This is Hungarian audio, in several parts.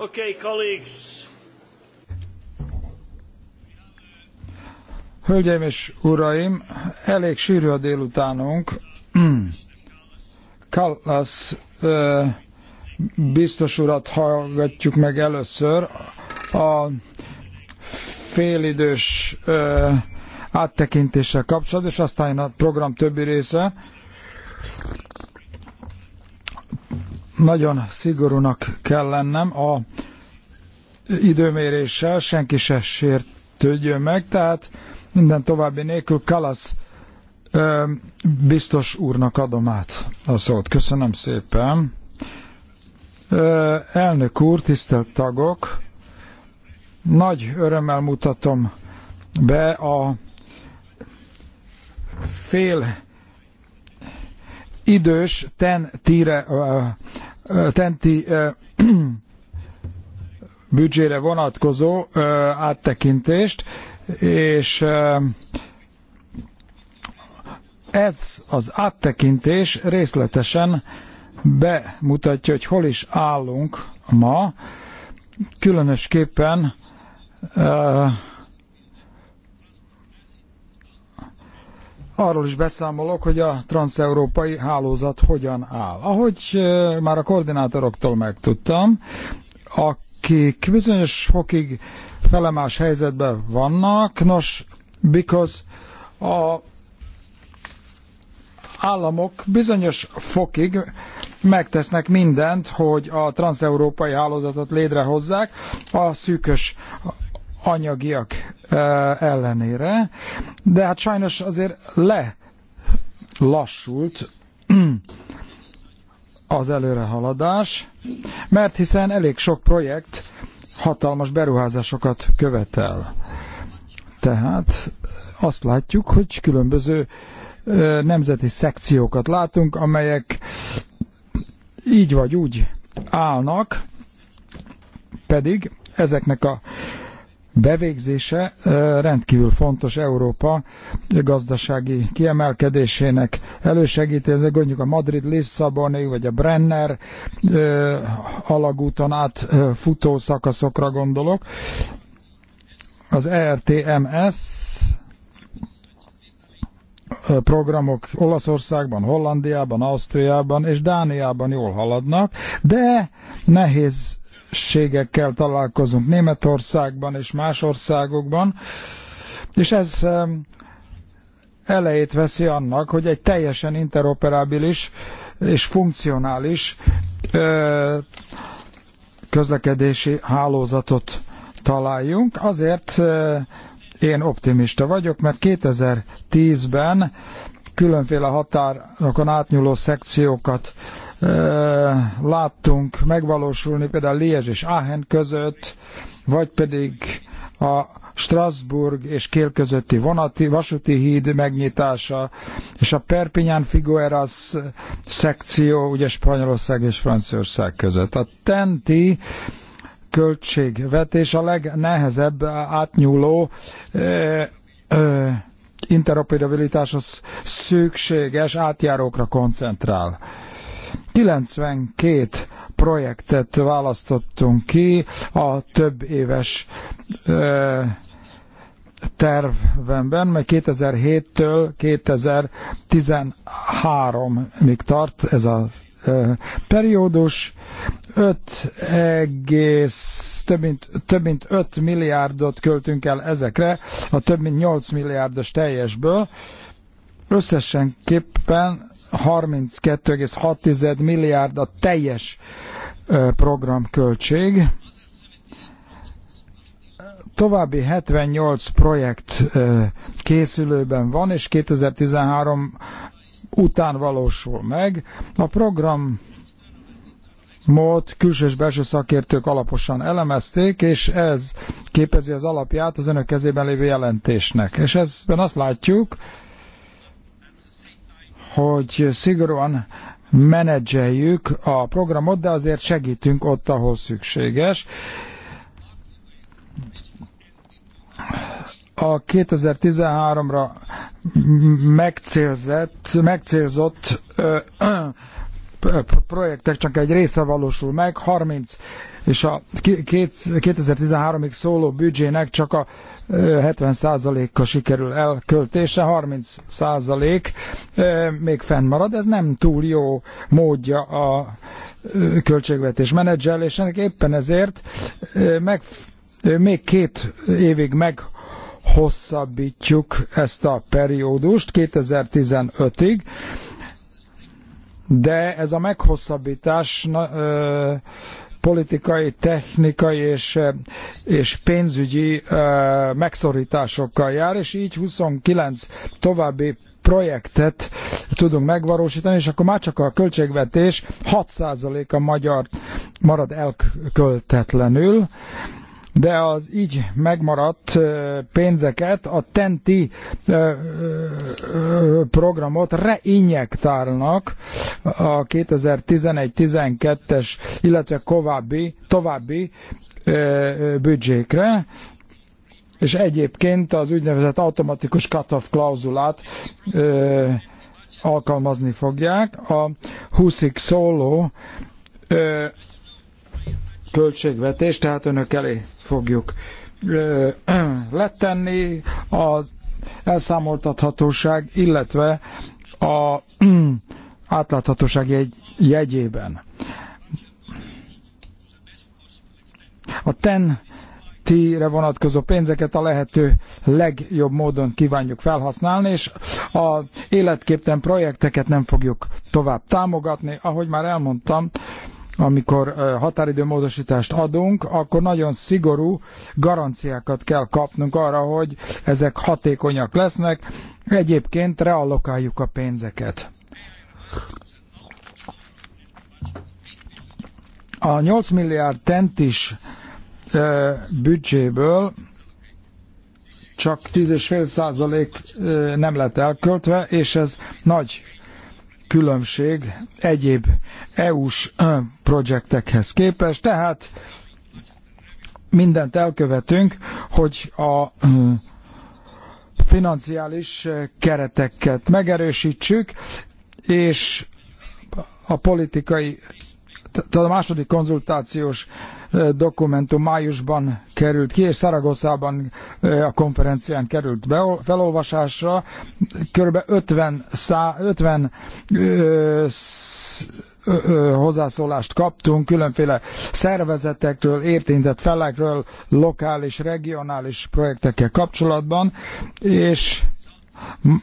Okay, colleagues. Hölgyeim és uraim, elég sűrű a délutánunk. Kallas biztos urat hallgatjuk meg először. A félidős áttekintéssel kapcsolatban, és aztán a program többi része nagyon szigorúnak kell lennem a időméréssel, senki se sértődjön meg, tehát minden további nélkül Kalasz biztos úrnak adom át a szót. Köszönöm szépen. Elnök úr, tisztelt tagok, nagy örömmel mutatom be a fél idős ten tíre tenti büdzsére vonatkozó áttekintést, és ez az áttekintés részletesen bemutatja, hogy hol is állunk ma, különösképpen arról is beszámolok, hogy a transeurópai hálózat hogyan áll. Ahogy már a koordinátoroktól megtudtam, akik bizonyos fokig felemás helyzetben vannak, nos, because a államok bizonyos fokig megtesznek mindent, hogy a transeurópai hálózatot létrehozzák a szűkös anyagiak ellenére, de hát sajnos azért le lassult az előrehaladás, mert hiszen elég sok projekt hatalmas beruházásokat követel. Tehát azt látjuk, hogy különböző nemzeti szekciókat látunk, amelyek így vagy úgy állnak, pedig ezeknek a bevégzése rendkívül fontos Európa gazdasági kiemelkedésének elősegítése, gondjuk a Madrid Lisszaboni vagy a Brenner alagúton át futó szakaszokra gondolok. Az ERTMS programok Olaszországban, Hollandiában, Ausztriában és Dániában jól haladnak, de nehéz nehézségekkel találkozunk Németországban és más országokban, és ez elejét veszi annak, hogy egy teljesen interoperabilis és funkcionális közlekedési hálózatot találjunk. Azért én optimista vagyok, mert 2010-ben különféle határokon átnyúló szekciókat láttunk megvalósulni például Liège és Aachen között, vagy pedig a Strasbourg és Kél közötti vonati, vasúti híd megnyitása, és a Perpignan Figueras szekció, ugye Spanyolország és Franciaország között. A Tenti költségvetés a legnehezebb átnyúló ö, ö, interoperabilitáshoz szükséges átjárókra koncentrál. 92 projektet választottunk ki a több éves ö, tervemben, mert 2007-től 2013-ig tart ez a periódus 5, egész, több, mint, több mint 5 milliárdot költünk el ezekre, a több mint 8 milliárdos teljesből. Összesen képpen 32,6 milliárd a teljes programköltség. További 78 projekt készülőben van, és 2013 után valósul meg. A program mód külső és belső szakértők alaposan elemezték, és ez képezi az alapját az önök kezében lévő jelentésnek. És ezben azt látjuk, hogy szigorúan menedzseljük a programot, de azért segítünk ott, ahol szükséges. A 2013-ra megcélzett, megcélzott ö, ö, projektek csak egy része valósul meg, 30 és a 2013-ig szóló büdzsének csak a 70%-a sikerül elköltése, 30% még fennmarad. Ez nem túl jó módja a költségvetés menedzselésének, éppen ezért meg, még két évig meg hosszabbítjuk ezt a periódust 2015-ig, de ez a meghosszabbítás na, ö, politikai, technikai és, eh, és pénzügyi eh, megszorításokkal jár, és így 29 további projektet tudunk megvalósítani, és akkor már csak a költségvetés 6%-a magyar marad elköltetlenül, de az így megmaradt pénzeket a TENTI programot reinjektálnak a 2011-12-es, illetve további, további büdzsékre, és egyébként az úgynevezett automatikus cut-off klauzulát ö, alkalmazni fogják. A 20 szóló ö, költségvetést, tehát önök elé fogjuk letenni az elszámoltathatóság, illetve a átláthatóság jegy, jegyében. A TEN Tire vonatkozó pénzeket a lehető legjobb módon kívánjuk felhasználni, és a életképten projekteket nem fogjuk tovább támogatni. Ahogy már elmondtam, amikor határidőmódosítást adunk, akkor nagyon szigorú garanciákat kell kapnunk arra, hogy ezek hatékonyak lesznek, egyébként reallokáljuk a pénzeket. A 8 milliárd tentis büdzséből csak 10,5% nem lett elköltve, és ez nagy különbség egyéb EU-s projektekhez képest, tehát mindent elkövetünk, hogy a financiális kereteket megerősítsük, és a politikai tehát a második konzultációs dokumentum májusban került ki, és Szaragoszában a konferencián került be, felolvasásra. Körülbelül 50, szá, 50 ö, hozzászólást kaptunk különféle szervezetektől, értintett felekről, lokális, regionális projektekkel kapcsolatban, és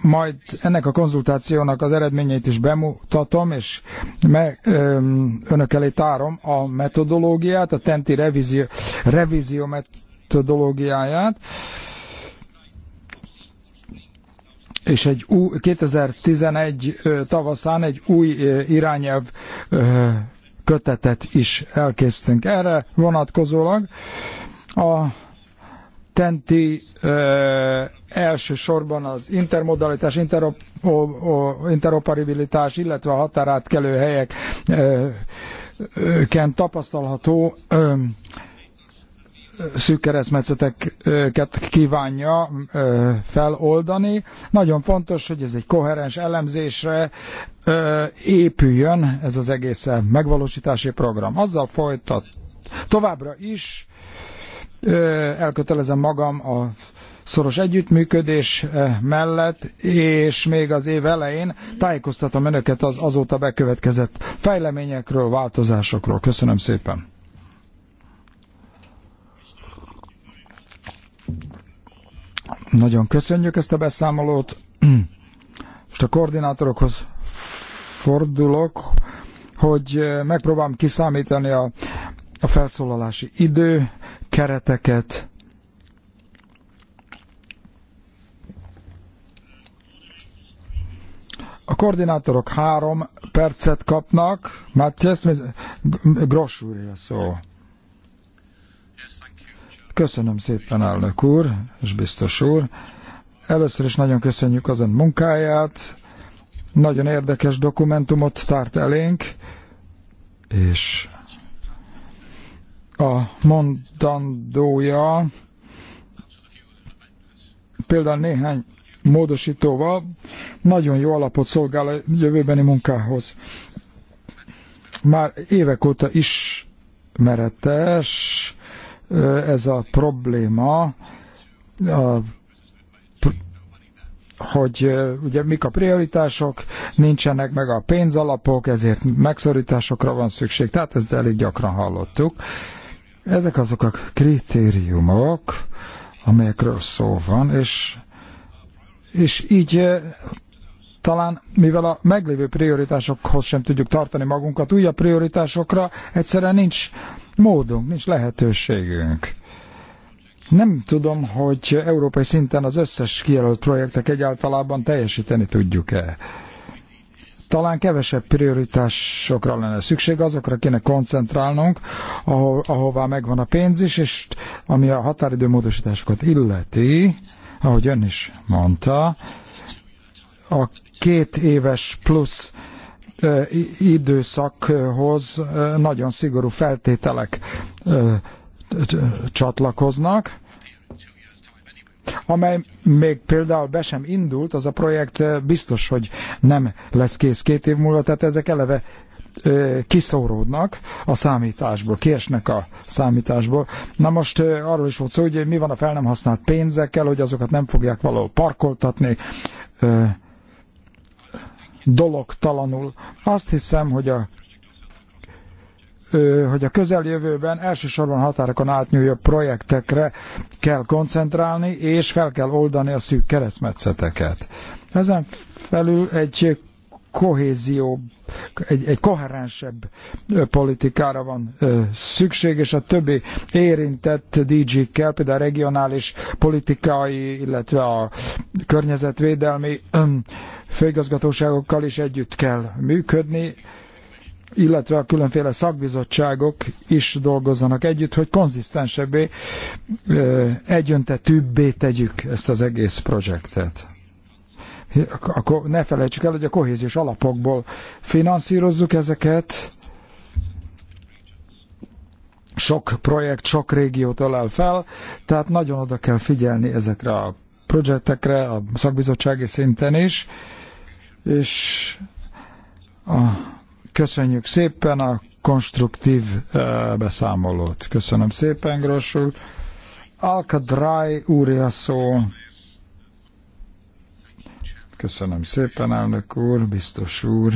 majd ennek a konzultációnak az eredményeit is bemutatom, és me, öm, önök elé tárom a metodológiát, a tenti revízió, revízió metodológiáját, és egy új, 2011 tavaszán egy új irányelv kötetet is elkészítünk erre vonatkozólag. A tenti ö, elsősorban az intermodalitás, interoperabilitás, illetve a határátkelő helyeken tapasztalható ö, szűk keresztmetszeteket kívánja feloldani. Nagyon fontos, hogy ez egy koherens elemzésre épüljön ez az egész megvalósítási program. Azzal folytat továbbra is elkötelezem magam a szoros együttműködés mellett, és még az év elején tájékoztatom önöket az azóta bekövetkezett fejleményekről, változásokról. Köszönöm szépen! Nagyon köszönjük ezt a beszámolót. Most a koordinátorokhoz fordulok, hogy megpróbálom kiszámítani a, a felszólalási idő kereteket, A koordinátorok három percet kapnak. Matthias, Gross úr a szó. Köszönöm szépen, elnök úr, és biztos úr. Először is nagyon köszönjük az ön munkáját. Nagyon érdekes dokumentumot tárt elénk, és a mondandója például néhány módosítóval nagyon jó alapot szolgál a jövőbeni munkához. Már évek óta ismeretes ez a probléma, a hogy ugye mik a prioritások, nincsenek meg a pénzalapok, ezért megszorításokra van szükség. Tehát ezt elég gyakran hallottuk. Uh, ezek azok a kritériumok, amelyekről szó van, és, és így eh, talán, mivel a meglévő prioritásokhoz sem tudjuk tartani magunkat, újabb prioritásokra egyszerűen nincs módunk, nincs lehetőségünk. Nem tudom, hogy európai szinten az összes kijelölt projektek egyáltalában teljesíteni tudjuk-e. Talán kevesebb prioritásokra lenne szükség, azokra kéne koncentrálnunk, aho- ahová megvan a pénz is, és ami a határidő módosításokat illeti, ahogy ön is mondta, a két éves plusz időszakhoz nagyon szigorú feltételek csatlakoznak, amely még például be sem indult, az a projekt eh, biztos, hogy nem lesz kész két év múlva, tehát ezek eleve eh, kiszóródnak a számításból, kiesnek a számításból. Na most eh, arról is volt szó, hogy mi van a fel nem használt pénzekkel, hogy azokat nem fogják valahol parkoltatni, dologtalanul. Azt hiszem, hogy a hogy a közeljövőben elsősorban határokon átnyúló projektekre kell koncentrálni, és fel kell oldani a szűk keresztmetszeteket. Ezen felül egy kohézió, egy, egy koherensebb politikára van szükség, és a többi érintett DG-kkel, például a regionális politikai, illetve a környezetvédelmi főigazgatóságokkal is együtt kell működni, illetve a különféle szakbizottságok is dolgozzanak együtt, hogy konzisztensebbé, egyöntetűbbé tegyük ezt az egész projektet. Akkor ne felejtsük el, hogy a kohéziós alapokból finanszírozzuk ezeket, sok projekt, sok régiót ölel fel, tehát nagyon oda kell figyelni ezekre a projektekre, a szakbizottsági szinten is, és a Köszönjük szépen a konstruktív eh, beszámolót. Köszönöm szépen, Gross úr. Alkadráj úr szó. Köszönöm szépen, elnök úr, biztos úr.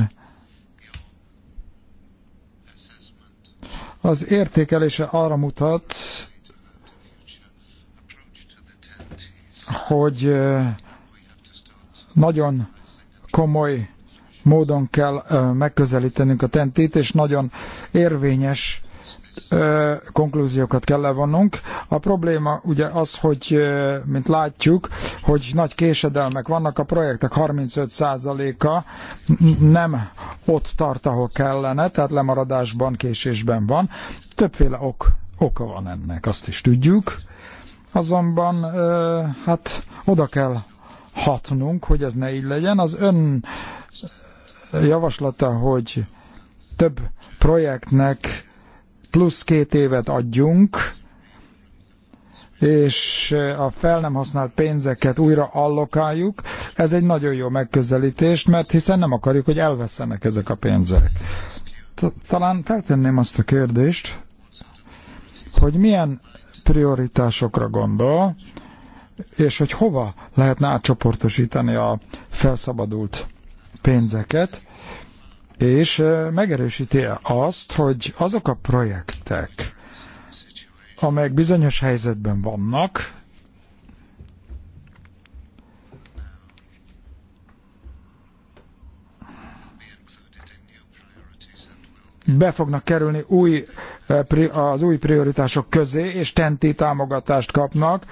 Az értékelése arra mutat, hogy eh, nagyon komoly módon kell megközelítenünk a tentét, és nagyon érvényes konklúziókat kell levonnunk. A probléma ugye az, hogy mint látjuk, hogy nagy késedelmek vannak, a projektek 35%-a nem ott tart, ahol kellene, tehát lemaradásban, késésben van. Többféle ok, oka van ennek, azt is tudjuk. Azonban hát oda kell hatnunk, hogy ez ne így legyen. Az ön javaslata, hogy több projektnek plusz két évet adjunk, és a fel nem használt pénzeket újra allokáljuk. Ez egy nagyon jó megközelítés, mert hiszen nem akarjuk, hogy elveszenek ezek a pénzek. Talán feltenném azt a kérdést, hogy milyen prioritásokra gondol, és hogy hova lehetne átcsoportosítani a felszabadult pénzeket, és megerősíti azt, hogy azok a projektek, amelyek bizonyos helyzetben vannak, be fognak kerülni új, az új prioritások közé, és tenti támogatást kapnak,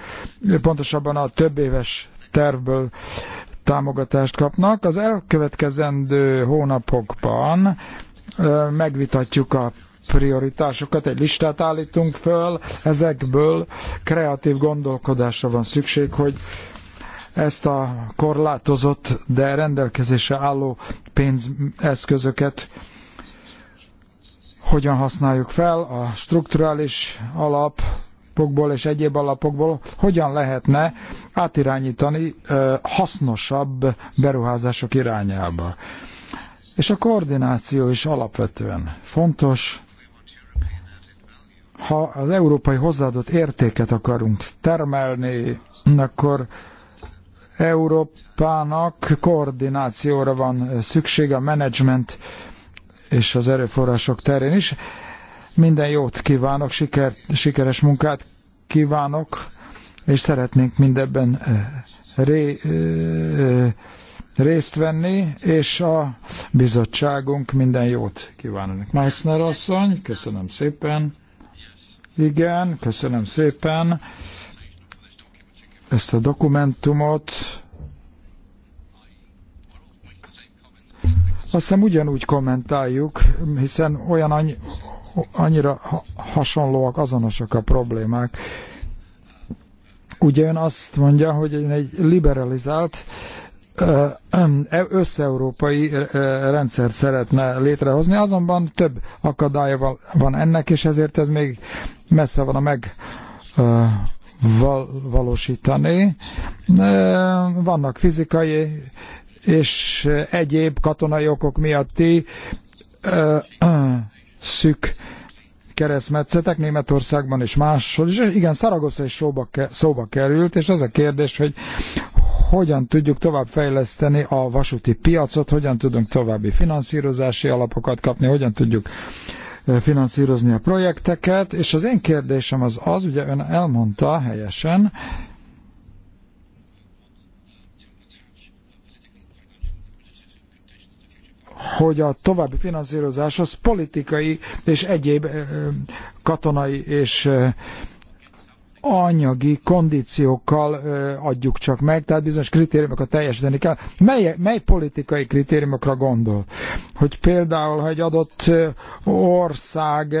pontosabban a több éves tervből támogatást kapnak. Az elkövetkezendő hónapokban megvitatjuk a prioritásokat, egy listát állítunk föl, ezekből kreatív gondolkodásra van szükség, hogy ezt a korlátozott, de rendelkezésre álló pénzeszközöket hogyan használjuk fel, a strukturális alap, alapokból és egyéb alapokból hogyan lehetne átirányítani hasznosabb beruházások irányába. És a koordináció is alapvetően fontos. Ha az európai hozzáadott értéket akarunk termelni, akkor Európának koordinációra van szüksége a menedzsment és az erőforrások terén is. Minden jót kívánok, sikert, sikeres munkát kívánok, és szeretnénk mindebben eh, ré, eh, eh, részt venni, és a bizottságunk minden jót kívánunk. Meissner asszony, köszönöm szépen. Igen, köszönöm szépen ezt a dokumentumot. Azt hiszem ugyanúgy kommentáljuk, hiszen olyan, annyira hasonlóak, azonosak a problémák. Ugye ön azt mondja, hogy egy liberalizált össze-európai rendszert szeretne létrehozni, azonban több akadálya van ennek, és ezért ez még messze van a meg valósítani. Vannak fizikai és egyéb katonai okok miatti szűk keresztmetszetek Németországban és máshol is. Igen, Szaragosza is szóba, szóba került, és az a kérdés, hogy hogyan tudjuk továbbfejleszteni a vasúti piacot, hogyan tudunk további finanszírozási alapokat kapni, hogyan tudjuk eh, finanszírozni a projekteket, és az én kérdésem az az, ugye ön elmondta helyesen, hogy a további finanszírozás az politikai és egyéb katonai és anyagi kondíciókkal adjuk csak meg, tehát bizonyos kritériumokat teljesíteni kell. Mely, mely politikai kritériumokra gondol? Hogy például, ha egy adott ország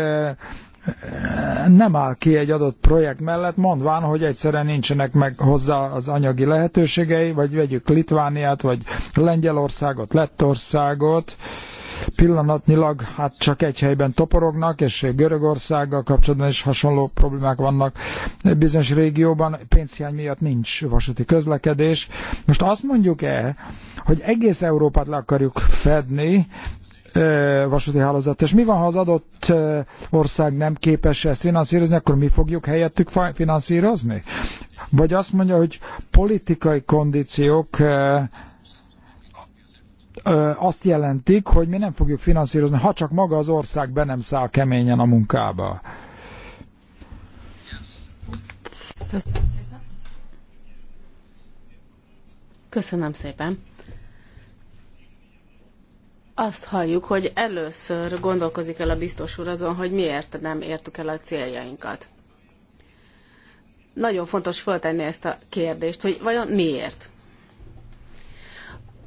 nem áll ki egy adott projekt mellett, mondván, hogy egyszerűen nincsenek meg hozzá az anyagi lehetőségei, vagy vegyük Litvániát, vagy Lengyelországot, Lettországot, pillanatnyilag hát csak egy helyben toporognak, és Görögországgal kapcsolatban is hasonló problémák vannak. Bizonyos régióban pénzhiány miatt nincs vasúti közlekedés. Most azt mondjuk-e, hogy egész Európát le akarjuk fedni, vasúti hálózat. És mi van, ha az adott ország nem képes ezt finanszírozni, akkor mi fogjuk helyettük finanszírozni? Vagy azt mondja, hogy politikai kondíciók azt jelentik, hogy mi nem fogjuk finanszírozni, ha csak maga az ország be nem száll keményen a munkába. Köszönöm szépen. Köszönöm szépen. Azt halljuk, hogy először gondolkozik el a biztos úr azon, hogy miért nem értük el a céljainkat. Nagyon fontos föltenni ezt a kérdést, hogy vajon miért?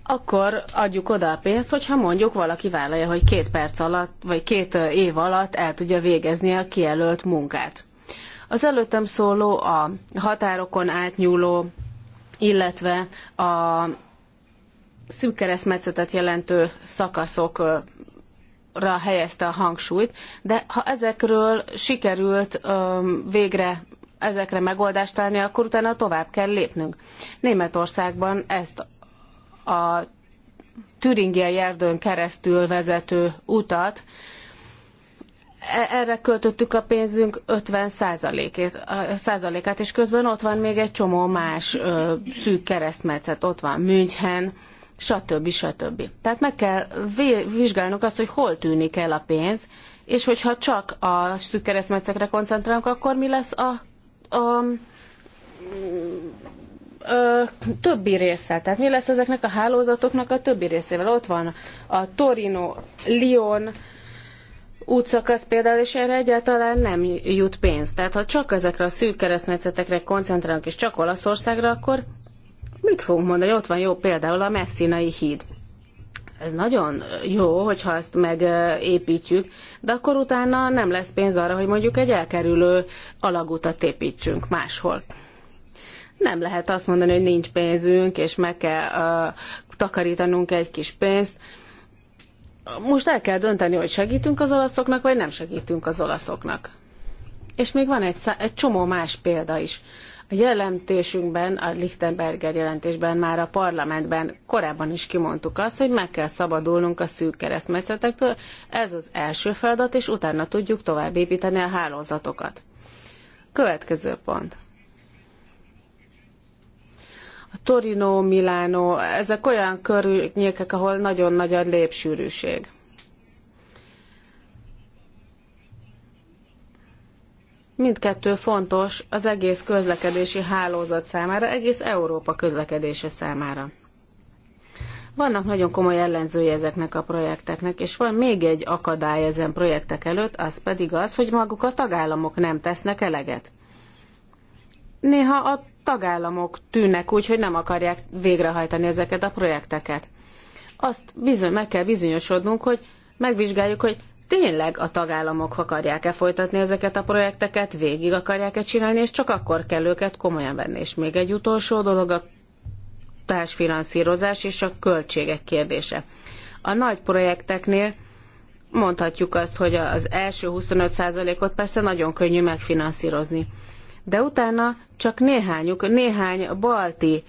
Akkor adjuk oda a pénzt, hogyha mondjuk valaki vállalja, hogy két perc alatt, vagy két év alatt el tudja végezni a kijelölt munkát. Az előttem szóló a határokon átnyúló, illetve a szűk keresztmetszetet jelentő szakaszokra helyezte a hangsúlyt, de ha ezekről sikerült végre ezekre megoldást találni, akkor utána tovább kell lépnünk. Németországban ezt a türingiai erdőn keresztül vezető utat, e, erre költöttük a pénzünk 50 százalékát, és közben ott van még egy csomó más ö, szűk keresztmetszet, ott van München, stb. stb. Tehát meg kell vizsgálnunk azt, hogy hol tűnik el a pénz, és hogyha csak a szűk keresztmetszetre koncentrálunk, akkor mi lesz a, a, a, a többi része? Tehát mi lesz ezeknek a hálózatoknak a többi részével? Ott van a Torino, Lyon, útszakasz például, és erre egyáltalán nem jut pénz. Tehát ha csak ezekre a szűk keresztmetszetekre koncentrálunk, és csak Olaszországra, akkor mit fogunk mondani? Ott van jó például a messzinai híd. Ez nagyon jó, hogyha ezt megépítjük, de akkor utána nem lesz pénz arra, hogy mondjuk egy elkerülő alagutat építsünk máshol. Nem lehet azt mondani, hogy nincs pénzünk, és meg kell uh, takarítanunk egy kis pénzt. Most el kell dönteni, hogy segítünk az olaszoknak, vagy nem segítünk az olaszoknak. És még van egy, egy csomó más példa is. A jelentésünkben, a Lichtenberger jelentésben már a parlamentben korábban is kimondtuk azt, hogy meg kell szabadulnunk a szűk keresztmetszetektől. Ez az első feladat, és utána tudjuk tovább építeni a hálózatokat. Következő pont. A Torino, Milánó, ezek olyan környékek, ahol nagyon nagy a lépsűrűség. Mindkettő fontos az egész közlekedési hálózat számára, egész Európa közlekedése számára. Vannak nagyon komoly ellenzői ezeknek a projekteknek, és van még egy akadály ezen projektek előtt, az pedig az, hogy maguk a tagállamok nem tesznek eleget. Néha a tagállamok tűnnek úgy, hogy nem akarják végrehajtani ezeket a projekteket. Azt bizony, meg kell bizonyosodnunk, hogy megvizsgáljuk, hogy tényleg a tagállamok akarják-e folytatni ezeket a projekteket, végig akarják-e csinálni, és csak akkor kell őket komolyan venni. És még egy utolsó dolog a társfinanszírozás és a költségek kérdése. A nagy projekteknél mondhatjuk azt, hogy az első 25%-ot persze nagyon könnyű megfinanszírozni. De utána csak néhányuk, néhány balti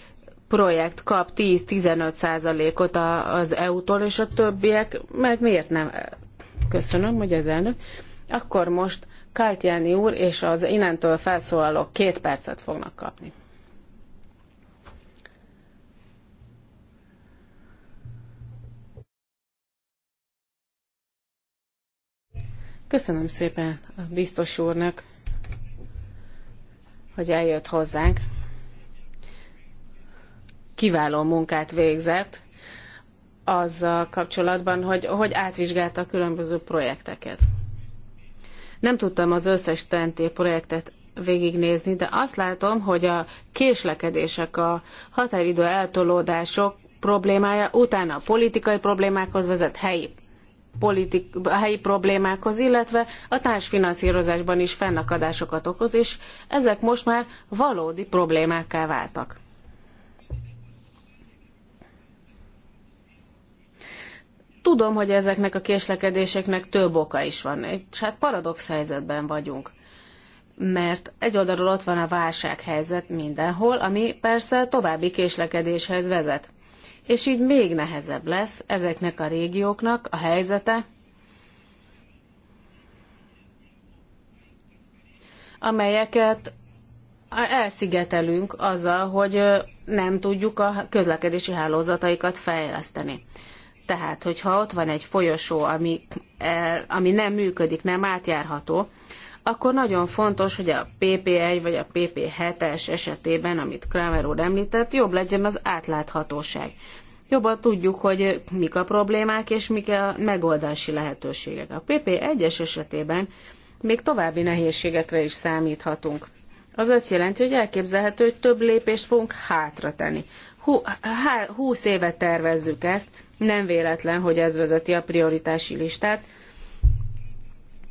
projekt kap 10-15%-ot az EU-tól, és a többiek meg miért nem Köszönöm, hogy az elnök. Akkor most Kártyáni úr és az innentől felszólalók két percet fognak kapni. Köszönöm szépen a biztos úrnak, hogy eljött hozzánk. Kiváló munkát végzett, azzal kapcsolatban, hogy, hogy átvizsgálta a különböző projekteket. Nem tudtam az összes TNT projektet végignézni, de azt látom, hogy a késlekedések, a határidő eltolódások problémája utána a politikai problémákhoz vezet helyi politik, helyi problémákhoz, illetve a társfinanszírozásban is fennakadásokat okoz, és ezek most már valódi problémákká váltak. Tudom, hogy ezeknek a késlekedéseknek több oka is van, és hát paradox helyzetben vagyunk. Mert egy oldalról ott van a válsághelyzet mindenhol, ami persze további késlekedéshez vezet. És így még nehezebb lesz ezeknek a régióknak a helyzete, amelyeket elszigetelünk azzal, hogy nem tudjuk a közlekedési hálózataikat fejleszteni. Tehát, hogyha ott van egy folyosó, ami, e, ami nem működik, nem átjárható, akkor nagyon fontos, hogy a PP1 vagy a PP7-es esetében, amit Kramer úr említett, jobb legyen az átláthatóság. Jobban tudjuk, hogy mik a problémák és mik a megoldási lehetőségek. A PP1-es esetében még további nehézségekre is számíthatunk. Az azt jelenti, hogy elképzelhető, hogy több lépést fogunk hátra tenni. húsz éve tervezzük ezt, nem véletlen, hogy ez vezeti a prioritási listát.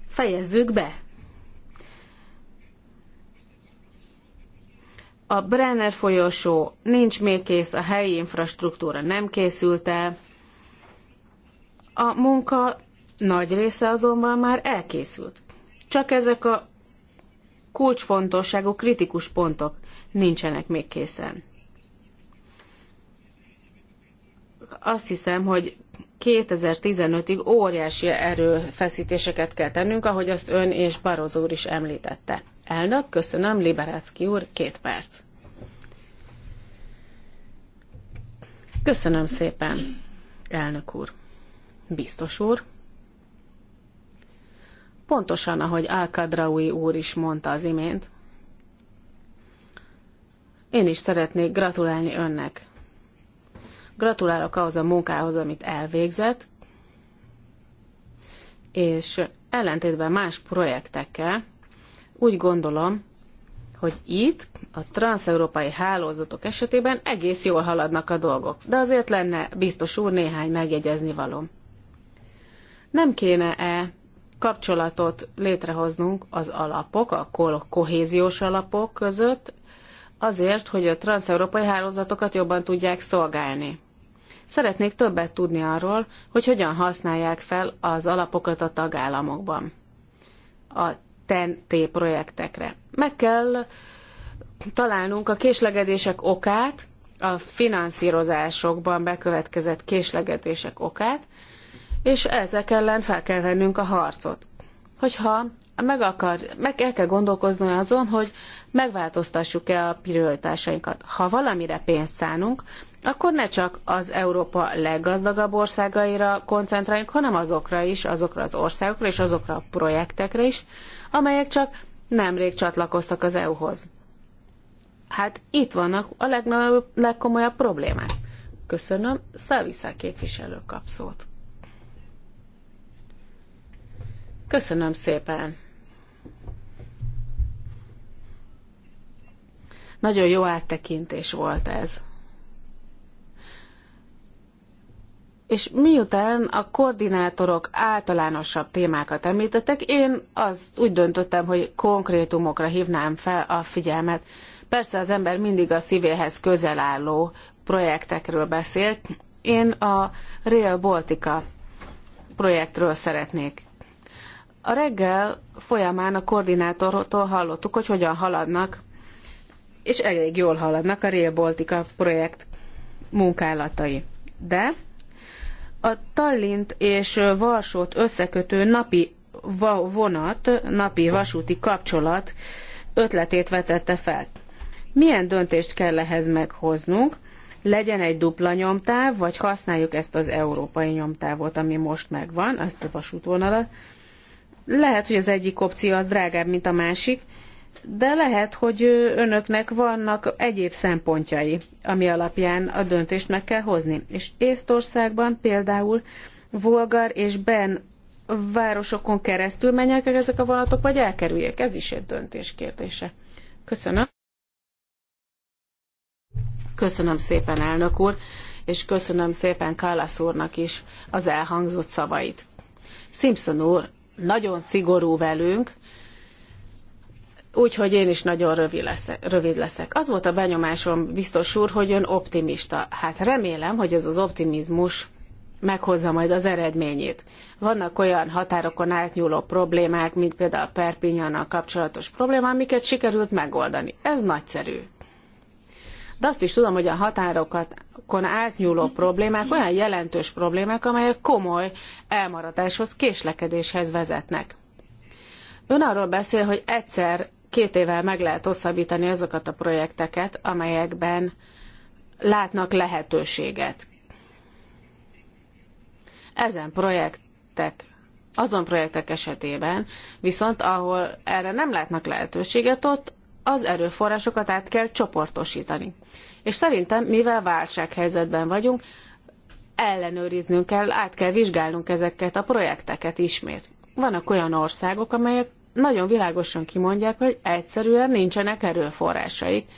Fejezzük be! A Brenner folyosó nincs még kész, a helyi infrastruktúra nem készült el. A munka nagy része azonban már elkészült. Csak ezek a kulcsfontosságú kritikus pontok nincsenek még készen. azt hiszem, hogy 2015-ig óriási erőfeszítéseket kell tennünk, ahogy azt ön és Barozó úr is említette. Elnök, köszönöm, Liberácki úr, két perc. Köszönöm szépen, elnök úr, biztos úr. Pontosan, ahogy Alkadraui úr is mondta az imént, én is szeretnék gratulálni önnek Gratulálok ahhoz a munkához, amit elvégzett, és ellentétben más projektekkel úgy gondolom, hogy itt a transeurópai hálózatok esetében egész jól haladnak a dolgok, de azért lenne biztos úr néhány megjegyezni való. Nem kéne-e kapcsolatot létrehoznunk az alapok, a kohéziós alapok között, azért, hogy a transeurópai hálózatokat jobban tudják szolgálni. Szeretnék többet tudni arról, hogy hogyan használják fel az alapokat a tagállamokban a TNT projektekre. Meg kell találnunk a késlegedések okát, a finanszírozásokban bekövetkezett késlegedések okát, és ezek ellen fel kell vennünk a harcot. Hogyha meg, akar, meg el kell gondolkozni azon, hogy megváltoztassuk-e a prioritásainkat. Ha valamire pénzt szánunk, akkor ne csak az Európa leggazdagabb országaira koncentráljunk, hanem azokra is, azokra az országokra és azokra a projektekre is, amelyek csak nemrég csatlakoztak az EU-hoz. Hát itt vannak a legnagyobb, legkomolyabb problémák. Köszönöm, Szaviszá képviselő kap szót. Köszönöm szépen. Nagyon jó áttekintés volt ez. És miután a koordinátorok általánosabb témákat említettek, én az úgy döntöttem, hogy konkrétumokra hívnám fel a figyelmet. Persze az ember mindig a szívéhez közel álló projektekről beszélt. Én a Real Baltica projektről szeretnék. A reggel folyamán a koordinátortól hallottuk, hogy hogyan haladnak és elég jól haladnak a Rail Baltica projekt munkálatai. De a Tallint és Varsót összekötő napi vonat, napi vasúti kapcsolat ötletét vetette fel. Milyen döntést kell ehhez meghoznunk? Legyen egy dupla nyomtáv, vagy használjuk ezt az európai nyomtávot, ami most megvan, ezt a vasútvonalat. Lehet, hogy az egyik opció az drágább, mint a másik, de lehet, hogy önöknek vannak egyéb szempontjai, ami alapján a döntést meg kell hozni. És Észtországban például Volgar és Ben városokon keresztül menjek ezek a vonatok, vagy elkerüljék? Ez is egy döntés kérdése. Köszönöm. Köszönöm szépen, elnök úr, és köszönöm szépen Kallász úrnak is az elhangzott szavait. Simpson úr nagyon szigorú velünk, úgyhogy én is nagyon rövid leszek, rövid leszek. Az volt a benyomásom, biztos úr, hogy ön optimista. Hát remélem, hogy ez az optimizmus meghozza majd az eredményét. Vannak olyan határokon átnyúló problémák, mint például a Perpignannal kapcsolatos probléma, amiket sikerült megoldani. Ez nagyszerű. De azt is tudom, hogy a határokon átnyúló problémák olyan jelentős problémák, amelyek komoly elmaradáshoz, késlekedéshez vezetnek. Ön arról beszél, hogy egyszer két évvel meg lehet hosszabbítani azokat a projekteket, amelyekben látnak lehetőséget. Ezen projektek, azon projektek esetében viszont, ahol erre nem látnak lehetőséget, ott az erőforrásokat át kell csoportosítani. És szerintem, mivel válsághelyzetben vagyunk, ellenőriznünk kell, át kell vizsgálnunk ezeket a projekteket ismét. Vannak olyan országok, amelyek nagyon világosan kimondják, hogy egyszerűen nincsenek erőforrásaik,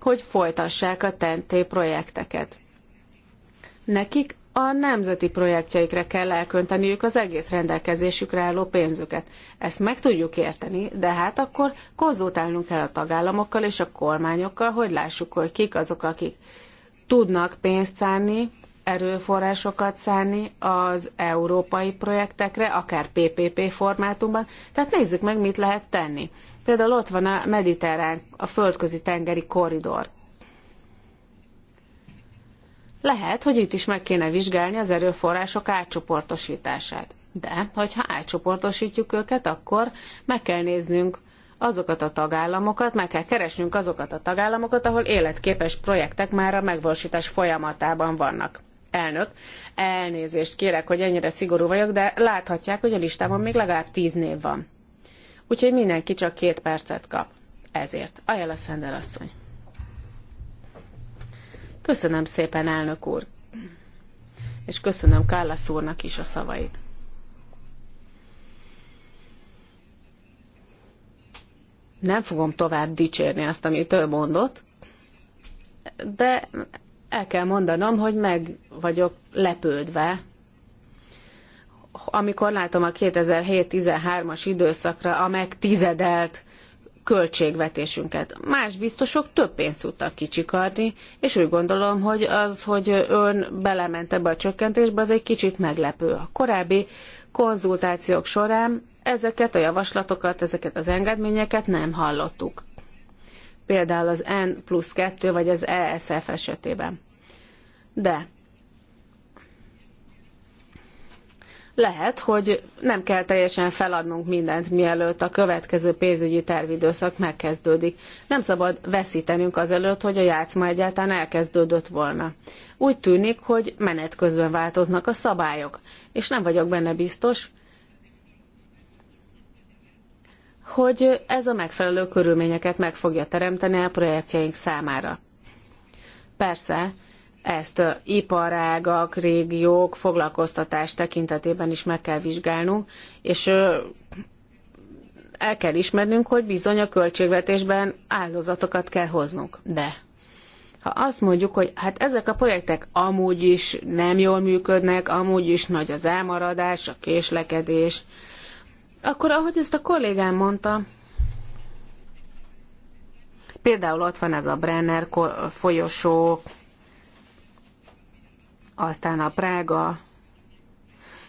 hogy folytassák a TNT projekteket. Nekik a nemzeti projektjeikre kell elkönteniük az egész rendelkezésükre álló pénzüket. Ezt meg tudjuk érteni, de hát akkor konzultálnunk kell a tagállamokkal és a kormányokkal, hogy lássuk, hogy kik azok, akik tudnak pénzt szállni erőforrásokat szállni az európai projektekre, akár PPP formátumban. Tehát nézzük meg, mit lehet tenni. Például ott van a mediterrán, a földközi tengeri korridor. Lehet, hogy itt is meg kéne vizsgálni az erőforrások átcsoportosítását. De, hogyha átcsoportosítjuk őket, akkor meg kell néznünk azokat a tagállamokat, meg kell keresnünk azokat a tagállamokat, ahol életképes projektek már a megvalósítás folyamatában vannak elnök. Elnézést kérek, hogy ennyire szigorú vagyok, de láthatják, hogy a listában még legalább tíz név van. Úgyhogy mindenki csak két percet kap. Ezért. Ajala Szender asszony. Köszönöm szépen, elnök úr. És köszönöm Kállász úrnak is a szavait. Nem fogom tovább dicsérni azt, amit ő mondott, de el kell mondanom, hogy meg vagyok lepődve, amikor látom a 2007-13-as időszakra a megtizedelt költségvetésünket. Más biztosok több pénzt tudtak kicsikarni, és úgy gondolom, hogy az, hogy ön belement ebbe a csökkentésbe, az egy kicsit meglepő. A korábbi konzultációk során ezeket a javaslatokat, ezeket az engedményeket nem hallottuk például az N plusz 2 vagy az ESF esetében. De lehet, hogy nem kell teljesen feladnunk mindent, mielőtt a következő pénzügyi tervidőszak megkezdődik. Nem szabad veszítenünk azelőtt, hogy a játszma egyáltalán elkezdődött volna. Úgy tűnik, hogy menet közben változnak a szabályok, és nem vagyok benne biztos, hogy ez a megfelelő körülményeket meg fogja teremteni a projektjeink számára. Persze, ezt iparágak, régiók, foglalkoztatás tekintetében is meg kell vizsgálnunk, és el kell ismernünk, hogy bizony a költségvetésben áldozatokat kell hoznunk. De ha azt mondjuk, hogy hát ezek a projektek amúgy is nem jól működnek, amúgy is nagy az elmaradás, a késlekedés, akkor, ahogy ezt a kollégám mondta, például ott van ez a Brenner folyosó, aztán a Prága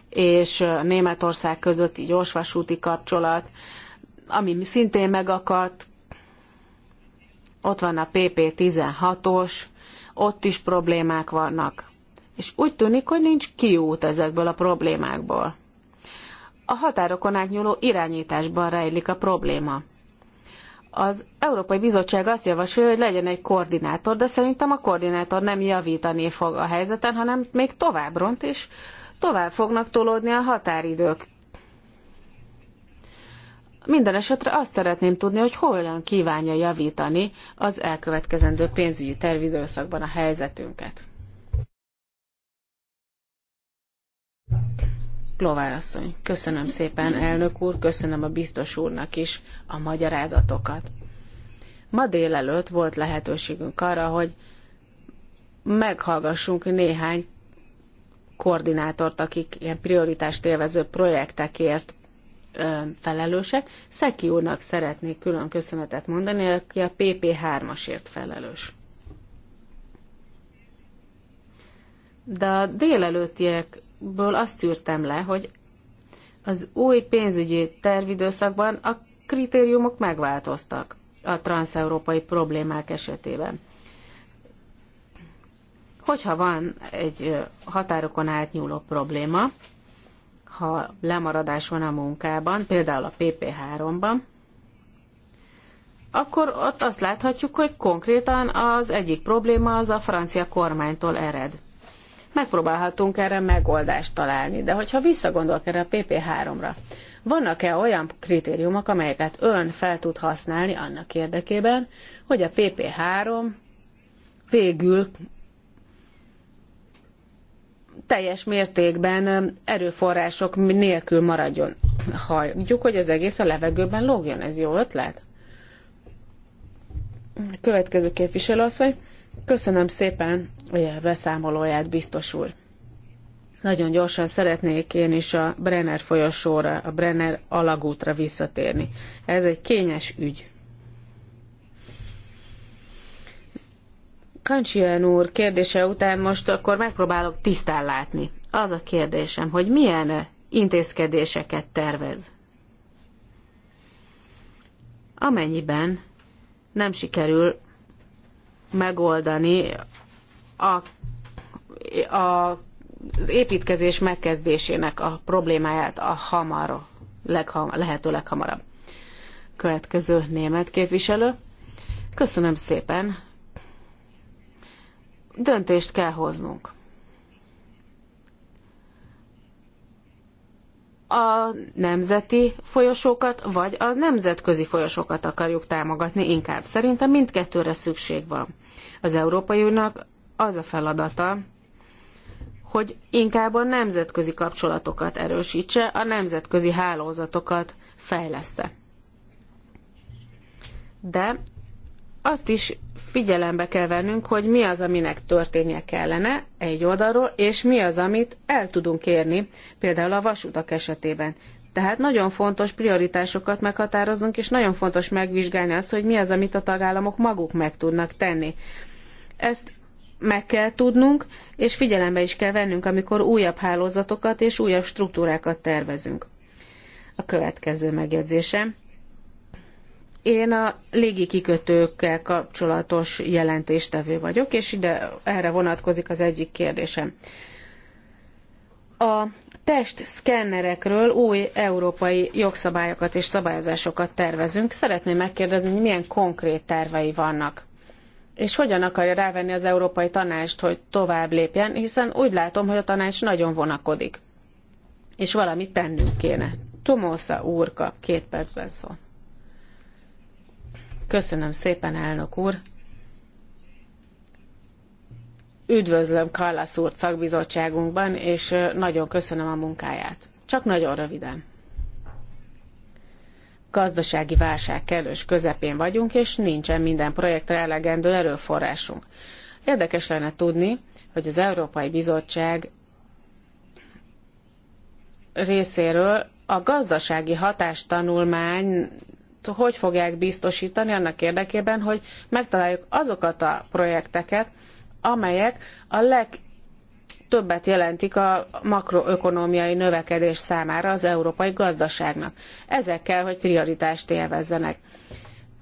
és Németország közötti gyorsvasúti kapcsolat, ami szintén megakadt, ott van a PP16-os, ott is problémák vannak. És úgy tűnik, hogy nincs kiút ezekből a problémákból a határokon átnyúló irányításban rejlik a probléma. Az Európai Bizottság azt javasolja, hogy legyen egy koordinátor, de szerintem a koordinátor nem javítani fog a helyzeten, hanem még tovább ront, és tovább fognak tolódni a határidők. Minden esetre azt szeretném tudni, hogy hogyan kívánja javítani az elkövetkezendő pénzügyi tervidőszakban a helyzetünket asszony, köszönöm szépen, elnök úr, köszönöm a biztos úrnak is a magyarázatokat. Ma délelőtt volt lehetőségünk arra, hogy meghallgassunk néhány koordinátort, akik ilyen prioritást élvező projektekért felelősek. Szeki úrnak szeretnék külön köszönetet mondani, aki a PP3-asért felelős. De a délelőttiek ebből azt tűrtem le, hogy az új pénzügyi tervidőszakban a kritériumok megváltoztak a transeurópai problémák esetében. Hogyha van egy határokon átnyúló probléma, ha lemaradás van a munkában, például a PP3-ban, akkor ott azt láthatjuk, hogy konkrétan az egyik probléma az a francia kormánytól ered megpróbálhatunk erre megoldást találni. De hogyha visszagondolok erre a PP3-ra, vannak-e olyan kritériumok, amelyeket ön fel tud használni annak érdekében, hogy a PP3 végül teljes mértékben erőforrások nélkül maradjon. Hagyjuk, hogy az egész a levegőben lógjon. Ez jó ötlet? Következő képviselő asszony. Köszönöm szépen a beszámolóját, biztos úr. Nagyon gyorsan szeretnék én is a Brenner folyosóra, a Brenner alagútra visszatérni. Ez egy kényes ügy. Kancsian úr kérdése után most akkor megpróbálok tisztán látni. Az a kérdésem, hogy milyen intézkedéseket tervez? Amennyiben nem sikerül megoldani a, a az építkezés megkezdésének a problémáját a hamar, legham, lehető leghamarabb. Következő német képviselő. Köszönöm szépen. Döntést kell hoznunk. a nemzeti folyosókat, vagy a nemzetközi folyosókat akarjuk támogatni inkább. Szerintem mindkettőre szükség van. Az Európai Uniónak az a feladata, hogy inkább a nemzetközi kapcsolatokat erősítse, a nemzetközi hálózatokat fejleszte. De azt is figyelembe kell vennünk, hogy mi az, aminek történnie kellene egy oldalról, és mi az, amit el tudunk érni, például a vasutak esetében. Tehát nagyon fontos prioritásokat meghatározunk és nagyon fontos megvizsgálni azt, hogy mi az, amit a tagállamok maguk meg tudnak tenni. Ezt meg kell tudnunk, és figyelembe is kell vennünk, amikor újabb hálózatokat és újabb struktúrákat tervezünk. A következő megjegyzésem. Én a légikikötőkkel kapcsolatos jelentéstevő vagyok, és ide erre vonatkozik az egyik kérdésem. A testszkennerekről új európai jogszabályokat és szabályozásokat tervezünk. Szeretném megkérdezni, hogy milyen konkrét tervei vannak. És hogyan akarja rávenni az Európai Tanácst, hogy tovább lépjen, hiszen úgy látom, hogy a tanács nagyon vonakodik. És valamit tennünk kéne. Tomosza úrka, két percben szól. Köszönöm szépen, elnök úr. Üdvözlöm Kallasz úr szakbizottságunkban, és nagyon köszönöm a munkáját. Csak nagyon röviden. Gazdasági válság kellős közepén vagyunk, és nincsen minden projektre elegendő erőforrásunk. Érdekes lenne tudni, hogy az Európai Bizottság részéről a gazdasági hatástanulmány hogy fogják biztosítani annak érdekében, hogy megtaláljuk azokat a projekteket, amelyek a legtöbbet jelentik a makroökonómiai növekedés számára az európai gazdaságnak. Ezek kell, hogy prioritást élvezzenek.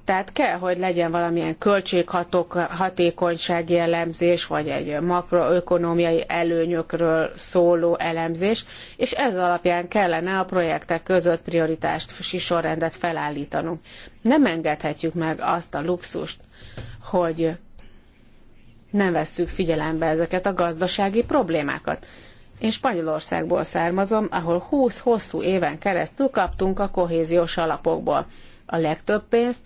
Tehát kell, hogy legyen valamilyen költséghatékonysági elemzés, vagy egy makroökonomiai előnyökről szóló elemzés, és ez alapján kellene a projektek között prioritást, sorrendet felállítanunk. Nem engedhetjük meg azt a luxust, hogy nem vesszük figyelembe ezeket a gazdasági problémákat. Én Spanyolországból származom, ahol 20 hosszú éven keresztül kaptunk a kohéziós alapokból. A legtöbb pénzt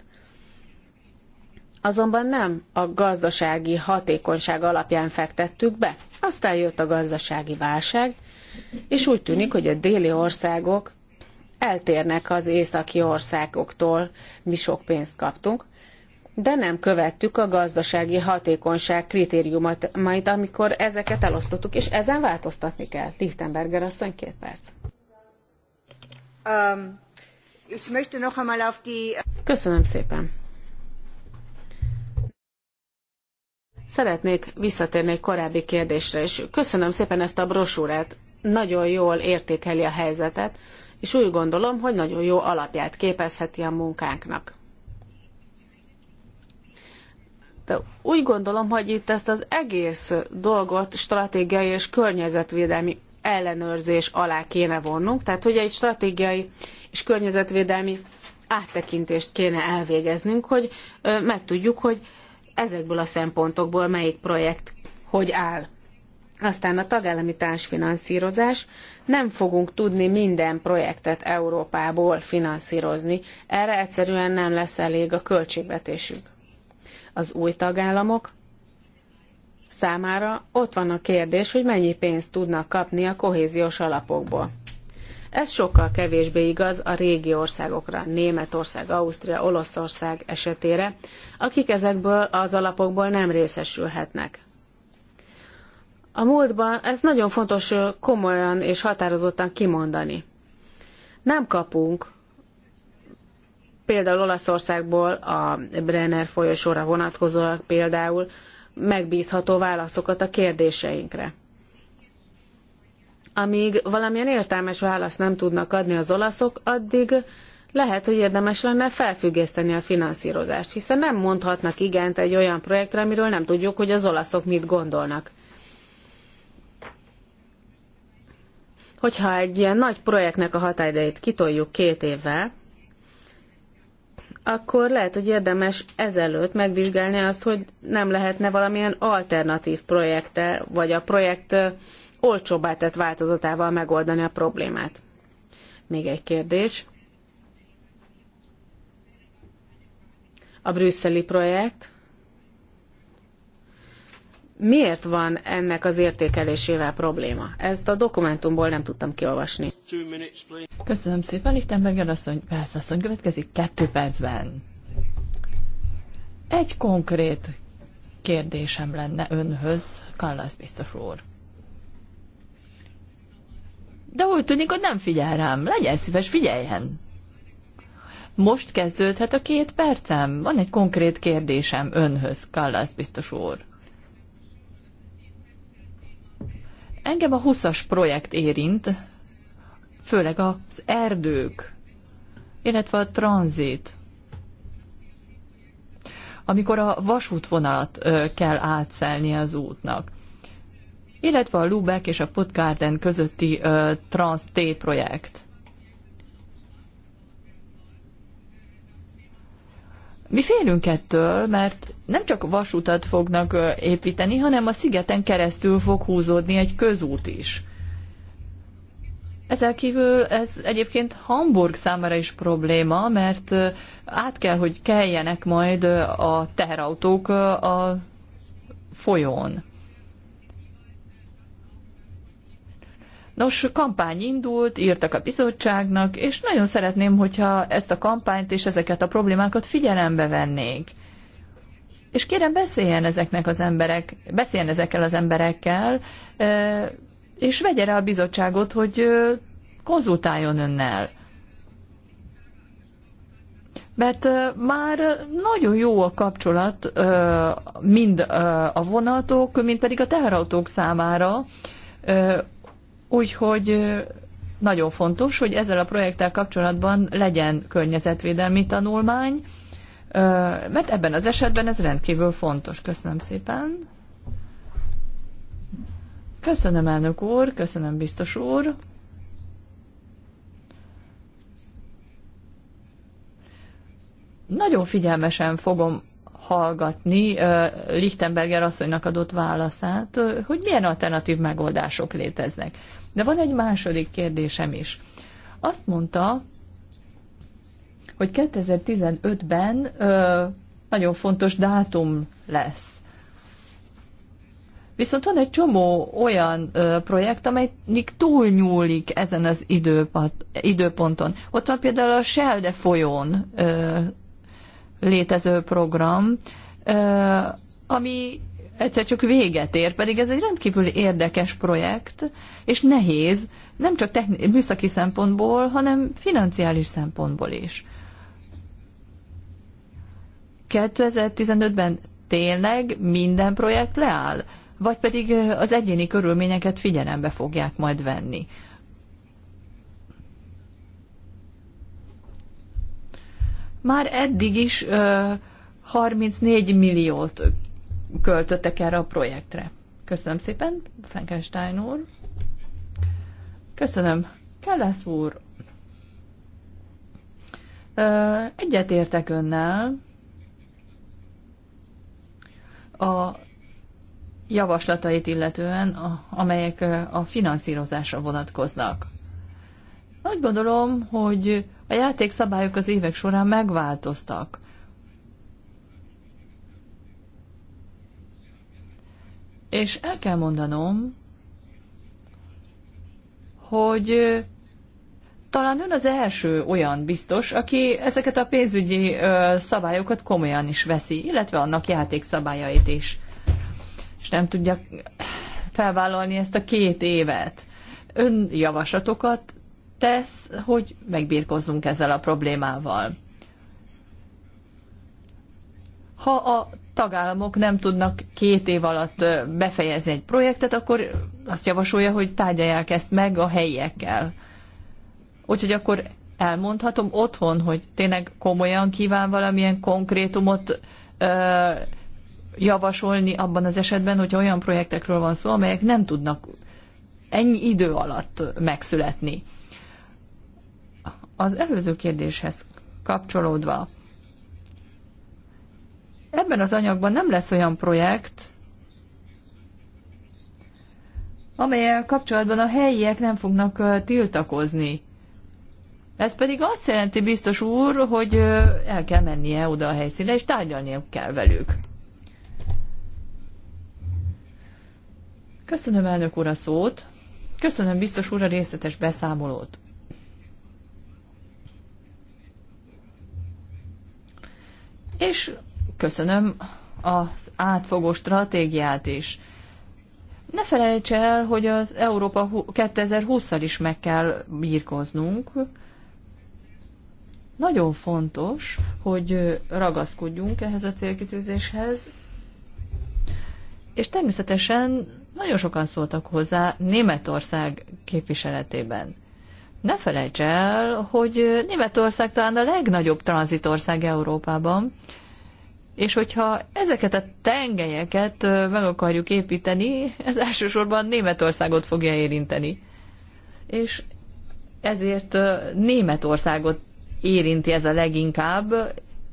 azonban nem a gazdasági hatékonyság alapján fektettük be. Aztán jött a gazdasági válság, és úgy tűnik, hogy a déli országok eltérnek az északi országoktól, mi sok pénzt kaptunk, de nem követtük a gazdasági hatékonyság kritériumait, majd amikor ezeket elosztottuk, és ezen változtatni kell. Lichtenberger asszony, két perc. Um, die... Köszönöm szépen. Szeretnék visszatérni egy korábbi kérdésre, és köszönöm szépen ezt a brosúrát. Nagyon jól értékeli a helyzetet, és úgy gondolom, hogy nagyon jó alapját képezheti a munkánknak. De úgy gondolom, hogy itt ezt az egész dolgot stratégiai és környezetvédelmi ellenőrzés alá kéne vonnunk, tehát hogy egy stratégiai és környezetvédelmi áttekintést kéne elvégeznünk, hogy megtudjuk, hogy ezekből a szempontokból melyik projekt hogy áll. Aztán a tagállami társfinanszírozás. Nem fogunk tudni minden projektet Európából finanszírozni. Erre egyszerűen nem lesz elég a költségvetésünk. Az új tagállamok számára ott van a kérdés, hogy mennyi pénzt tudnak kapni a kohéziós alapokból. Ez sokkal kevésbé igaz a régi országokra, Németország, Ausztria, Olaszország esetére, akik ezekből az alapokból nem részesülhetnek. A múltban ez nagyon fontos komolyan és határozottan kimondani. Nem kapunk például Olaszországból a Brenner folyosóra vonatkozóak például megbízható válaszokat a kérdéseinkre amíg valamilyen értelmes választ nem tudnak adni az olaszok, addig lehet, hogy érdemes lenne felfüggeszteni a finanszírozást, hiszen nem mondhatnak igent egy olyan projektre, amiről nem tudjuk, hogy az olaszok mit gondolnak. Hogyha egy ilyen nagy projektnek a határidejét kitoljuk két évvel, akkor lehet, hogy érdemes ezelőtt megvizsgálni azt, hogy nem lehetne valamilyen alternatív projekttel, vagy a projekt olcsóbbá tett változatával megoldani a problémát. Még egy kérdés. A brüsszeli projekt. Miért van ennek az értékelésével probléma? Ezt a dokumentumból nem tudtam kiolvasni. Köszönöm szépen, Lichtenberger asszony, persze asszony, következik kettő percben. Egy konkrét kérdésem lenne önhöz, Kallász biztos úr de úgy tűnik, hogy nem figyel rám. Legyen szíves, figyeljen! Most kezdődhet a két percem. Van egy konkrét kérdésem önhöz, Kallas biztos úr. Engem a 20-as projekt érint, főleg az erdők, illetve a tranzit. Amikor a vasútvonalat kell átszelni az útnak illetve a Lubeck és a Puttgarden közötti uh, Trans T projekt. Mi félünk ettől, mert nem csak vasutat fognak építeni, hanem a szigeten keresztül fog húzódni egy közút is. Ezzel kívül ez egyébként Hamburg számára is probléma, mert át kell, hogy keljenek majd a teherautók a folyón. Nos, kampány indult, írtak a bizottságnak, és nagyon szeretném, hogyha ezt a kampányt és ezeket a problémákat figyelembe vennék. És kérem, beszéljen ezeknek az emberek, beszéljen ezekkel az emberekkel, és vegye rá a bizottságot, hogy konzultáljon önnel. Mert már nagyon jó a kapcsolat mind a vonatok, mind pedig a teherautók számára, Úgyhogy nagyon fontos, hogy ezzel a projekttel kapcsolatban legyen környezetvédelmi tanulmány, mert ebben az esetben ez rendkívül fontos. Köszönöm szépen. Köszönöm, elnök úr, köszönöm, biztos úr. Nagyon figyelmesen fogom hallgatni Lichtenberger asszonynak adott válaszát, hogy milyen alternatív megoldások léteznek. De van egy második kérdésem is. Azt mondta, hogy 2015-ben nagyon fontos dátum lesz. Viszont van egy csomó olyan ö, projekt, amelyik túlnyúlik ezen az időpat, időponton. Ott van például a Selde folyón ö, létező program, ö, ami egyszer csak véget ér, pedig ez egy rendkívül érdekes projekt, és nehéz, nem csak techni- műszaki szempontból, hanem financiális szempontból is. 2015-ben tényleg minden projekt leáll, vagy pedig az egyéni körülményeket figyelembe fogják majd venni. Már eddig is ö, 34 milliót költöttek erre a projektre. Köszönöm szépen, Frankenstein úr. Köszönöm, Kellász úr. Egyetértek önnel. A javaslatait illetően, amelyek a finanszírozásra vonatkoznak. Nagy gondolom, hogy a játékszabályok az évek során megváltoztak. És el kell mondanom, hogy talán ön az első olyan biztos, aki ezeket a pénzügyi szabályokat komolyan is veszi, illetve annak játékszabályait is. És nem tudja felvállalni ezt a két évet. Ön javaslatokat tesz, hogy megbírkozzunk ezzel a problémával. Ha a tagállamok nem tudnak két év alatt befejezni egy projektet, akkor azt javasolja, hogy tárgyalják ezt meg a helyiekkel. Úgyhogy akkor elmondhatom otthon, hogy tényleg komolyan kíván valamilyen konkrétumot ö, javasolni abban az esetben, hogy olyan projektekről van szó, amelyek nem tudnak ennyi idő alatt megszületni. Az előző kérdéshez kapcsolódva, ebben az anyagban nem lesz olyan projekt, amelyel kapcsolatban a helyiek nem fognak tiltakozni. Ez pedig azt jelenti, biztos úr, hogy el kell mennie oda a helyszínre, és tárgyalnia kell velük. Köszönöm elnök úr a szót, köszönöm biztos úr a részletes beszámolót. És köszönöm az átfogó stratégiát is. Ne felejts el, hogy az Európa 2020-szal is meg kell bírkoznunk. Nagyon fontos, hogy ragaszkodjunk ehhez a célkitűzéshez, és természetesen nagyon sokan szóltak hozzá Németország képviseletében. Ne felejts el, hogy Németország talán a legnagyobb tranzitország Európában, és hogyha ezeket a tengelyeket meg akarjuk építeni, ez elsősorban Németországot fogja érinteni. És ezért Németországot érinti ez a leginkább,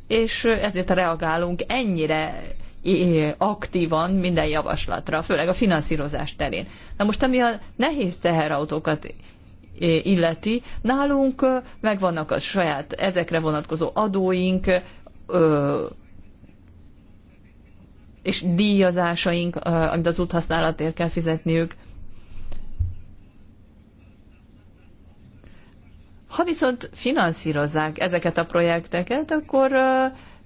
és ezért reagálunk ennyire aktívan minden javaslatra, főleg a finanszírozás terén. Na most, ami a nehéz teherautókat illeti, nálunk megvannak a saját ezekre vonatkozó adóink, és díjazásaink, amit az úthasználatért kell fizetniük. Ha viszont finanszírozzák ezeket a projekteket, akkor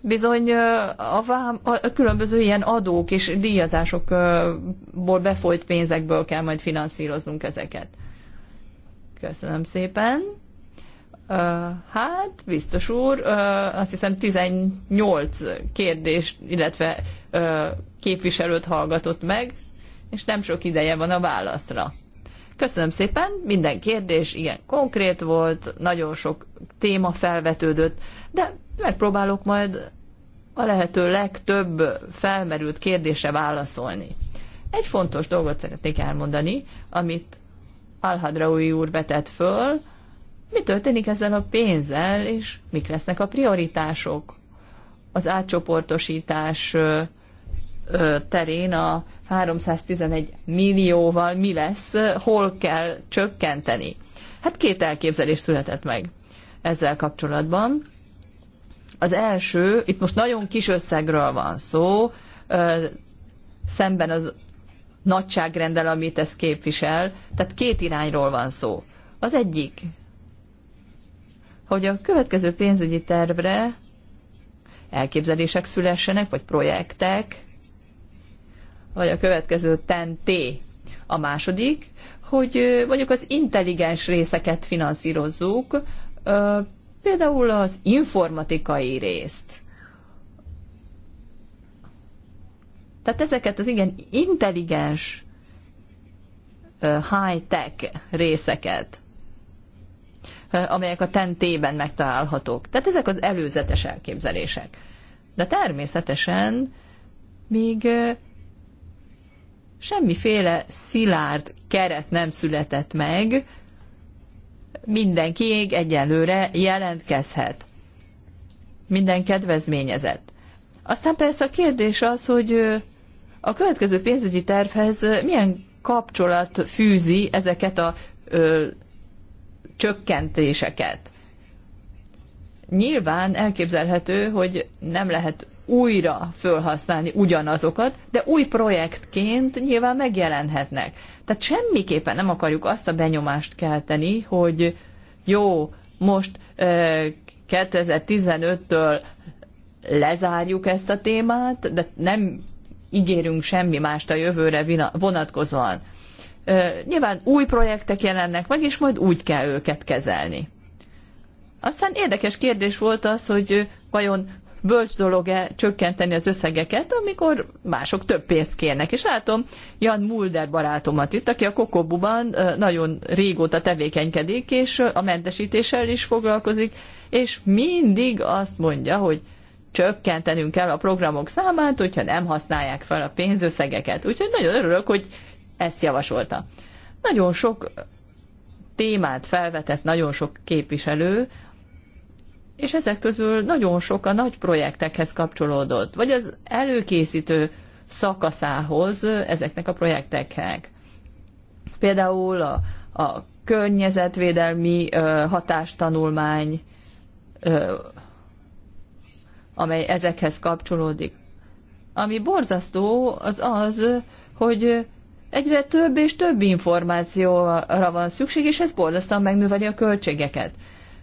bizony a, vám, a különböző ilyen adók és díjazásokból befolyt pénzekből kell majd finanszíroznunk ezeket. Köszönöm szépen! Uh, hát, biztos úr, uh, azt hiszem 18 kérdés, illetve uh, képviselőt hallgatott meg, és nem sok ideje van a válaszra. Köszönöm szépen, minden kérdés igen konkrét volt, nagyon sok téma felvetődött, de megpróbálok majd a lehető legtöbb felmerült kérdése válaszolni. Egy fontos dolgot szeretnék elmondani, amit Alhadraui úr vetett föl, mi történik ezzel a pénzzel, és mik lesznek a prioritások az átcsoportosítás terén a 311 millióval mi lesz, hol kell csökkenteni. Hát két elképzelés született meg ezzel kapcsolatban. Az első, itt most nagyon kis összegről van szó, szemben az nagyságrendel, amit ez képvisel, tehát két irányról van szó. Az egyik hogy a következő pénzügyi tervre elképzelések szülessenek, vagy projektek, vagy a következő TEN-T. A második, hogy mondjuk az intelligens részeket finanszírozzuk, például az informatikai részt. Tehát ezeket az igen intelligens high-tech részeket amelyek a tentében megtalálhatók. Tehát ezek az előzetes elképzelések. De természetesen még semmiféle szilárd keret nem született meg, mindenki egyelőre jelentkezhet. Minden kedvezményezett. Aztán persze a kérdés az, hogy a következő pénzügyi tervhez milyen kapcsolat fűzi ezeket a csökkentéseket. Nyilván elképzelhető, hogy nem lehet újra felhasználni ugyanazokat, de új projektként nyilván megjelenhetnek. Tehát semmiképpen nem akarjuk azt a benyomást kelteni, hogy jó, most 2015-től lezárjuk ezt a témát, de nem ígérünk semmi mást a jövőre vonatkozóan. Nyilván új projektek jelennek meg, és majd úgy kell őket kezelni. Aztán érdekes kérdés volt az, hogy vajon bölcs dolog-e csökkenteni az összegeket, amikor mások több pénzt kérnek. És látom Jan Mulder barátomat itt, aki a Kokobuban nagyon régóta tevékenykedik, és a mentesítéssel is foglalkozik, és mindig azt mondja, hogy csökkentenünk kell a programok számát, hogyha nem használják fel a pénzösszegeket. Úgyhogy nagyon örülök, hogy ezt javasolta. Nagyon sok témát felvetett nagyon sok képviselő, és ezek közül nagyon sok a nagy projektekhez kapcsolódott, vagy az előkészítő szakaszához ezeknek a projekteknek. Például a, a környezetvédelmi ö, hatástanulmány, ö, amely ezekhez kapcsolódik. Ami borzasztó, az az, hogy egyre több és több információra van szükség, és ez borzasztóan megnöveli a költségeket.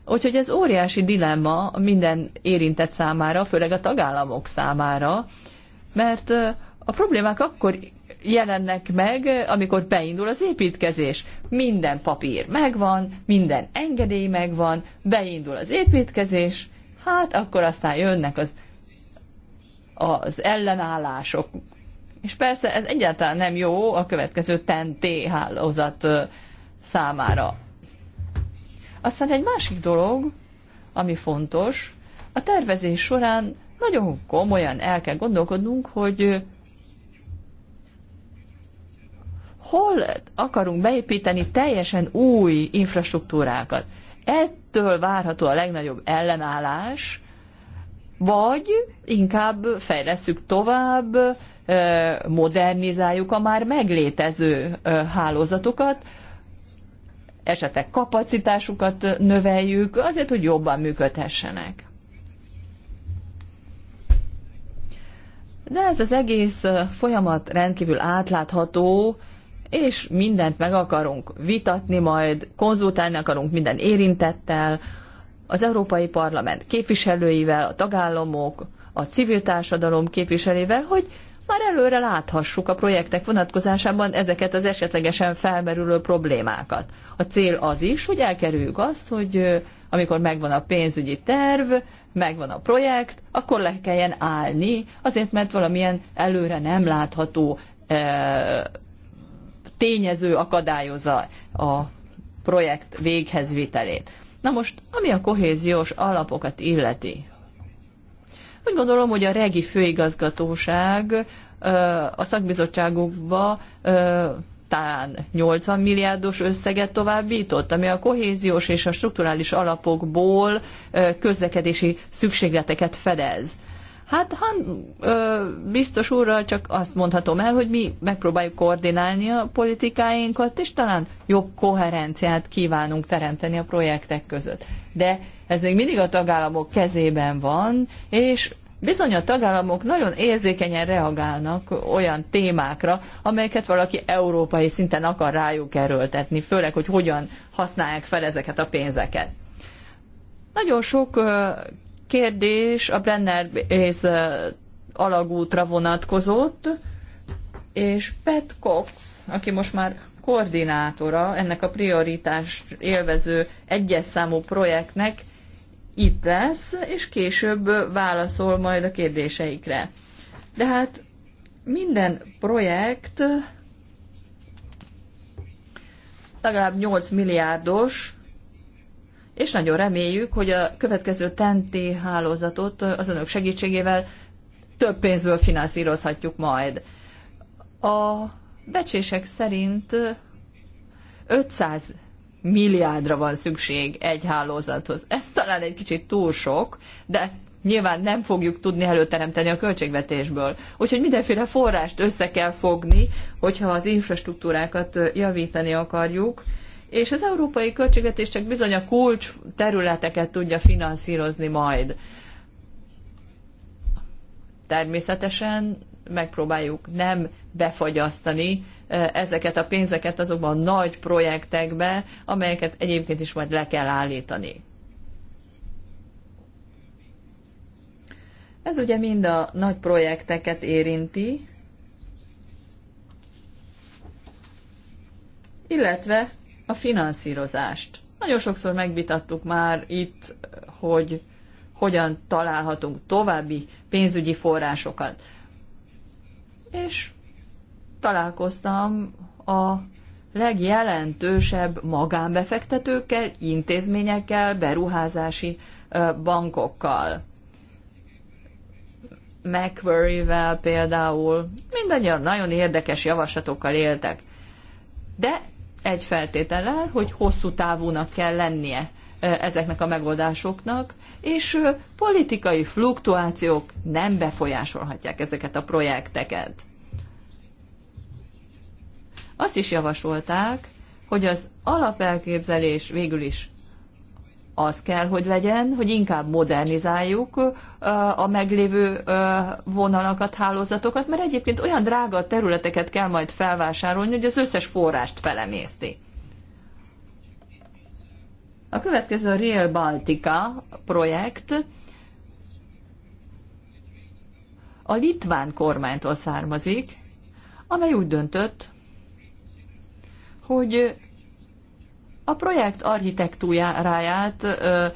Úgyhogy ez óriási dilemma minden érintett számára, főleg a tagállamok számára, mert a problémák akkor jelennek meg, amikor beindul az építkezés. Minden papír megvan, minden engedély megvan, beindul az építkezés, hát akkor aztán jönnek az, az ellenállások, és persze ez egyáltalán nem jó a következő TNT hálózat számára. Aztán egy másik dolog, ami fontos, a tervezés során nagyon komolyan el kell gondolkodnunk, hogy hol akarunk beépíteni teljesen új infrastruktúrákat. Ettől várható a legnagyobb ellenállás, vagy inkább fejleszünk tovább, modernizáljuk a már meglétező hálózatokat, esetek kapacitásukat növeljük, azért, hogy jobban működhessenek. De ez az egész folyamat rendkívül átlátható, és mindent meg akarunk vitatni majd, konzultálni akarunk minden érintettel, az Európai Parlament képviselőivel, a tagállamok, a civil társadalom képviselével, hogy már előre láthassuk a projektek vonatkozásában ezeket az esetlegesen felmerülő problémákat. A cél az is, hogy elkerüljük azt, hogy amikor megvan a pénzügyi terv, megvan a projekt, akkor le kelljen állni, azért mert valamilyen előre nem látható e, tényező akadályozza a projekt véghezvitelét. Na most, ami a kohéziós alapokat illeti, úgy gondolom, hogy a regi főigazgatóság a szakbizottságokba talán 80 milliárdos összeget továbbított, ami a kohéziós és a strukturális alapokból közlekedési szükségleteket fedez. Hát Han ö, biztos úrral csak azt mondhatom el, hogy mi megpróbáljuk koordinálni a politikáinkat, és talán jobb koherenciát kívánunk teremteni a projektek között. De ez még mindig a tagállamok kezében van, és bizony a tagállamok nagyon érzékenyen reagálnak olyan témákra, amelyeket valaki európai szinten akar rájuk erőltetni, főleg, hogy hogyan használják fel ezeket a pénzeket. Nagyon sok kérdés a Brenner és alagútra vonatkozott, és Pat Cox, aki most már koordinátora ennek a prioritást élvező egyes számú projektnek, itt lesz, és később válaszol majd a kérdéseikre. De hát minden projekt legalább 8 milliárdos, és nagyon reméljük, hogy a következő TNT hálózatot az önök segítségével több pénzből finanszírozhatjuk majd. A becsések szerint 500 milliárdra van szükség egy hálózathoz. Ez talán egy kicsit túl sok, de nyilván nem fogjuk tudni előteremteni a költségvetésből. Úgyhogy mindenféle forrást össze kell fogni, hogyha az infrastruktúrákat javítani akarjuk, és az európai költségvetés csak bizony a kulcs területeket tudja finanszírozni majd. Természetesen megpróbáljuk nem befagyasztani ezeket a pénzeket azokban a nagy projektekbe, amelyeket egyébként is majd le kell állítani. Ez ugye mind a nagy projekteket érinti, illetve a finanszírozást. Nagyon sokszor megvitattuk már itt, hogy hogyan találhatunk további pénzügyi forrásokat és találkoztam a legjelentősebb magánbefektetőkkel, intézményekkel, beruházási bankokkal. macquarie vel például, mindannyian nagyon érdekes javaslatokkal éltek. De egy feltétellel, hogy hosszú távúnak kell lennie ezeknek a megoldásoknak, és politikai fluktuációk nem befolyásolhatják ezeket a projekteket. Azt is javasolták, hogy az alapelképzelés végül is az kell, hogy legyen, hogy inkább modernizáljuk a meglévő vonalakat, hálózatokat, mert egyébként olyan drága területeket kell majd felvásárolni, hogy az összes forrást felemészti. A következő a Real Baltica projekt a litván kormánytól származik, amely úgy döntött, hogy a projekt architektúráját ö,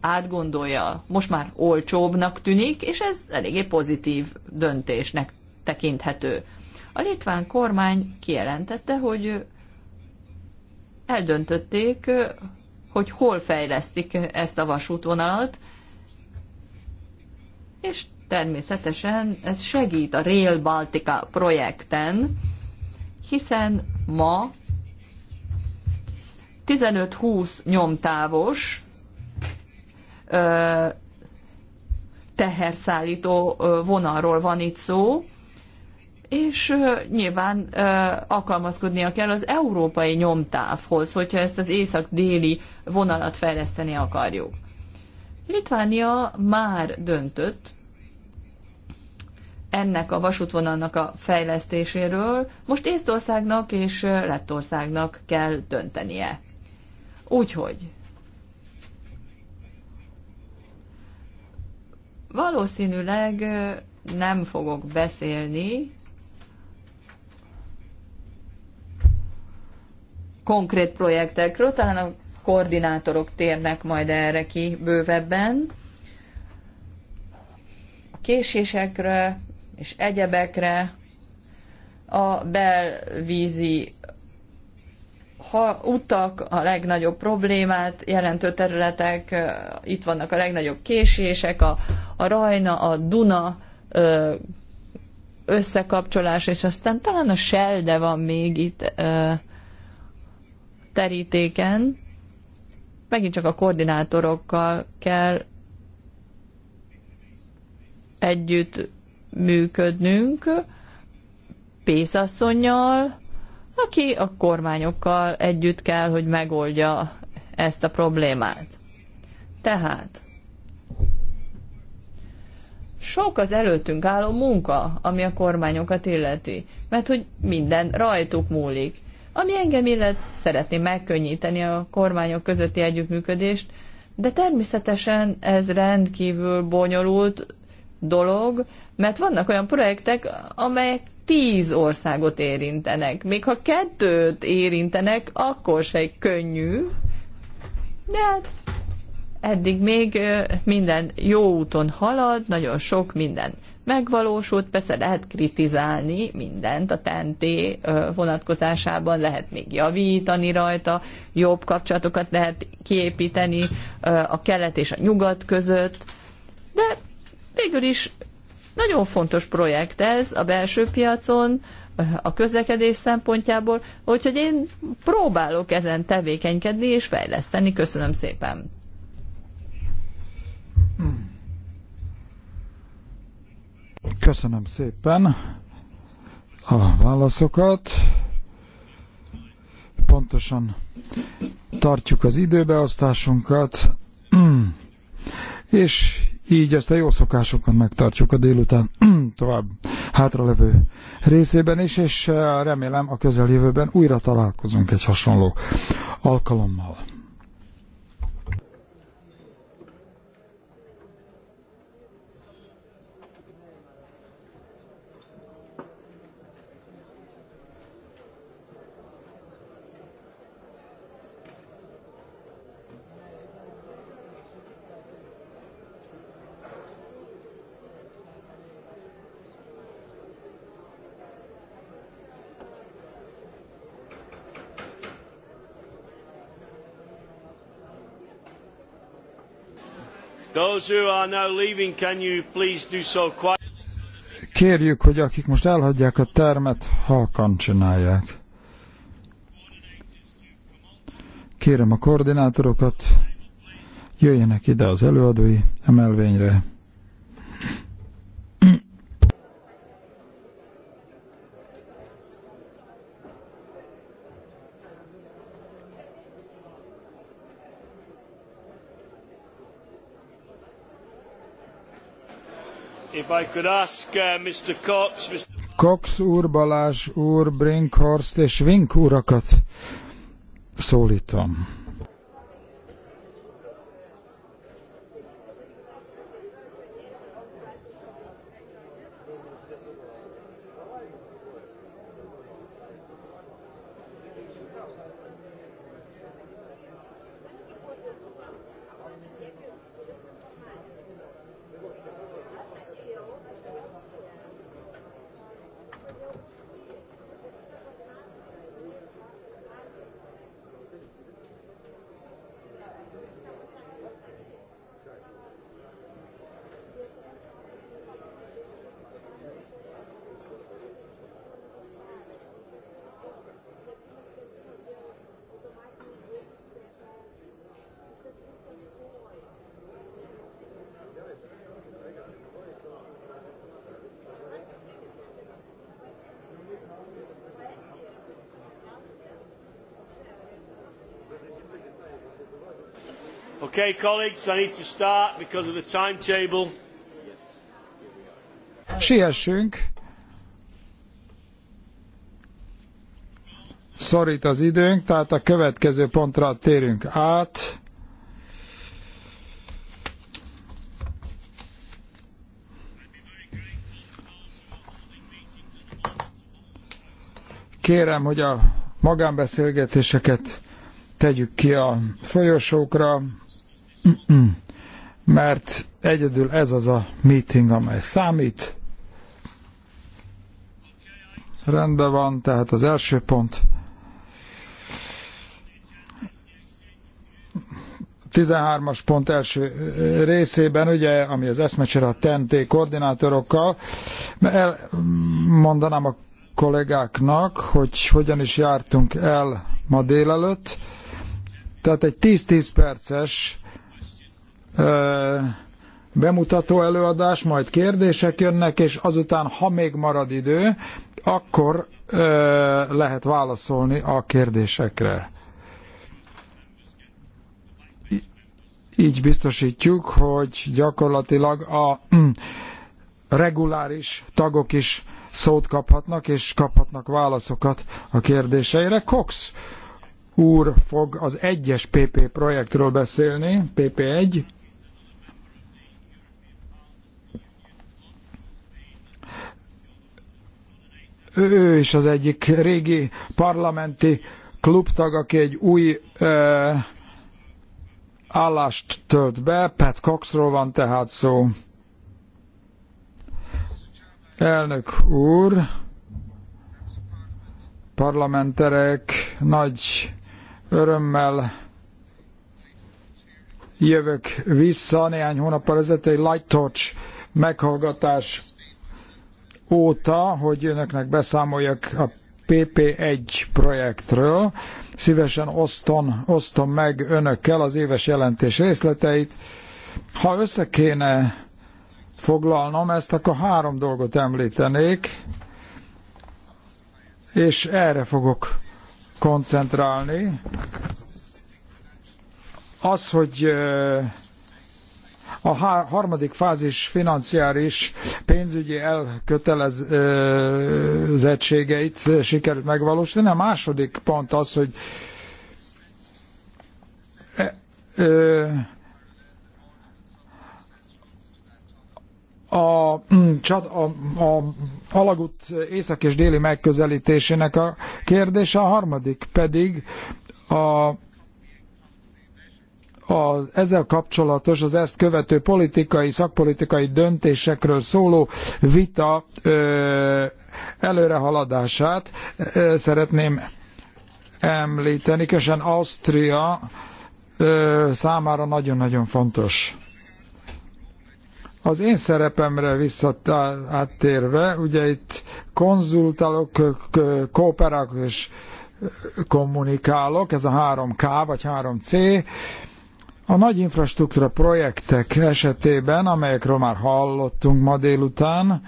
átgondolja. Most már olcsóbbnak tűnik, és ez eléggé pozitív döntésnek tekinthető. A litván kormány kijelentette, hogy eldöntötték, hogy hol fejlesztik ezt a vasútvonalat, és természetesen ez segít a Rail Baltica projekten, hiszen ma 15-20 nyomtávos ö, teherszállító vonalról van itt szó, és nyilván alkalmazkodnia kell az európai nyomtávhoz, hogyha ezt az észak-déli vonalat fejleszteni akarjuk. Litvánia már döntött ennek a vasútvonalnak a fejlesztéséről, most Észtországnak és Lettországnak kell döntenie. Úgyhogy valószínűleg nem fogok beszélni konkrét projektekről, talán a koordinátorok térnek majd erre ki bővebben. A késésekre és egyebekre a belvízi ha utak a legnagyobb problémát jelentő területek, itt vannak a legnagyobb késések, a, a Rajna, a Duna összekapcsolás, és aztán talán a Selde van még itt terítéken megint csak a koordinátorokkal kell együtt működnünk, pészasszonyjal, aki a kormányokkal együtt kell, hogy megoldja ezt a problémát. Tehát sok az előttünk álló munka, ami a kormányokat illeti, mert hogy minden rajtuk múlik. Ami engem illet, szeretném megkönnyíteni a kormányok közötti együttműködést, de természetesen ez rendkívül bonyolult dolog, mert vannak olyan projektek, amelyek tíz országot érintenek. Még ha kettőt érintenek, akkor se könnyű, de hát eddig még minden jó úton halad, nagyon sok minden megvalósult, persze lehet kritizálni mindent a TNT vonatkozásában, lehet még javítani rajta, jobb kapcsolatokat lehet kiépíteni a kelet és a nyugat között, de végül is nagyon fontos projekt ez a belső piacon, a közlekedés szempontjából, úgyhogy én próbálok ezen tevékenykedni és fejleszteni. Köszönöm szépen! Hmm. Köszönöm szépen a válaszokat. Pontosan tartjuk az időbeosztásunkat, és így ezt a jó szokásokat megtartjuk a délután tovább hátralevő részében is, és eh, remélem a közeljövőben újra találkozunk egy hasonló alkalommal. Those who are now leaving, can you please do so Kérjük, hogy akik most elhagyják a termet, halkan csinálják. Kérem a koordinátorokat, jöjjenek ide az előadói emelvényre. Uh, Cox, úr, Balázs úr, Brinkhorst és Vink urakat szólítom. Okay, colleagues, I need to start because of the timetable. Siessünk. Szorít az időnk, tehát a következő pontra térünk át. Kérem, hogy a magánbeszélgetéseket tegyük ki a folyosókra, mert egyedül ez az a meeting, amely számít. Rendben van, tehát az első pont. 13-as pont első eh, részében, ugye, ami az eszmecsere a TNT koordinátorokkal, elmondanám a kollégáknak, hogy hogyan is jártunk el ma délelőtt. Tehát egy 10-10 perces bemutató előadás, majd kérdések jönnek, és azután, ha még marad idő, akkor lehet válaszolni a kérdésekre. Így biztosítjuk, hogy gyakorlatilag a mm, reguláris tagok is szót kaphatnak, és kaphatnak válaszokat a kérdéseire. Cox úr fog az egyes PP projektről beszélni, PP1. ő is az egyik régi parlamenti klubtag, aki egy új ö, állást tölt be. Pat Coxról van tehát szó. Elnök úr, parlamenterek, nagy örömmel jövök vissza néhány hónap ezelőtt egy Light Touch meghallgatás óta, hogy önöknek beszámoljak a PP1 projektről. Szívesen osztom, osztom meg önökkel az éves jelentés részleteit. Ha össze kéne foglalnom ezt, akkor három dolgot említenék, és erre fogok koncentrálni. Az, hogy a harmadik fázis financiáris pénzügyi elkötelezettségeit sikerült megvalósítani. A második pont az, hogy e, a, mm, a, a alagút észak és déli megközelítésének a kérdése, a harmadik pedig a az ezzel kapcsolatos, az ezt követő politikai, szakpolitikai döntésekről szóló vita előrehaladását szeretném említeni, különösen Ausztria számára nagyon-nagyon fontos. Az én szerepemre visszatérve, ugye itt konzultálok, kooperálok és kommunikálok, ez a 3K vagy 3C, a nagy infrastruktúra projektek esetében, amelyekről már hallottunk ma délután,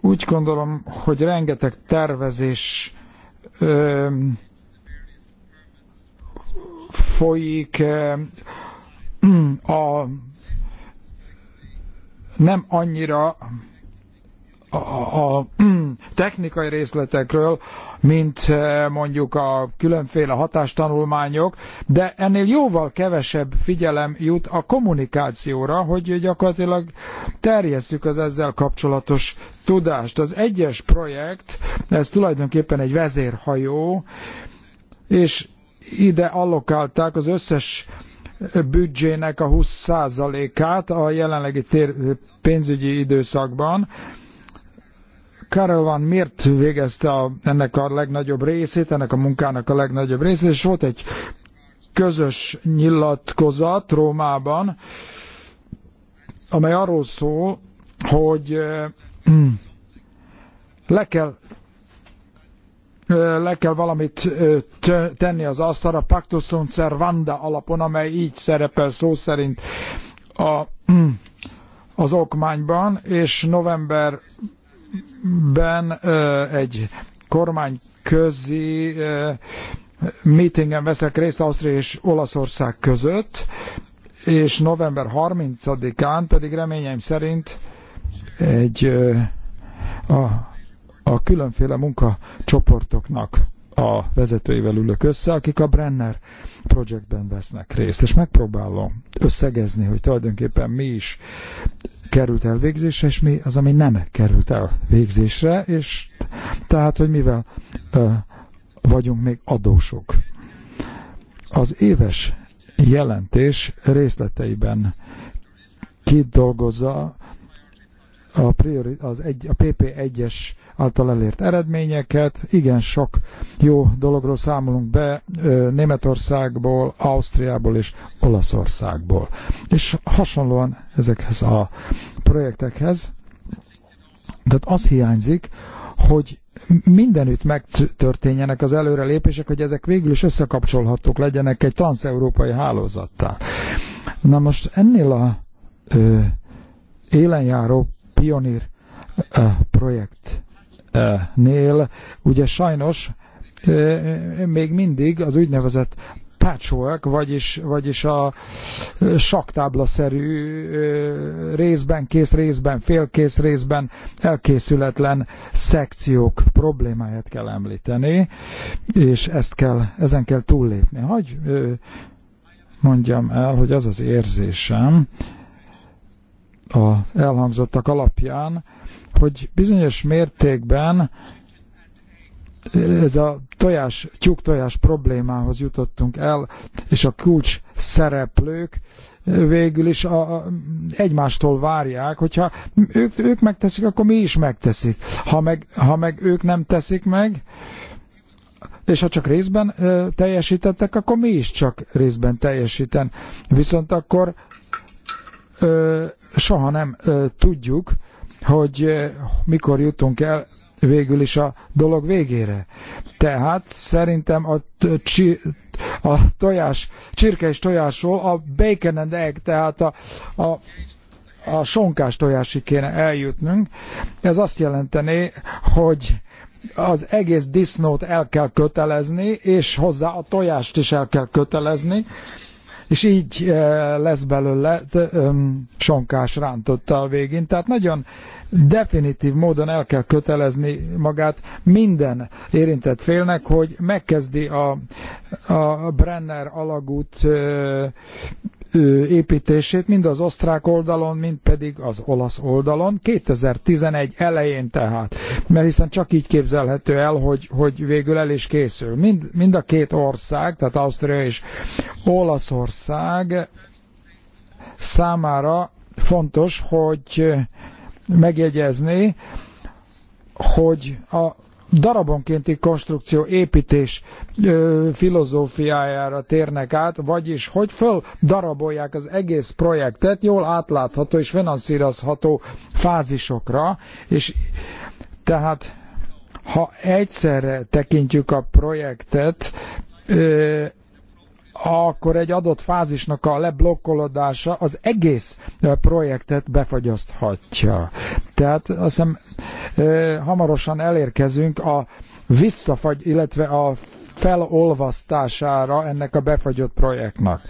úgy gondolom, hogy rengeteg tervezés ö, folyik ö, a nem annyira a, a technikai részletekről, mint eh, mondjuk a különféle hatástanulmányok, de ennél jóval kevesebb figyelem jut a kommunikációra, hogy gyakorlatilag terjesszük az ezzel kapcsolatos tudást. Az egyes projekt, ez tulajdonképpen egy vezérhajó, és ide allokálták az összes büdzsének a 20%-át a jelenlegi pénzügyi időszakban, Karel van miért végezte a, ennek a legnagyobb részét, ennek a munkának a legnagyobb részét, és volt egy közös nyilatkozat Rómában, amely arról szól, hogy hmm, le kell le kell valamit tenni az asztalra, Pactus sunt servanda alapon, amely így szerepel szó szerint a, hmm, az okmányban, és november ben egy kormány közi meetingen veszek részt Ausztria és Olaszország között, és november 30-án pedig reményeim szerint egy a, a különféle munkacsoportoknak a vezetőivel ülök össze, akik a Brenner projektben vesznek részt, és megpróbálom összegezni, hogy tulajdonképpen mi is került el végzésre, és mi az, ami nem került el végzésre, és tehát, hogy mivel ö, vagyunk még adósok. Az éves jelentés részleteiben kidolgozza a, priori, az egy, a PP1-es által elért eredményeket. Igen, sok jó dologról számolunk be Németországból, Ausztriából és Olaszországból. És hasonlóan ezekhez a projektekhez, tehát az hiányzik, hogy mindenütt megtörténjenek az előrelépések, hogy ezek végül is összekapcsolhatók legyenek egy transeurópai hálózattal. Na most ennél a ö, élenjáró pionír eh, projektnél, eh, ugye sajnos eh, még mindig az úgynevezett patchwork, vagyis, vagyis a saktáblaszerű részben, kész részben, félkész részben elkészületlen szekciók problémáját kell említeni, és ezt kell, ezen kell túllépni. Hogy mondjam el, hogy az az érzésem, a elhangzottak alapján, hogy bizonyos mértékben ez a tojás, tyúk-tojás problémához jutottunk el, és a kulcs szereplők végül is a, a, egymástól várják, hogyha ők, ők megteszik, akkor mi is megteszik. Ha meg, ha meg ők nem teszik meg, és ha csak részben ö, teljesítettek, akkor mi is csak részben teljesíten. Viszont akkor ö, soha nem tudjuk, hogy mikor jutunk el végül is a dolog végére. Tehát szerintem a, a tojás, csirke és tojásról a bacon and egg, tehát a, a a sonkás tojásig kéne eljutnunk. Ez azt jelenteni, hogy az egész disznót el kell kötelezni, és hozzá a tojást is el kell kötelezni, és így eh, lesz belőle sonkás rántotta a végén. Tehát nagyon definitív módon el kell kötelezni magát minden érintett félnek, hogy megkezdi a, a Brenner alagút eh, építését, mind az osztrák oldalon, mind pedig az olasz oldalon, 2011 elején tehát, mert hiszen csak így képzelhető el, hogy, hogy végül el is készül. Mind, mind a két ország, tehát Ausztria és Olaszország számára fontos, hogy megjegyezni, hogy a darabonkénti konstrukció építés ö, filozófiájára térnek át, vagyis hogy föl darabolják az egész projektet jól átlátható és finanszírozható fázisokra, és tehát ha egyszerre tekintjük a projektet, ö, akkor egy adott fázisnak a leblokkolódása az egész projektet befagyaszthatja. Tehát azt hiszem hamarosan elérkezünk a visszafagy, illetve a felolvasztására ennek a befagyott projektnak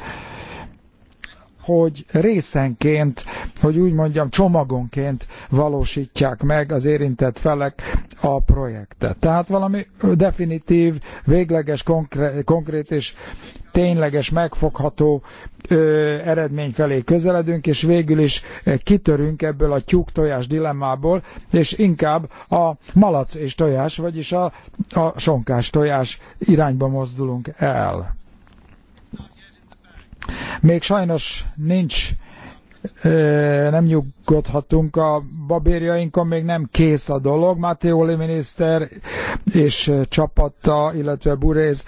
hogy részenként, hogy úgy mondjam, csomagonként valósítják meg az érintett felek a projektet. Tehát valami definitív, végleges, konkrét és tényleges, megfogható ö, eredmény felé közeledünk, és végül is kitörünk ebből a tyúk-tojás dilemmából, és inkább a malac és tojás, vagyis a, a sonkás tojás irányba mozdulunk el. Még sajnos nincs nem nyugodhatunk a babérjainkon, még nem kész a dolog. Máté miniszter és csapata, illetve Buréz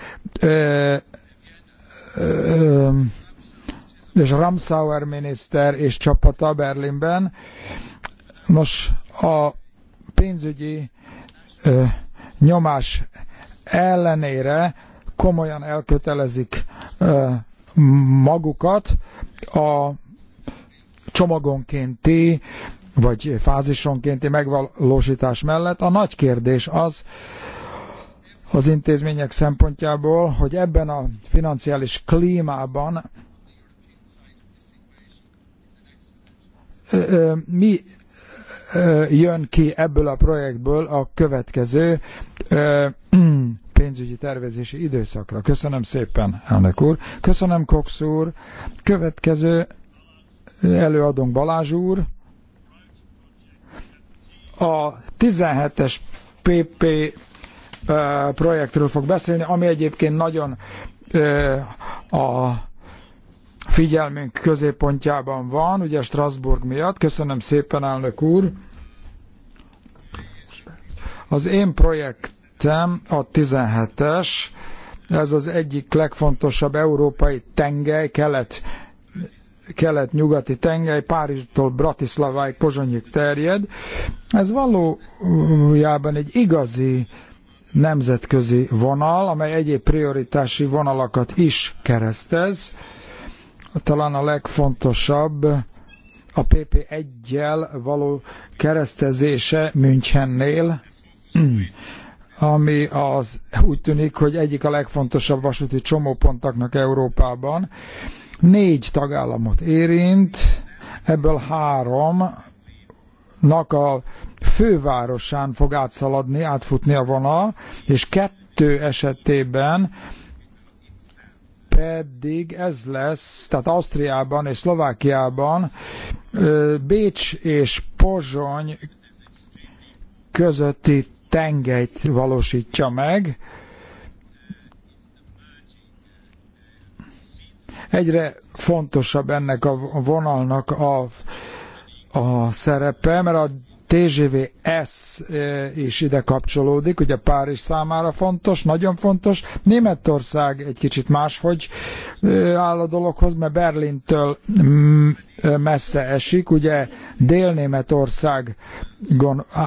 és Ramsauer miniszter és csapata Berlinben. Nos, a pénzügyi nyomás ellenére komolyan elkötelezik magukat a csomagonkénti vagy fázisonkénti megvalósítás mellett. A nagy kérdés az, az intézmények szempontjából, hogy ebben a financiális klímában mi jön ki ebből a projektből a következő pénzügyi tervezési időszakra. Köszönöm szépen, elnök úr. Köszönöm, Cox úr. Következő előadónk Balázs úr. A 17-es PP projektről fog beszélni, ami egyébként nagyon a figyelmünk középpontjában van, ugye Strasbourg miatt. Köszönöm szépen, elnök úr! Az én projektem a 17-es, ez az egyik legfontosabb európai tengely, kelet kelet-nyugati tengely, Párizstól Bratislaváig, Pozsonyig terjed. Ez valójában egy igazi nemzetközi vonal, amely egyéb prioritási vonalakat is keresztez. Talán a legfontosabb a PP1-jel való keresztezése Münchennél, ami az úgy tűnik, hogy egyik a legfontosabb vasúti csomópontaknak Európában. Négy tagállamot érint, ebből háromnak a fővárosán fog átszaladni, átfutni a vonal, és kettő esetében pedig ez lesz, tehát Ausztriában és Szlovákiában Bécs és Pozsony közötti tengelyt valósítja meg. Egyre fontosabb ennek a vonalnak a, a szerepe, mert a s eh, is ide kapcsolódik, ugye Párizs számára fontos, nagyon fontos. Németország egy kicsit máshogy eh, áll a dologhoz, mert Berlintől mm, eh, messze esik, ugye dél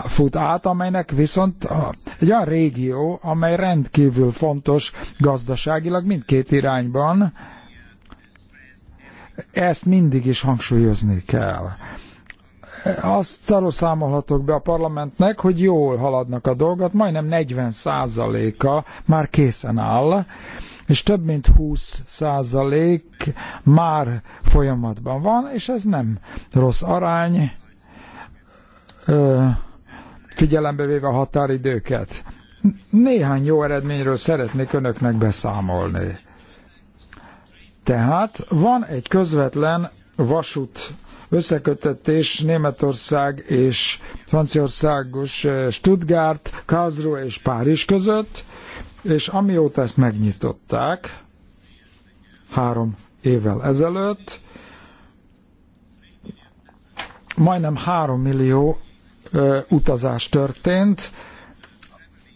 fut át, amelynek viszont egy olyan régió, amely rendkívül fontos gazdaságilag mindkét irányban, ezt mindig is hangsúlyozni kell azt arról számolhatok be a parlamentnek, hogy jól haladnak a dolgok, majdnem 40%-a már készen áll, és több mint 20% már folyamatban van, és ez nem rossz arány, figyelembe véve a határidőket. Néhány jó eredményről szeretnék önöknek beszámolni. Tehát van egy közvetlen vasút összekötetés Németország és Franciaországos eh, Stuttgart, Karlsruhe és Párizs között, és amióta ezt megnyitották, három évvel ezelőtt, majdnem három millió ö, eh, utazás történt,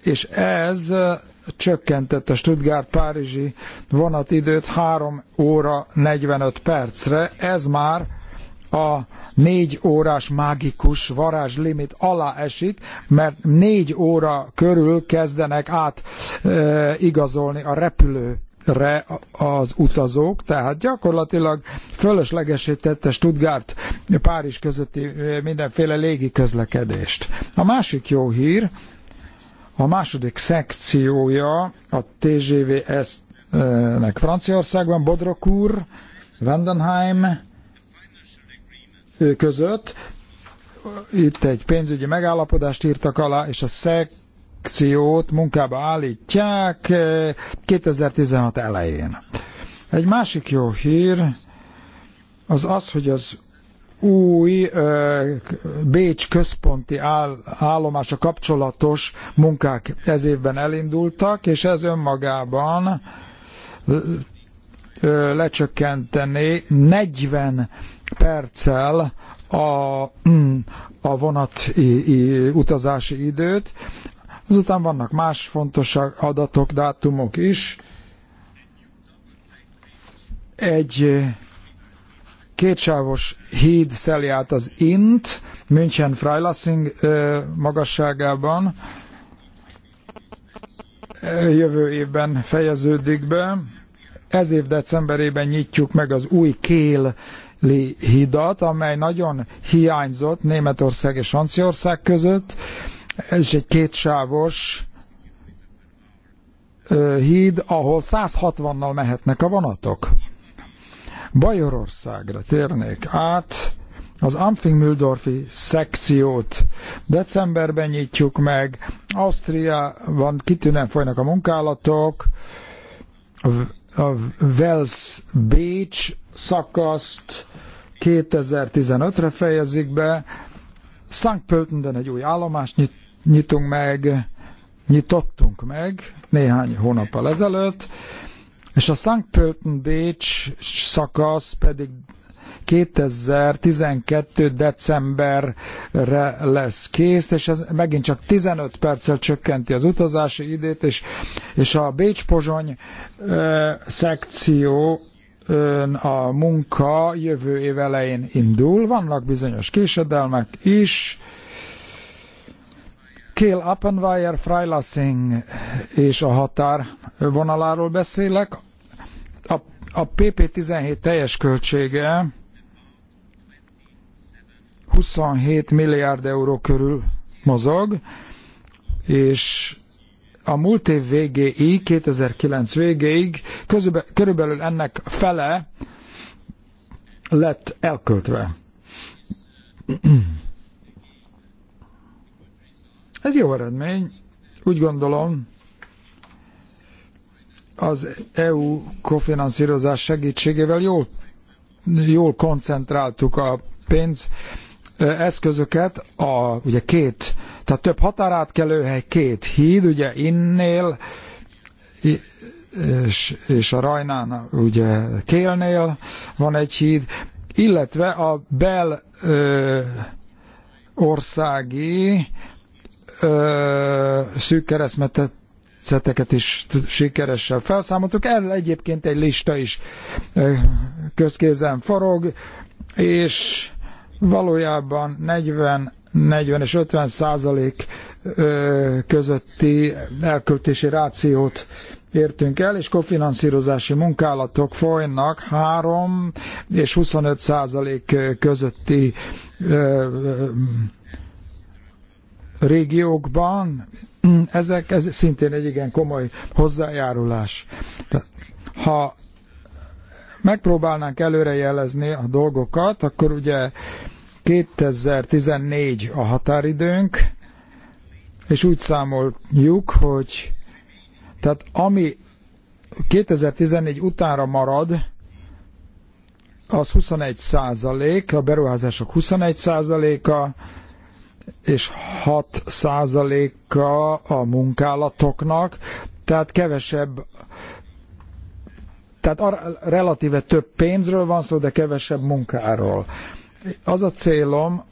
és ez eh, csökkentett a Stuttgart-Párizsi vonatidőt 3 óra 45 percre. Ez már a négy órás mágikus varázslimit alá esik, mert négy óra körül kezdenek át e, igazolni a repülőre az utazók, tehát gyakorlatilag fölöslegesítette Stuttgart Párizs közötti mindenféle légi közlekedést. A másik jó hír, a második szekciója a TGVS-nek Franciaországban, Bodrogur, Vandenheim, között. Itt egy pénzügyi megállapodást írtak alá, és a szekciót munkába állítják 2016 eh, elején. Egy másik jó hír az az, hogy az új ö, eh, Bécs központi áll, állomása kapcsolatos munkák ez évben elindultak, és ez önmagában ö, eh, lecsökkenteni 40 perccel a, mm, a vonat utazási időt. Azután vannak más fontos adatok, dátumok is. Egy eh, kétsávos híd szeli át az Int, München Freilassing eh, magasságában. Eh, jövő évben fejeződik be. Ez év decemberében nyitjuk meg az új Kél hidat, amely nagyon hiányzott Németország és Franciaország között. Ez is egy kétsávos híd, ahol 160-nal mehetnek a vonatok. Bajorországra térnék át. Az Amfing-Mühldorfi szekciót decemberben nyitjuk meg. Ausztriában kitűnően folynak a munkálatok. A Wels Bécs szakaszt 2015-re fejezik be. Sankt egy új állomást nyit, nyitunk meg, nyitottunk meg néhány hónappal ezelőtt, és a Sankt Bécs szakasz pedig 2012. decemberre lesz kész, és ez megint csak 15 perccel csökkenti az utazási időt, és, és a Bécs-Pozsony szekció ön a munka jövő év elején indul, vannak bizonyos késedelmek is, Kél Appenweier, Freilassing és a határ vonaláról beszélek. A, a PP17 teljes költsége 27 milliárd euró körül mozog, és a múlt év végéig, 2009 végéig körülbelül ennek fele lett elköltve. Ez jó eredmény, úgy gondolom, az EU kofinanszírozás segítségével jól, jól koncentráltuk a pénz eszközöket, a, ugye két tehát több hely, két híd, ugye innél, és, és a Rajnán, ugye Kélnél van egy híd, illetve a bel ö, országi ö, szűk keresztmetet szeteket is sikeresen felszámoltuk. Erről egyébként egy lista is közkézen forog, és valójában 40 40 és 50 százalék közötti elköltési rációt értünk el, és kofinanszírozási munkálatok folynak 3 és 25 százalék közötti régiókban. Ezek, ez szintén egy igen komoly hozzájárulás. Ha megpróbálnánk előrejelezni a dolgokat, akkor ugye 2014 a határidőnk, és úgy számoljuk, hogy tehát ami 2014 utánra marad, az 21 százalék, a beruházások 21 százaléka, és 6 százaléka a munkálatoknak, tehát kevesebb, tehát relatíve több pénzről van szó, de kevesebb munkáról az a célom,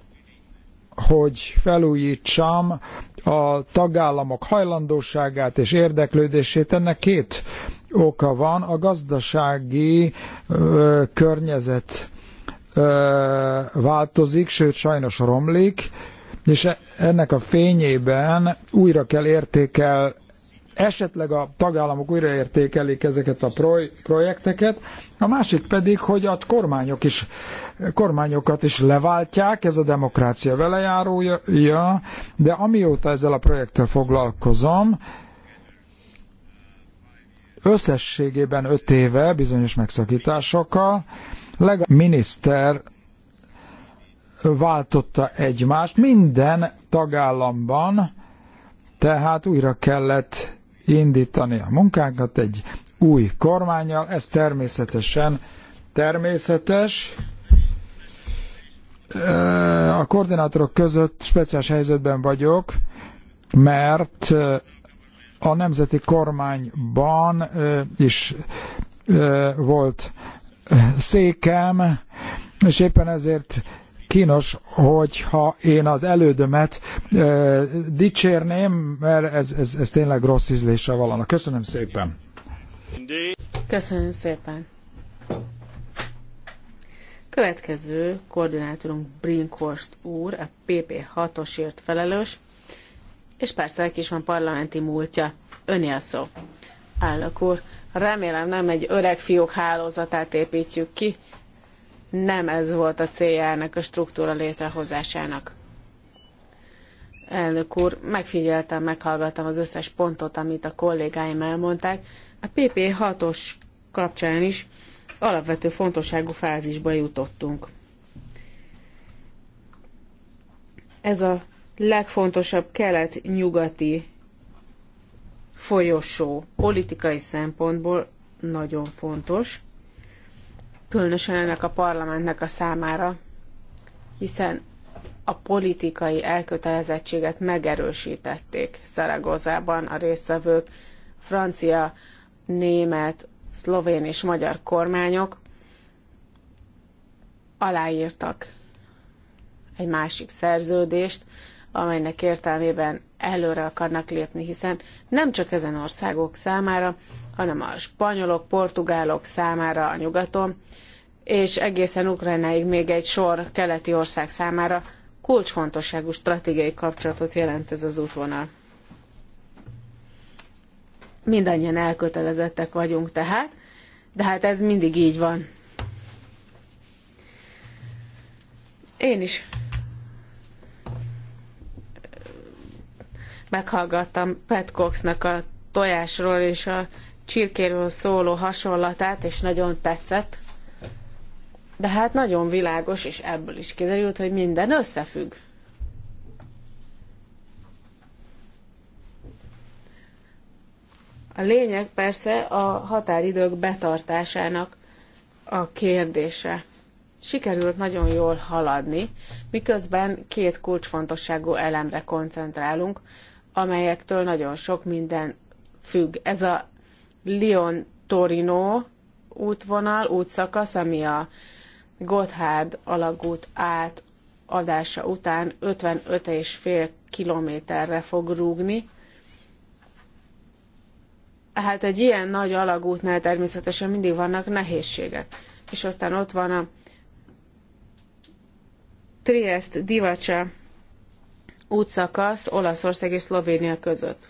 hogy felújítsam a tagállamok hajlandóságát és érdeklődését. Ennek két oka van. A gazdasági ö, környezet ö, változik, sőt sajnos romlik, és e-, ennek a fényében újra kell értékel, esetleg a tagállamok újraértékelik ezeket a projekteket, a másik pedig, hogy a kormányok is, kormányokat is leváltják, ez a demokrácia velejárója, de amióta ezzel a projekttel foglalkozom, összességében öt éve bizonyos megszakításokkal, legalább miniszter váltotta egymást minden tagállamban, tehát újra kellett indítani a munkákat egy új kormányjal. Ez természetesen természetes. A koordinátorok között speciális helyzetben vagyok, mert a nemzeti kormányban is volt székem, és éppen ezért kínos, hogyha én az elődömet ö, dicsérném, mert ez, ez, ez tényleg rossz ízlése valana. Köszönöm szépen! Köszönöm szépen! Következő koordinátorunk Brinkhorst úr, a PP6-osért felelős, és persze egy is van parlamenti múltja. Öné a szó. Állok úr, remélem nem egy öreg fiók hálózatát építjük ki, nem ez volt a céljának a struktúra létrehozásának. Elnök úr, megfigyeltem, meghallgattam az összes pontot, amit a kollégáim elmondták. A PP6-os kapcsán is alapvető fontosságú fázisba jutottunk. Ez a legfontosabb kelet-nyugati folyosó politikai szempontból nagyon fontos különösen ennek a parlamentnek a számára, hiszen a politikai elkötelezettséget megerősítették Szaragozában a részvevők, francia, német, szlovén és magyar kormányok aláírtak egy másik szerződést, amelynek értelmében előre akarnak lépni, hiszen nem csak ezen országok számára, hanem a spanyolok, portugálok számára a nyugaton, és egészen Ukrajnáig még egy sor keleti ország számára kulcsfontosságú stratégiai kapcsolatot jelent ez az útvonal. Mindannyian elkötelezettek vagyunk tehát, de hát ez mindig így van. Én is meghallgattam Pat Coxnak a tojásról és a csirkéről szóló hasonlatát, és nagyon tetszett. De hát nagyon világos, és ebből is kiderült, hogy minden összefügg. A lényeg persze a határidők betartásának a kérdése. Sikerült nagyon jól haladni, miközben két kulcsfontosságú elemre koncentrálunk, amelyektől nagyon sok minden függ. Ez a Lyon-Torino útvonal, útszakasz, ami a Gotthard alagút át adása után 55,5 kilométerre fog rúgni. Hát egy ilyen nagy alagútnál természetesen mindig vannak nehézségek. És aztán ott van a Triest-Divacsa útszakasz Olaszország és Szlovénia között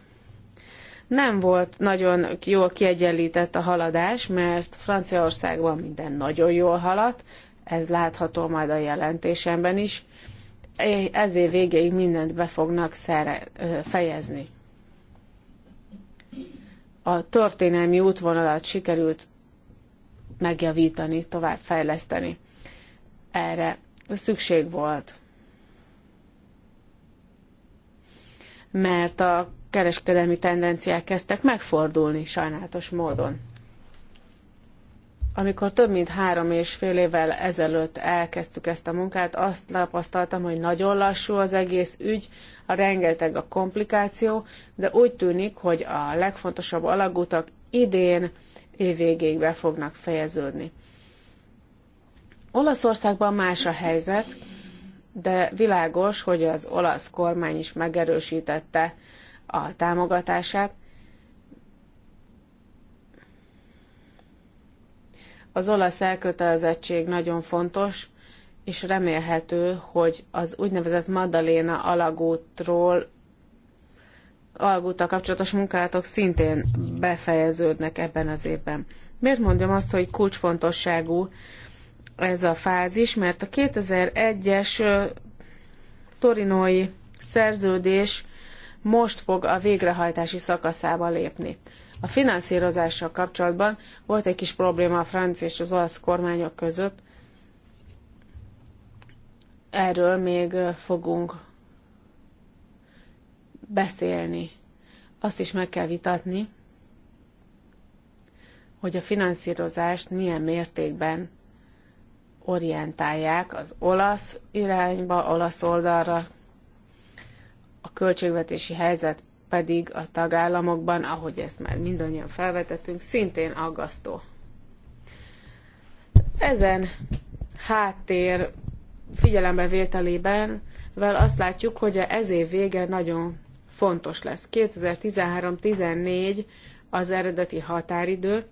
nem volt nagyon jól kiegyenlített a haladás, mert Franciaországban minden nagyon jól haladt, ez látható majd a jelentésemben is, Ezért végéig mindent be fognak szere- fejezni. A történelmi útvonalat sikerült megjavítani, továbbfejleszteni. Erre szükség volt. Mert a kereskedelmi tendenciák kezdtek megfordulni sajnálatos módon. Amikor több mint három és fél évvel ezelőtt elkezdtük ezt a munkát, azt tapasztaltam, hogy nagyon lassú az egész ügy, a rengeteg a komplikáció, de úgy tűnik, hogy a legfontosabb alagutak idén évvégéig be fognak fejeződni. Olaszországban más a helyzet, de világos, hogy az olasz kormány is megerősítette a támogatását. Az olasz elkötelezettség nagyon fontos, és remélhető, hogy az úgynevezett Madaléna alagútról alagúttal kapcsolatos munkálatok szintén befejeződnek ebben az évben. Miért mondjam azt, hogy kulcsfontosságú ez a fázis? Mert a 2001-es torinói szerződés most fog a végrehajtási szakaszába lépni. A finanszírozással kapcsolatban volt egy kis probléma a francia és az olasz kormányok között. Erről még fogunk beszélni. Azt is meg kell vitatni, hogy a finanszírozást milyen mértékben orientálják az olasz irányba, olasz oldalra, a költségvetési helyzet pedig a tagállamokban, ahogy ezt már mindannyian felvetettünk, szintén aggasztó. Ezen háttér vételében vel azt látjuk, hogy ez év vége nagyon fontos lesz. 2013-14 az eredeti határidő,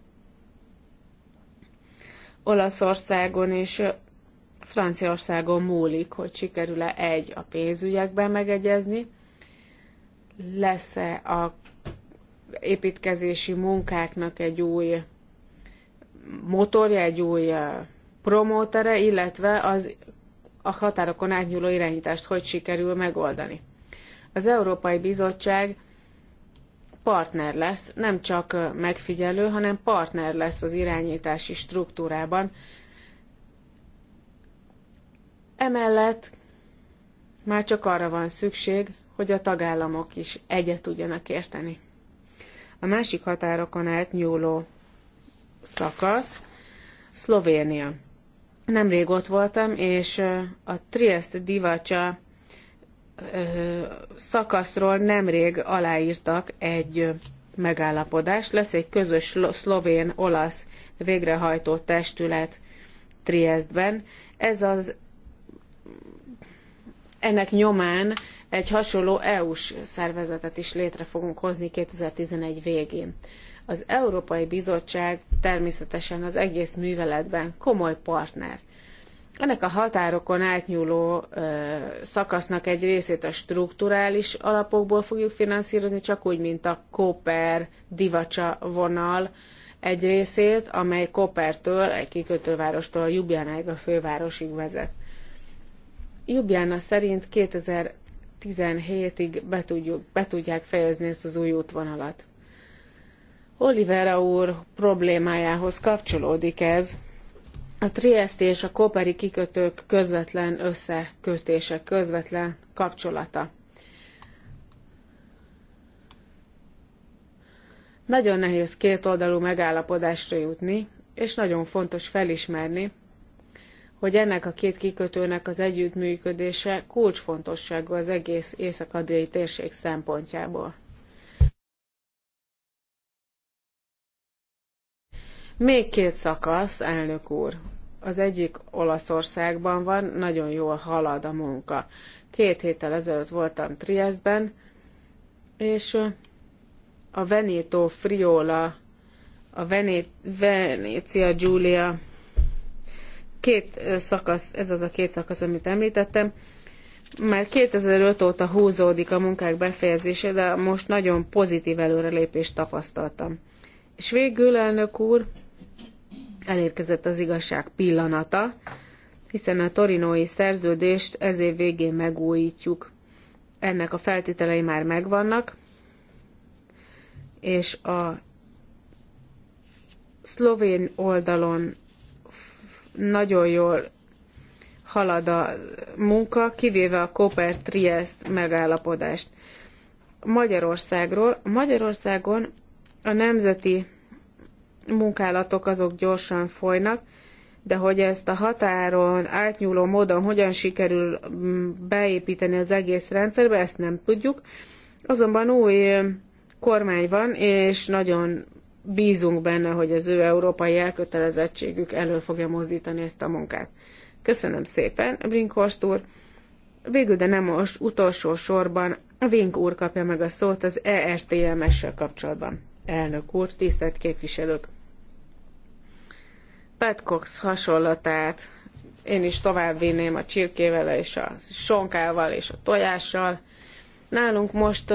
Olaszországon és Franciaországon múlik, hogy sikerül-e egy a pénzügyekben megegyezni, lesz-e a építkezési munkáknak egy új motorja, egy új uh, promótere, illetve az a határokon átnyúló irányítást hogy sikerül megoldani. Az Európai Bizottság partner lesz, nem csak uh, megfigyelő, hanem partner lesz az irányítási struktúrában. Emellett már csak arra van szükség, hogy a tagállamok is egyet tudjanak érteni. A másik határokon átnyúló szakasz Szlovénia. Nemrég ott voltam, és a Triest Divacsa szakaszról nemrég aláírtak egy megállapodást, Lesz egy közös szlovén-olasz végrehajtó testület Triestben. Ez az ennek nyomán egy hasonló EU-s szervezetet is létre fogunk hozni 2011 végén. Az Európai Bizottság természetesen az egész műveletben komoly partner. Ennek a határokon átnyúló ö, szakasznak egy részét a strukturális alapokból fogjuk finanszírozni, csak úgy, mint a Koper divacsa vonal egy részét, amely Kopertől, egy kikötővárostól Ljubljanáig a fővárosig vezet. Jubjána szerint 2017-ig be, tudjuk, be tudják fejezni ezt az új útvonalat. Olivera úr problémájához kapcsolódik ez. A Trieste és a Koperi kikötők közvetlen összekötése, közvetlen kapcsolata. Nagyon nehéz kétoldalú megállapodásra jutni, és nagyon fontos felismerni, hogy ennek a két kikötőnek az együttműködése kulcsfontosságú az egész észak-adriai térség szempontjából. Még két szakasz, elnök úr. Az egyik Olaszországban van, nagyon jól halad a munka. Két héttel ezelőtt voltam Triestben, és a Veneto Friola, a Vené- Venécia Giulia két szakasz, ez az a két szakasz, amit említettem, már 2005 óta húzódik a munkák befejezése, de most nagyon pozitív előrelépést tapasztaltam. És végül, elnök úr, elérkezett az igazság pillanata, hiszen a torinói szerződést ez év végén megújítjuk. Ennek a feltételei már megvannak, és a szlovén oldalon nagyon jól halad a munka, kivéve a Koper Triest megállapodást. Magyarországról. Magyarországon a nemzeti munkálatok azok gyorsan folynak, de hogy ezt a határon átnyúló módon hogyan sikerül mm, beépíteni az egész rendszerbe, ezt nem tudjuk. Azonban új mm, kormány van, és nagyon bízunk benne, hogy az ő európai elkötelezettségük elő fogja mozdítani ezt a munkát. Köszönöm szépen, Brinkhorst úr. Végül, de nem most, utolsó sorban Vink úr kapja meg a szót az ERTMS-sel kapcsolatban. Elnök úr, tisztelt képviselők! Pat Cox hasonlatát én is továbbvinném a csirkével és a sonkával és a tojással. Nálunk most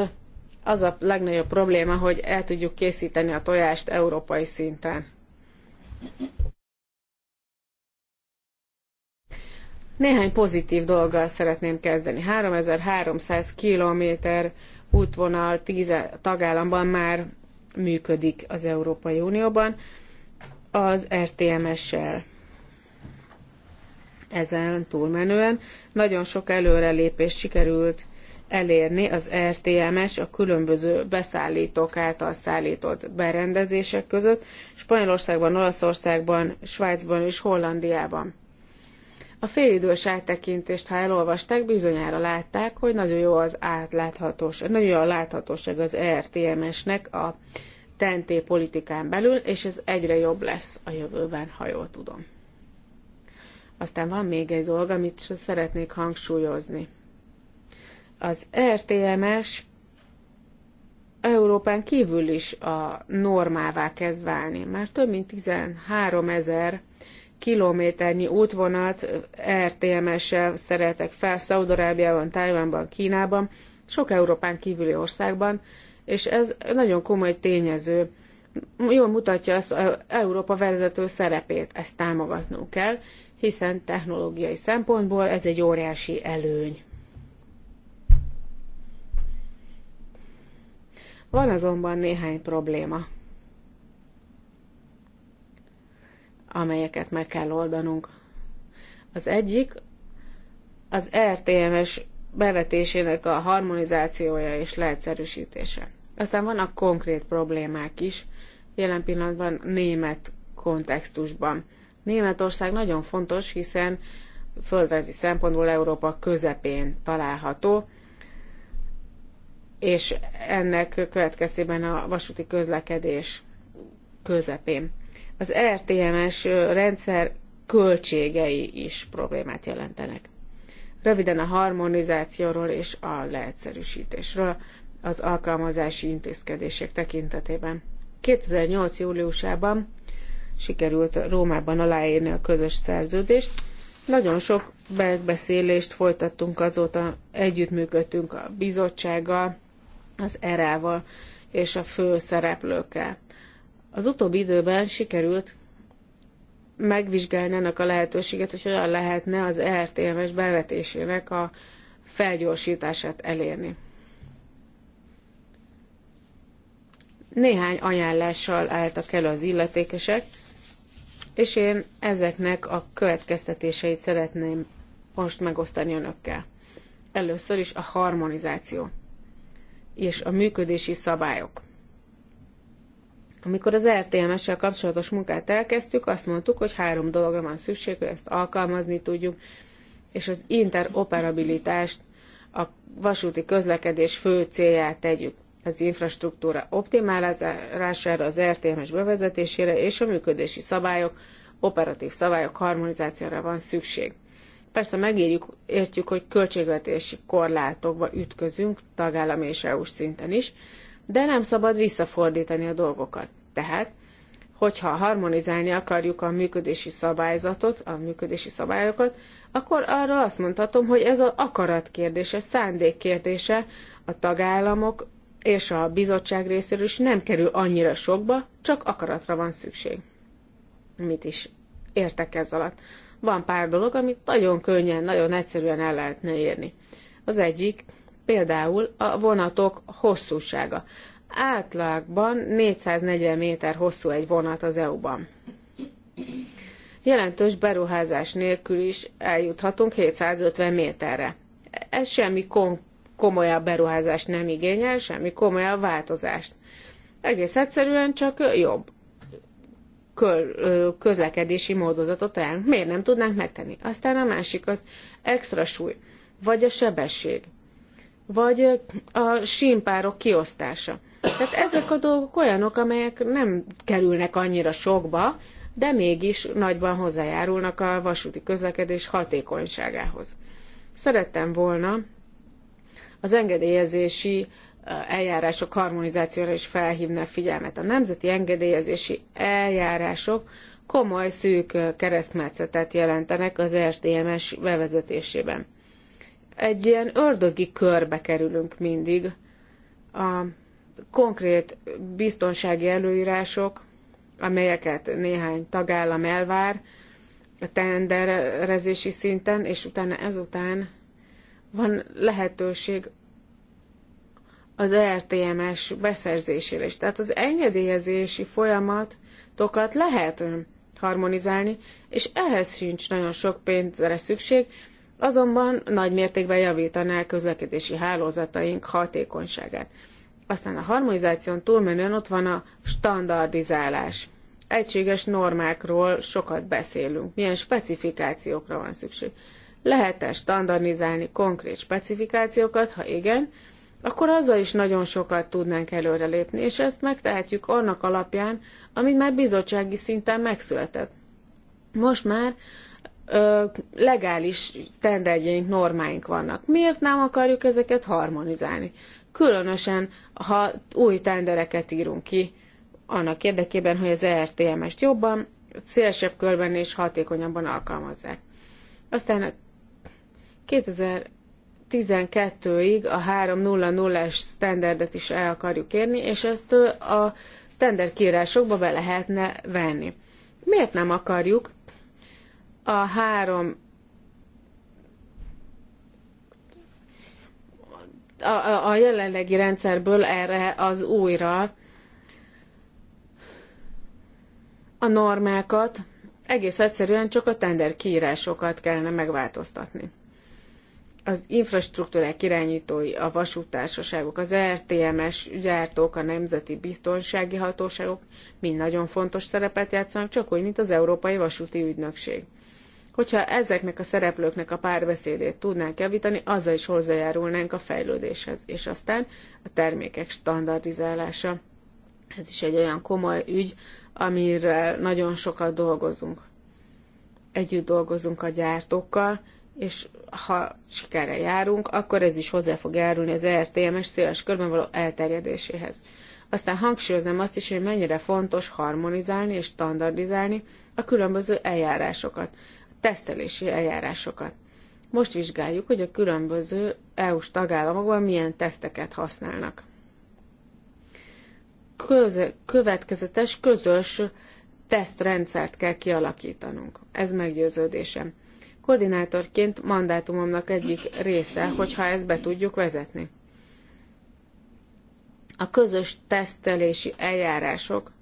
az a legnagyobb probléma, hogy el tudjuk készíteni a tojást európai szinten. Néhány pozitív dolggal szeretném kezdeni. 3300 kilométer útvonal 10 tagállamban már működik az Európai Unióban az RTMS-sel. Ezen túlmenően nagyon sok előrelépést sikerült elérni az RTMS a különböző beszállítók által szállított berendezések között Spanyolországban, Olaszországban, Svájcban és Hollandiában. A félidős áttekintést, ha elolvasták, bizonyára látták, hogy nagyon jó az átláthatóság, nagyon jó a láthatóság az ERTMS-nek a TNT politikán belül, és ez egyre jobb lesz a jövőben, ha jól tudom. Aztán van még egy dolog, amit szeretnék hangsúlyozni. Az RTMS Európán kívül is a normává kezd válni, mert több mint 13 ezer kilométernyi útvonat RTMS-sel szeretek fel Szaudarábiában, Tájvánban, Kínában, sok Európán kívüli országban, és ez nagyon komoly tényező. Jól mutatja azt Európa vezető szerepét, ezt támogatnunk kell, hiszen technológiai szempontból ez egy óriási előny. Van azonban néhány probléma, amelyeket meg kell oldanunk. Az egyik az RTMS bevetésének a harmonizációja és leegyszerűsítése. Aztán vannak konkrét problémák is, jelen pillanatban német kontextusban. Németország nagyon fontos, hiszen földrajzi szempontból Európa közepén található, és ennek következtében a vasúti közlekedés közepén. Az RTMS rendszer költségei is problémát jelentenek. Röviden a harmonizációról és a leegyszerűsítésről az alkalmazási intézkedések tekintetében. 2008. júliusában sikerült Rómában aláírni a közös szerződést. Nagyon sok megbeszélést folytattunk azóta, együttműködtünk a bizottsággal, az erával és a főszereplőkkel. Az utóbbi időben sikerült megvizsgálni ennek a lehetőséget, hogy hogyan lehetne az RTMS bevetésének a felgyorsítását elérni. Néhány ajánlással álltak elő az illetékesek, és én ezeknek a következtetéseit szeretném most megosztani önökkel. Először is a harmonizáció és a működési szabályok. Amikor az RTMS-sel kapcsolatos munkát elkezdtük, azt mondtuk, hogy három dologra van szükség, hogy ezt alkalmazni tudjuk, és az interoperabilitást a vasúti közlekedés fő célját tegyük az infrastruktúra optimálására, az RTMS bevezetésére és a működési szabályok, operatív szabályok harmonizációra van szükség. Persze megérjük, értjük, hogy költségvetési korlátokba ütközünk, tagállami és EU-s szinten is, de nem szabad visszafordítani a dolgokat. Tehát, hogyha harmonizálni akarjuk a működési szabályzatot, a működési szabályokat, akkor arra azt mondhatom, hogy ez az akarat kérdése, szándék kérdése a tagállamok és a bizottság részéről is nem kerül annyira sokba, csak akaratra van szükség. Mit is értek ez alatt? Van pár dolog, amit nagyon könnyen, nagyon egyszerűen el lehetne érni. Az egyik például a vonatok hosszúsága. Átlagban 440 méter hosszú egy vonat az EU-ban. Jelentős beruházás nélkül is eljuthatunk 750 méterre. Ez semmi komolyabb beruházást nem igényel, semmi komolyabb változást. Egész egyszerűen csak jobb közlekedési módozatot el. Miért nem tudnánk megtenni? Aztán a másik az extra súly, vagy a sebesség, vagy a simpárok kiosztása. Tehát ezek a dolgok olyanok, amelyek nem kerülnek annyira sokba, de mégis nagyban hozzájárulnak a vasúti közlekedés hatékonyságához. Szerettem volna az engedélyezési eljárások harmonizációra is felhívna a figyelmet. A nemzeti engedélyezési eljárások komoly szűk keresztmetszetet jelentenek az RTMS bevezetésében. Egy ilyen ördögi körbe kerülünk mindig. A konkrét biztonsági előírások, amelyeket néhány tagállam elvár a tenderezési szinten, és utána ezután van lehetőség az RTMS beszerzésére is. Tehát az engedélyezési folyamatokat lehet harmonizálni, és ehhez sincs nagyon sok pénzre szükség, azonban nagy mértékben javítaná a közlekedési hálózataink hatékonyságát. Aztán a harmonizáción túlmenően ott van a standardizálás. Egységes normákról sokat beszélünk, milyen specifikációkra van szükség. Lehet-e standardizálni konkrét specifikációkat, ha igen, akkor azzal is nagyon sokat tudnánk előrelépni, és ezt megtehetjük annak alapján, amit már bizottsági szinten megszületett. Most már ö, legális standardjaink, normáink vannak. Miért nem akarjuk ezeket harmonizálni? Különösen, ha új tendereket írunk ki, annak érdekében, hogy az ERTMS-t jobban, szélesebb körben és hatékonyabban alkalmazzák. Aztán a 2000 12-ig a 3.0.0-es standardet is el akarjuk érni, és ezt a tender be lehetne venni. Miért nem akarjuk a három a, a jelenlegi rendszerből erre az újra a normákat egész egyszerűen csak a tender kiírásokat kellene megváltoztatni az infrastruktúrák irányítói, a vasútársaságok, az RTMS er gyártók, a nemzeti biztonsági hatóságok mind nagyon fontos szerepet játszanak, csak úgy, mint az Európai Vasúti Ügynökség. Hogyha ezeknek a szereplőknek a párbeszédét tudnánk javítani, azzal is hozzájárulnánk a fejlődéshez, és aztán a termékek standardizálása. Ez is egy olyan komoly ügy, amire nagyon sokat dolgozunk. Együtt dolgozunk a gyártókkal, és ha sikerre járunk, akkor ez is hozzá fog járulni az RTMS széles körben való elterjedéséhez. Aztán hangsúlyozom azt is, hogy mennyire fontos harmonizálni és standardizálni a különböző eljárásokat, a tesztelési eljárásokat. Most vizsgáljuk, hogy a különböző EU-s tagállamokban milyen teszteket használnak. Köze- következetes, közös tesztrendszert kell kialakítanunk. Ez meggyőződésem koordinátorként mandátumomnak egyik része, hogyha ezt be tudjuk vezetni. A közös tesztelési eljárások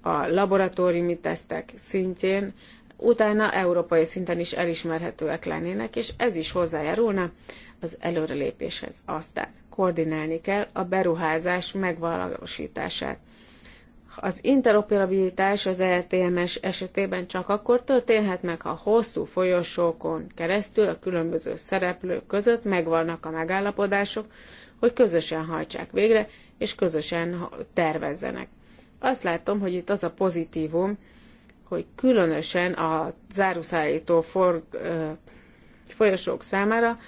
a laboratóriumi tesztek szintjén utána európai szinten is elismerhetőek lennének, és ez is hozzájárulna az előrelépéshez. Aztán koordinálni kell a beruházás megvalósítását. Az interoperabilitás az RTMS e esetében csak akkor történhet meg, ha hosszú folyosókon keresztül a különböző szereplők között megvannak a megállapodások, hogy közösen hajtsák végre, és közösen tervezzenek. Azt látom, hogy itt az a pozitívum, hogy különösen a záruszállító folyosók számára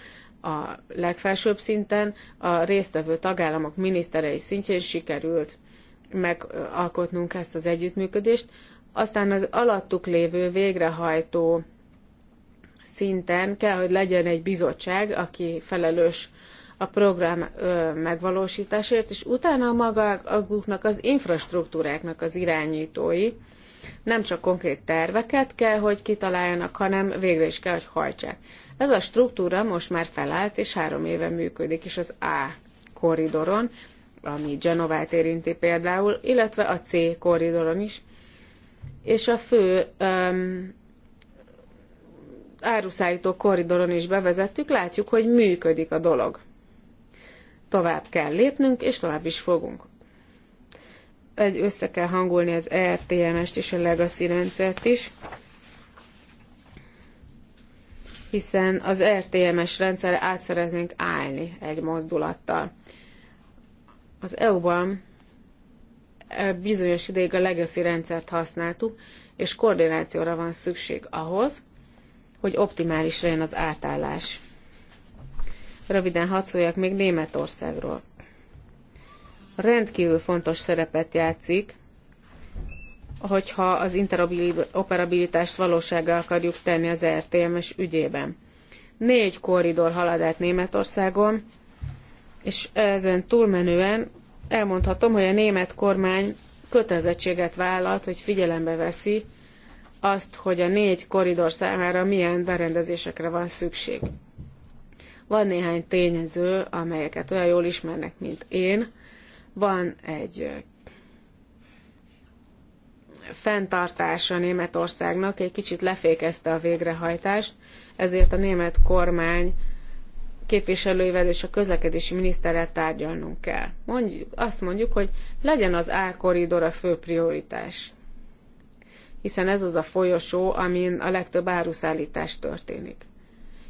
a legfelsőbb szinten a résztvevő tagállamok miniszterei szintjén sikerült megalkotnunk ezt az együttműködést, aztán az alattuk lévő végrehajtó szinten kell, hogy legyen egy bizottság, aki felelős a program megvalósításért, és utána maguknak az infrastruktúráknak az irányítói nem csak konkrét terveket kell, hogy kitaláljanak, hanem végre is kell, hogy hajtsák. Ez a struktúra most már felállt, és három éve működik is az A korridoron, ami Genovát érinti például, illetve a C korridoron is, és a fő um, áruszállító korridoron is bevezettük, látjuk, hogy működik a dolog. Tovább kell lépnünk, és tovább is fogunk. Egy össze kell hangolni az RTMS-t és a Legacy rendszert is, hiszen az RTMS rendszerre át szeretnénk állni egy mozdulattal. Az EU-ban e, bizonyos ideig a legacy rendszert használtuk, és koordinációra van szükség ahhoz, hogy optimális legyen az átállás. Röviden hadd még Németországról. Rendkívül fontos szerepet játszik, hogyha az interoperabilitást valósággal akarjuk tenni az RTMS ügyében. Négy korridor halad át Németországon, és ezen túlmenően elmondhatom, hogy a német kormány kötelezettséget vállalt, hogy figyelembe veszi azt, hogy a négy koridor számára milyen berendezésekre van szükség. Van néhány tényező, amelyeket olyan jól ismernek, mint én. Van egy fenntartása Németországnak, egy kicsit lefékezte a végrehajtást, ezért a német kormány képviselőivel és a közlekedési miniszterrel tárgyalnunk kell. Mondjuk, azt mondjuk, hogy legyen az A-korridor a fő prioritás, hiszen ez az a folyosó, amin a legtöbb áruszállítás történik.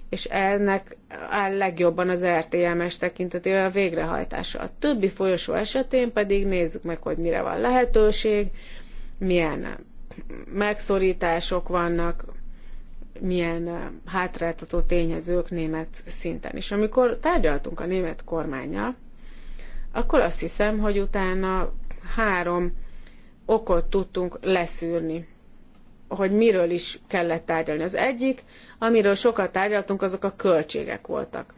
És ennek áll legjobban az RTMS tekintetében a végrehajtása. A többi folyosó esetén pedig nézzük meg, hogy mire van lehetőség, milyen megszorítások vannak, milyen eh, hátráltató tényezők német szinten. És amikor tárgyaltunk a német kormánya, akkor azt hiszem, hogy utána három okot tudtunk leszűrni, hogy miről is kellett tárgyalni. Az egyik, amiről sokat tárgyaltunk, azok a költségek voltak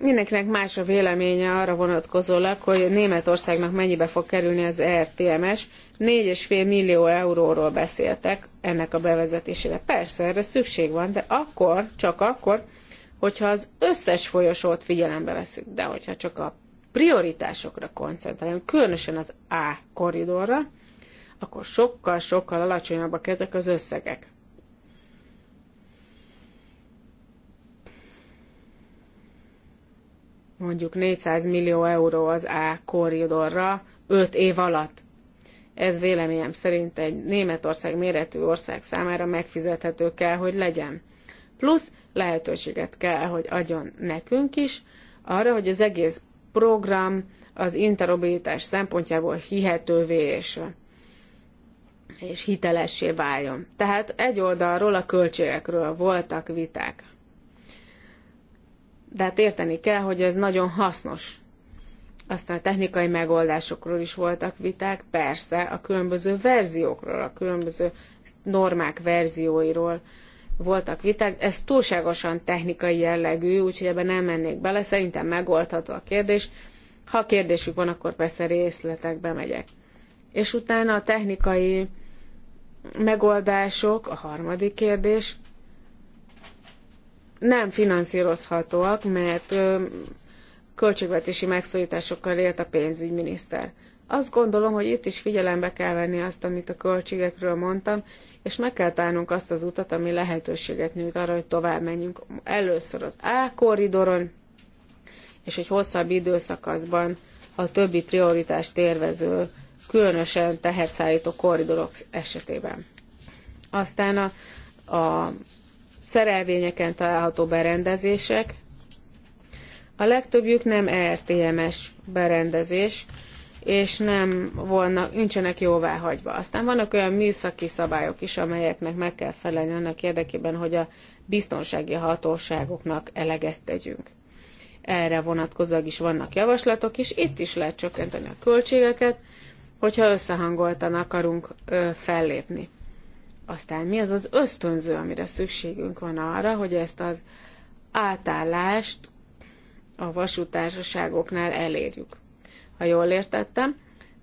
mindenkinek más a véleménye arra vonatkozólag, hogy Németországnak mennyibe fog kerülni az ERTMS. 4,5 millió euróról beszéltek ennek a bevezetésére. Persze, erre szükség van, de akkor, csak akkor, hogyha az összes folyosót figyelembe veszük, de hogyha csak a prioritásokra koncentrálunk, különösen az A koridorra, akkor sokkal-sokkal alacsonyabbak ezek az összegek. mondjuk 400 millió euró az A korridorra 5 év alatt. Ez véleményem szerint egy Németország méretű ország számára megfizethető kell, hogy legyen. Plusz lehetőséget kell, hogy adjon nekünk is arra, hogy az egész program az interoperabilitás szempontjából hihetővé és, és hitelessé váljon. Tehát egy oldalról a költségekről voltak viták. De hát érteni kell, hogy ez nagyon hasznos. Aztán technikai megoldásokról is voltak viták, persze a különböző verziókról, a különböző normák verzióiról voltak viták. Ez túlságosan technikai jellegű, úgyhogy ebben nem mennék bele. Szerintem megoldható a kérdés. Ha kérdésük van, akkor persze részletekbe megyek. És utána a technikai megoldások, a harmadik kérdés, nem finanszírozhatóak, mert költségvetési megszorításokkal élt a pénzügyminiszter. Azt gondolom, hogy itt is figyelembe kell venni azt, amit a költségekről mondtam, és meg kell tárnunk azt az utat, ami lehetőséget nyújt arra, hogy tovább menjünk. Először az A korridoron, és egy hosszabb időszakaszban a többi prioritást tervező, különösen teherszállító korridorok esetében. Aztán a, a szerelvényeken található berendezések. A legtöbbjük nem ERTMS berendezés, és nem volna, nincsenek jóvá hagyva. Aztán vannak olyan műszaki szabályok is, amelyeknek meg kell felelni annak érdekében, hogy a biztonsági hatóságoknak eleget tegyünk. Erre vonatkozóan is vannak javaslatok, és itt is lehet csökkenteni a költségeket, hogyha összehangoltan akarunk ö, fellépni. Aztán mi az az ösztönző, amire szükségünk van arra, hogy ezt az átállást a vasútársaságoknál elérjük. Ha jól értettem,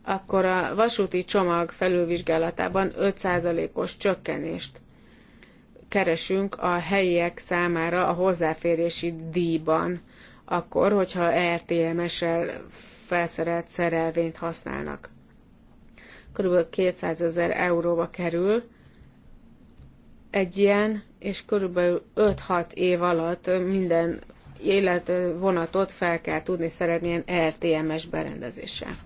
akkor a vasúti csomag felülvizsgálatában 5%-os csökkenést keresünk a helyiek számára a hozzáférési díjban, akkor, hogyha RTMS-el er felszerelt szerelvényt használnak. Körülbelül 200 ezer euróba kerül egy ilyen, és körülbelül 5-6 év alatt minden életvonatot fel kell tudni szeretni ilyen RTMS er berendezéssel.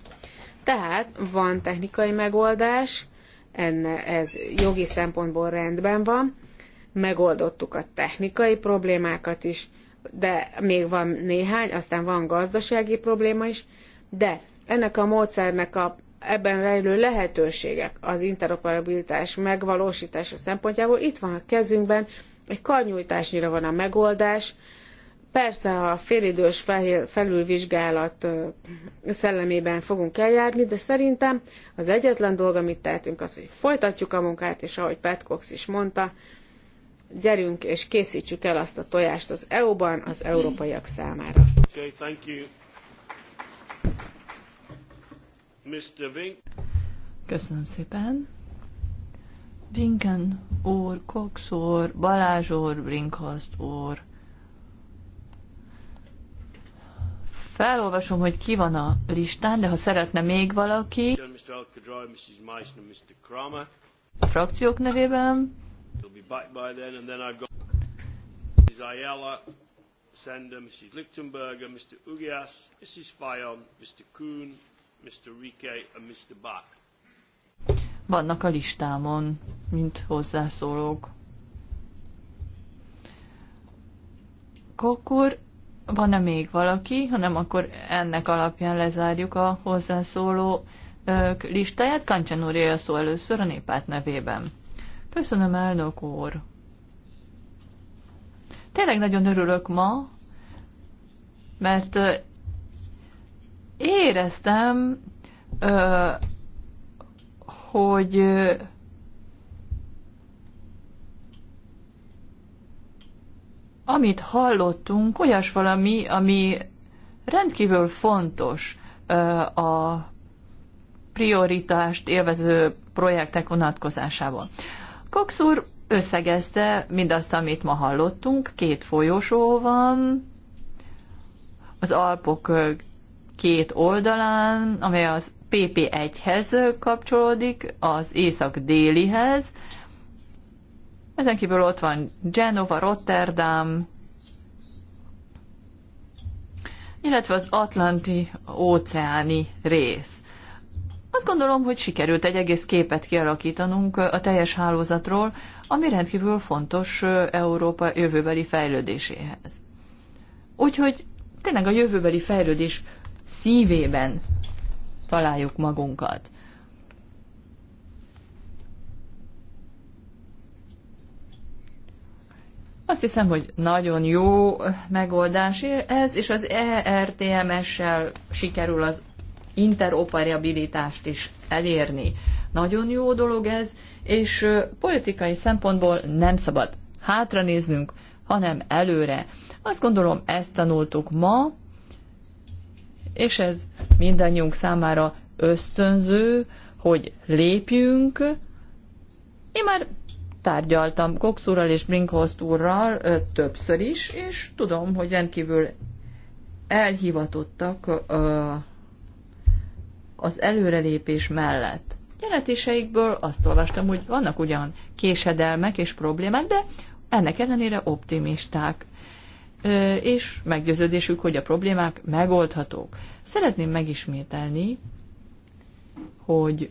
Tehát van technikai megoldás, enne, ez jogi szempontból rendben van, megoldottuk a technikai problémákat is, de még van néhány, aztán van gazdasági probléma is, de ennek a módszernek a ebben rejlő lehetőségek az interoperabilitás megvalósítása szempontjából itt van a kezünkben, egy karnyújtásnyira van a megoldás. Persze a félidős felülvizsgálat szellemében fogunk eljárni, de szerintem az egyetlen dolog, amit tehetünk, az, hogy folytatjuk a munkát, és ahogy Pat Cox is mondta, gyerünk és készítsük el azt a tojást az EU-ban az európaiak számára. Okay, Köszönöm szépen. Vinken úr, Cox úr, Balázs úr, Brinkhast úr. Felolvasom, hogy ki van a listán, de ha szeretne még valaki. Mr. Alcadroy, Mrs. Meissner, Mr. Kramer. A frakciók nevében. Mrs. Ayala, Sender, Mrs. Lichtenberger, Mr. Ugias, Mrs. Fayon, Mr. Kuhn, Mr. Rike and Mr. Bach. Vannak a listámon, mint hozzászólók. Akkor van-e még valaki, hanem akkor ennek alapján lezárjuk a hozzászóló listáját. Kancsen úr a szó először a népát nevében. Köszönöm, elnök úr. Tényleg nagyon örülök ma, mert éreztem, hogy amit hallottunk, olyas valami, ami rendkívül fontos a prioritást élvező projektek vonatkozásában. Cox úr összegezte mindazt, amit ma hallottunk, két folyosó van, az Alpok két oldalán, amely az PP1-hez kapcsolódik, az észak-délihez. Ezen kívül ott van Genova, Rotterdam, illetve az Atlanti óceáni rész. Azt gondolom, hogy sikerült egy egész képet kialakítanunk a teljes hálózatról, ami rendkívül fontos Európa jövőbeli fejlődéséhez. Úgyhogy tényleg a jövőbeli fejlődés szívében találjuk magunkat. Azt hiszem, hogy nagyon jó megoldás ez, és az ERTMS-sel sikerül az interoperabilitást is elérni. Nagyon jó dolog ez, és politikai szempontból nem szabad hátranéznünk, hanem előre. Azt gondolom, ezt tanultuk ma, és ez mindannyiunk számára ösztönző, hogy lépjünk. Én már tárgyaltam Cox úrral és Brinkhorst úrral ö, többször is, és tudom, hogy rendkívül elhivatottak ö, az előrelépés mellett. Jelentéseikből azt olvastam, hogy vannak ugyan késedelmek és problémák, de ennek ellenére optimisták, ö, és meggyőződésük, hogy a problémák megoldhatók. Szeretném megismételni, hogy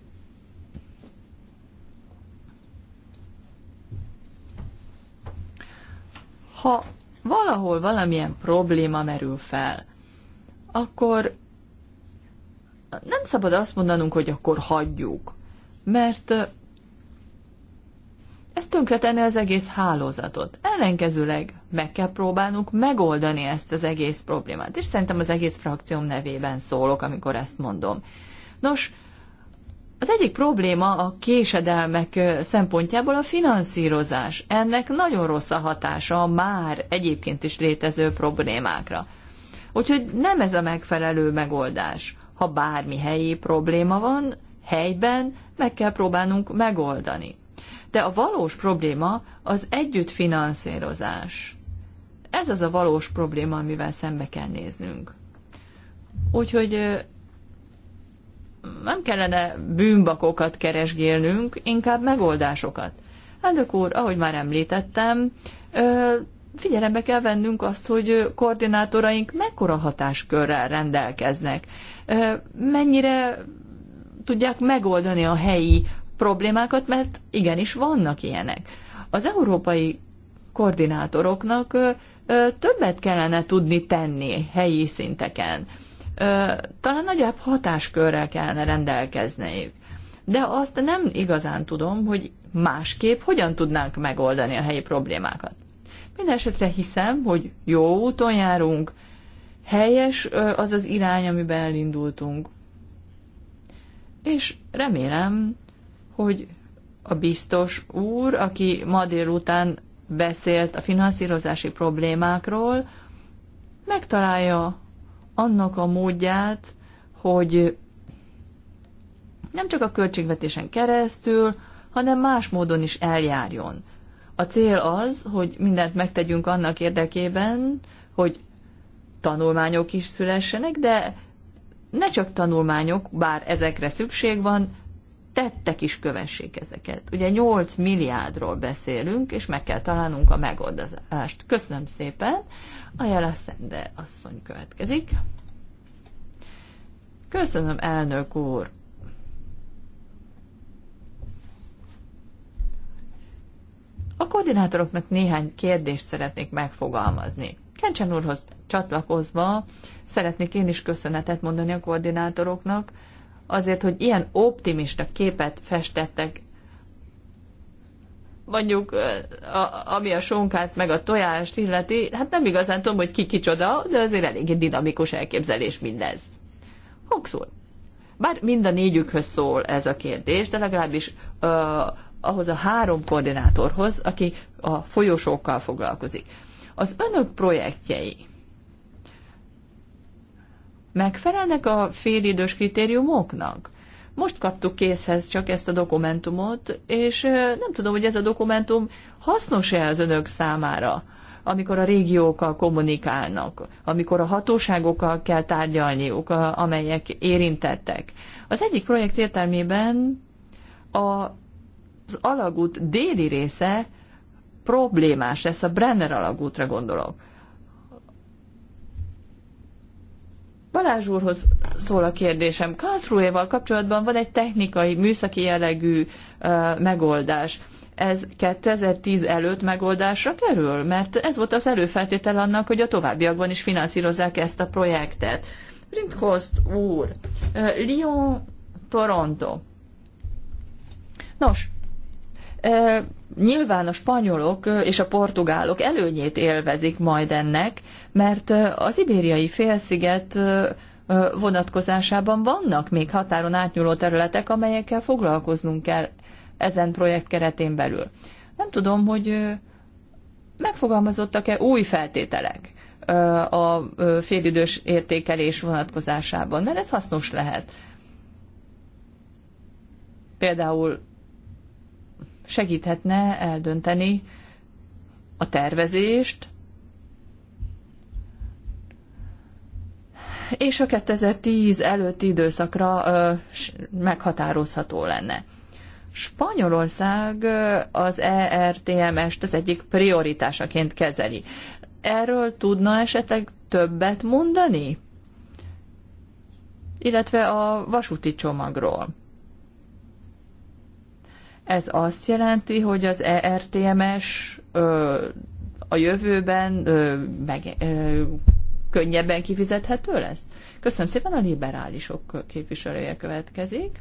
ha valahol valamilyen probléma merül fel, akkor nem szabad azt mondanunk, hogy akkor hagyjuk. Mert ez tönkretenne az egész hálózatot. Ellenkezőleg meg kell próbálnunk megoldani ezt az egész problémát, és szerintem az egész frakcióm nevében szólok, amikor ezt mondom. Nos, az egyik probléma a késedelmek szempontjából a finanszírozás. Ennek nagyon rossz a hatása a már egyébként is létező problémákra. Úgyhogy nem ez a megfelelő megoldás. Ha bármi helyi probléma van, helyben meg kell próbálnunk megoldani. De a valós probléma az együttfinanszírozás. Ez az a valós probléma, amivel szembe kell néznünk. Úgyhogy nem kellene bűnbakokat keresgélnünk, inkább megoldásokat. Elnök úr, ahogy már említettem, figyelembe kell vennünk azt, hogy koordinátoraink mekkora hatáskörrel rendelkeznek, mennyire tudják megoldani a helyi problémákat, mert igenis vannak ilyenek. Az európai koordinátoroknak többet kellene tudni tenni helyi szinteken. Talán nagyobb hatáskörrel kellene rendelkezniük. De azt nem igazán tudom, hogy másképp hogyan tudnánk megoldani a helyi problémákat. Mindenesetre hiszem, hogy jó úton járunk, helyes az az irány, amiben elindultunk. És remélem, hogy a biztos úr, aki ma délután beszélt a finanszírozási problémákról, megtalálja annak a módját, hogy nem csak a költségvetésen keresztül, hanem más módon is eljárjon. A cél az, hogy mindent megtegyünk annak érdekében, hogy tanulmányok is szülessenek, de ne csak tanulmányok, bár ezekre szükség van, tettek is kövessék ezeket. Ugye 8 milliárdról beszélünk, és meg kell találnunk a megoldást. Köszönöm szépen. A Jeleszende asszony következik. Köszönöm, elnök úr. A koordinátoroknak néhány kérdést szeretnék megfogalmazni. Kencsen úrhoz csatlakozva szeretnék én is köszönetet mondani a koordinátoroknak, azért, hogy ilyen optimista képet festettek mondjuk, a, ami a sonkát meg a tojást illeti, hát nem igazán tudom, hogy ki kicsoda, de azért eléggé dinamikus elképzelés mindez. Hoxul. Bár mind a négyükhöz szól ez a kérdés, de legalábbis ö, ahhoz a három koordinátorhoz, aki a folyosókkal foglalkozik. Az önök projektjei megfelelnek a félidős kritériumoknak? Most kaptuk készhez csak ezt a dokumentumot, és nem tudom, hogy ez a dokumentum hasznos-e az önök számára, amikor a régiókkal kommunikálnak, amikor a hatóságokkal kell tárgyalniuk, amelyek érintettek. Az egyik projekt értelmében a, az alagút déli része problémás, lesz, a Brenner alagútra gondolok Balázs úrhoz szól a kérdésem. Kanszrújéval kapcsolatban van egy technikai, műszaki jellegű uh, megoldás. Ez 2010 előtt megoldásra kerül? Mert ez volt az előfeltétel annak, hogy a továbbiakban is finanszírozzák ezt a projektet. Rindhorst úr, uh, Lyon, Toronto. Nos, nyilván a spanyolok és a portugálok előnyét élvezik majd ennek, mert az ibériai félsziget vonatkozásában vannak még határon átnyúló területek, amelyekkel foglalkoznunk kell ezen projekt keretén belül. Nem tudom, hogy megfogalmazottak-e új feltételek a félidős értékelés vonatkozásában, mert ez hasznos lehet. Például segíthetne eldönteni a tervezést, és a 2010 előtti időszakra meghatározható lenne. Spanyolország az ERTMS-t az egyik prioritásaként kezeli. Erről tudna esetleg többet mondani? Illetve a vasúti csomagról. Ez azt jelenti, hogy az ERTMS a jövőben meg, könnyebben kifizethető lesz? Köszönöm szépen, a liberálisok képviselője következik.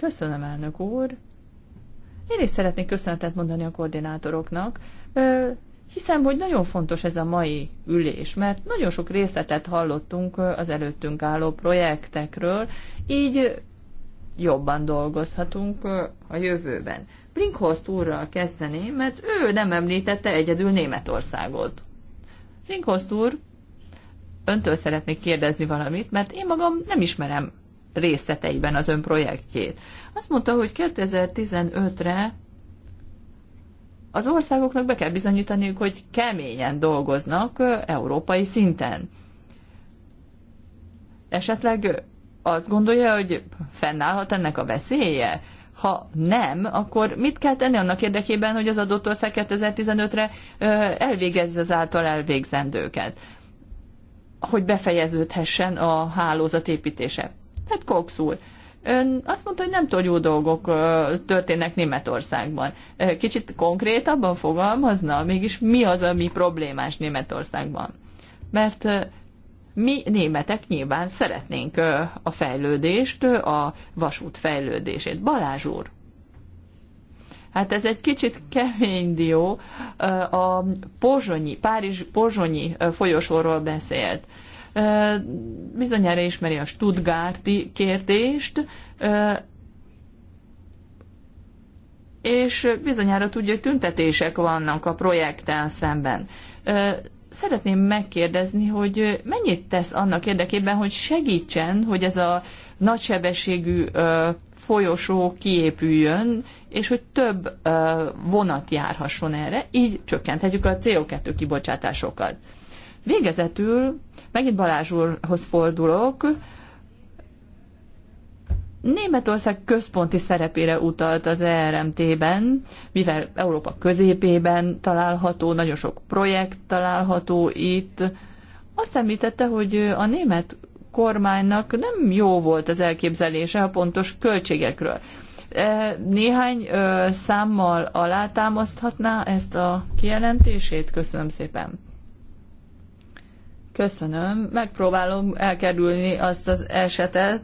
Köszönöm, elnök úr. Én is szeretnék köszönetet mondani a koordinátoroknak, hiszem, hogy nagyon fontos ez a mai ülés, mert nagyon sok részletet hallottunk az előttünk álló projektekről, így jobban dolgozhatunk a jövőben. Brinkhorst úrral kezdeném, mert ő nem említette egyedül Németországot. Brinkhorst úr, öntől szeretnék kérdezni valamit, mert én magam nem ismerem részleteiben az ön projektjét. Azt mondta, hogy 2015-re az országoknak be kell bizonyítaniuk, hogy keményen dolgoznak európai szinten. Esetleg azt gondolja, hogy fennállhat ennek a veszélye? Ha nem, akkor mit kell tenni annak érdekében, hogy az adott ország 2015-re elvégezze az által elvégzendőket? Hogy befejeződhessen a hálózat építése. Hát Cox úr, Ön azt mondta, hogy nem túl jó dolgok történnek Németországban. Kicsit konkrétabban fogalmazna? Mégis mi az, ami problémás Németországban? Mert mi németek nyilván szeretnénk a fejlődést, a vasút fejlődését. Balázs úr, Hát ez egy kicsit kemény dió, a Pozsonyi, Párizs Pozsonyi folyosóról beszélt. Bizonyára ismeri a Stuttgarti kérdést, és bizonyára tudja, hogy tüntetések vannak a projekten szemben szeretném megkérdezni, hogy mennyit tesz annak érdekében, hogy segítsen, hogy ez a nagysebességű folyosó kiépüljön, és hogy több vonat járhasson erre, így csökkenthetjük a CO2 kibocsátásokat. Végezetül megint Balázs úrhoz fordulok, Németország központi szerepére utalt az ERMT-ben, mivel Európa középében található, nagyon sok projekt található itt. Azt említette, hogy a német kormánynak nem jó volt az elképzelése a pontos költségekről. E, néhány számmal alátámaszthatná ezt a kijelentését? Köszönöm szépen. Köszönöm. Megpróbálom elkerülni azt az esetet,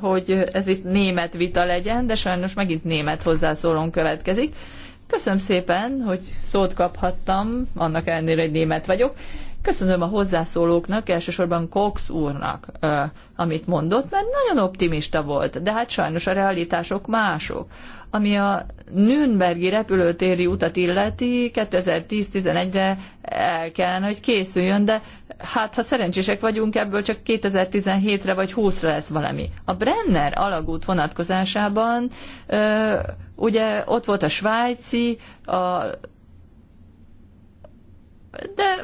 hogy ez itt német vita legyen, de sajnos megint német hozzászólón következik. Köszönöm szépen, hogy szót kaphattam, annak ellenére, hogy német vagyok. Köszönöm a hozzászólóknak, elsősorban Cox úrnak, amit mondott, mert nagyon optimista volt, de hát sajnos a realitások mások. Ami a Nürnbergi repülőtéri utat illeti, 2010-11-re el kellene, hogy készüljön, de hát ha szerencsések vagyunk, ebből csak 2017-re vagy 20-ra lesz valami. A Brenner alagút vonatkozásában ugye ott volt a svájci, a... de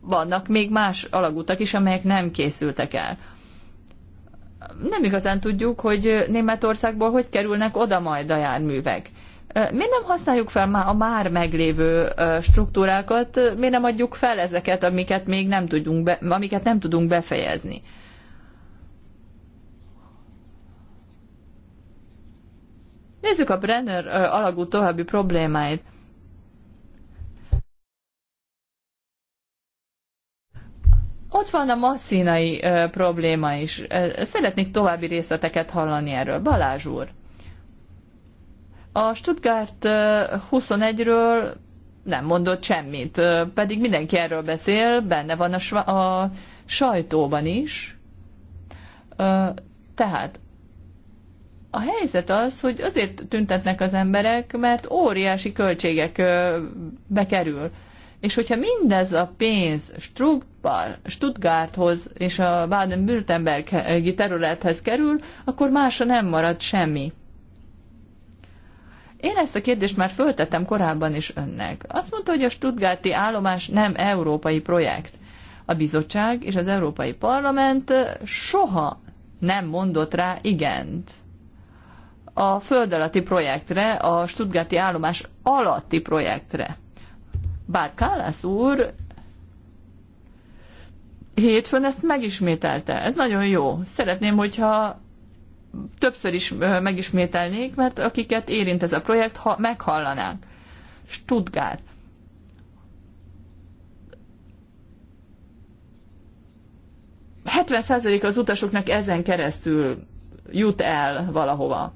vannak még más alagútak is, amelyek nem készültek el. Nem igazán tudjuk, hogy Németországból hogy kerülnek oda majd a járművek. Miért nem használjuk fel már a már meglévő struktúrákat, miért nem adjuk fel ezeket, amiket még nem tudunk, be, amiket nem tudunk befejezni? Nézzük a Brenner alagú további problémáit. Ott van a masszínai probléma is. Szeretnék további részleteket hallani erről. Balázs úr. A Stuttgart 21-ről nem mondott semmit, pedig mindenki erről beszél, benne van a, a sajtóban is. Tehát a helyzet az, hogy azért tüntetnek az emberek, mert óriási költségek bekerül. És hogyha mindez a pénz Stuttgarthoz és a Baden-Württembergi területhez kerül, akkor másra nem marad semmi. Én ezt a kérdést már föltettem korábban is önnek. Azt mondta, hogy a Stuttgarti állomás nem európai projekt. A bizottság és az Európai Parlament soha nem mondott rá igent. A föld alatti projektre, a Stuttgarti állomás alatti projektre. Bár Kálász úr hétfőn ezt megismételte. Ez nagyon jó. Szeretném, hogyha többször is megismételnék, mert akiket érint ez a projekt, ha meghallanák. Stuttgart. ...70% az utasoknak ezen keresztül jut el valahova.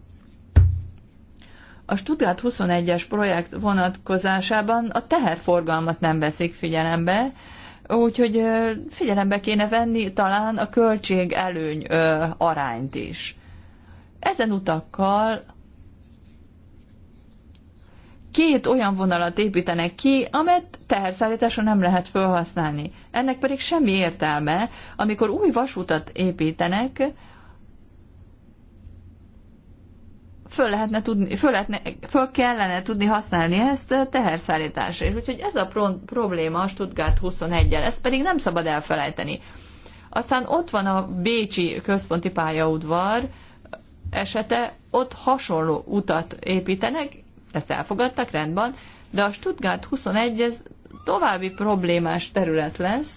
A Stuttgart 21-es projekt vonatkozásában a teherforgalmat nem veszik figyelembe, úgyhogy figyelembe kéne venni talán a költség-előny arányt is ezen utakkal két olyan vonalat építenek ki, amelyet teherszállításra nem lehet felhasználni. Ennek pedig semmi értelme, amikor új vasútat építenek, föl, lehetne tudni, föl, lehetne, föl kellene tudni használni ezt teherszállításra. És úgyhogy ez a pro- probléma a Stuttgart 21-jel, ezt pedig nem szabad elfelejteni. Aztán ott van a Bécsi központi pályaudvar, esete, ott hasonló utat építenek, ezt elfogadtak, rendben, de a Stuttgart 21 ez további problémás terület lesz,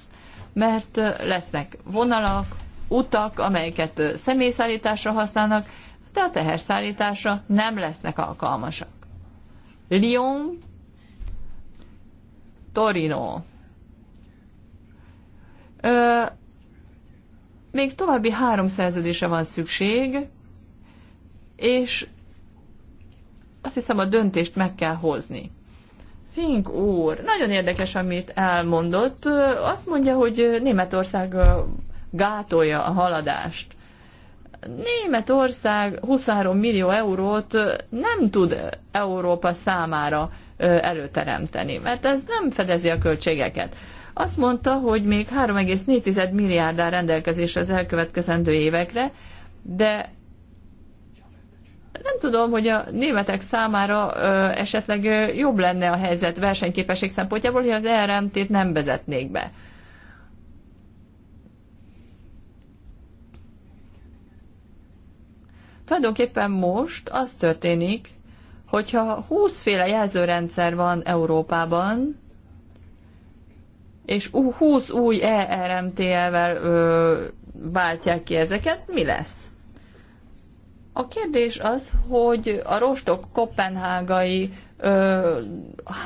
mert lesznek vonalak, utak, amelyeket személyszállításra használnak, de a teherszállításra nem lesznek alkalmasak. Lyon, Torino. Ö, még további három szerződése van szükség, és azt hiszem a döntést meg kell hozni. Fink úr, nagyon érdekes, amit elmondott. Azt mondja, hogy Németország gátolja a haladást. Németország 23 millió eurót nem tud Európa számára előteremteni, mert ez nem fedezi a költségeket. Azt mondta, hogy még 3,4 milliárdá áll rendelkezésre az elkövetkezendő évekre, de nem tudom, hogy a németek számára ö, esetleg ö, jobb lenne a helyzet versenyképesség szempontjából, hogy az ERMT-t nem vezetnék be. Tulajdonképpen most az történik, hogyha 20 féle jelzőrendszer van Európában, és 20 új ERMT-vel váltják ki ezeket, mi lesz? A kérdés az, hogy a rostok kopenhágai ö,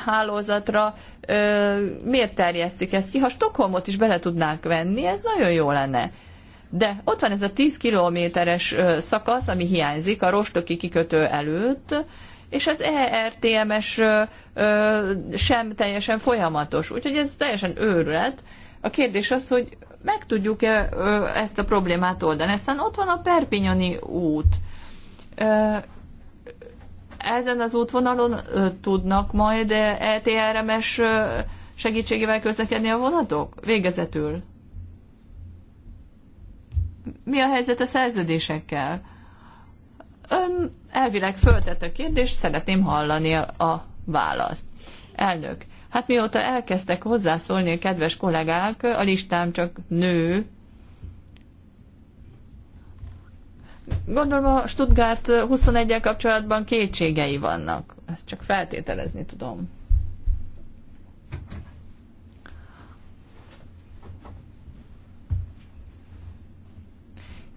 hálózatra ö, miért terjesztik ezt ki? Ha Stockholmot is bele tudnák venni, ez nagyon jó lenne. De ott van ez a 10 kilométeres szakasz, ami hiányzik a rostoki kikötő előtt, és az ERTMS sem teljesen folyamatos. Úgyhogy ez teljesen őrület. A kérdés az, hogy meg tudjuk-e ezt a problémát oldani. Aztán ott van a Perpinyoni út ezen az útvonalon tudnak majd ETRMS segítségével közlekedni a vonatok? Végezetül. Mi a helyzet a szerződésekkel? Ön elvileg föltett a kérdést, szeretném hallani a választ. Elnök, hát mióta elkezdtek hozzászólni a kedves kollégák, a listám csak nő, Gondolom a Stuttgart 21-el kapcsolatban kétségei vannak. Ezt csak feltételezni tudom.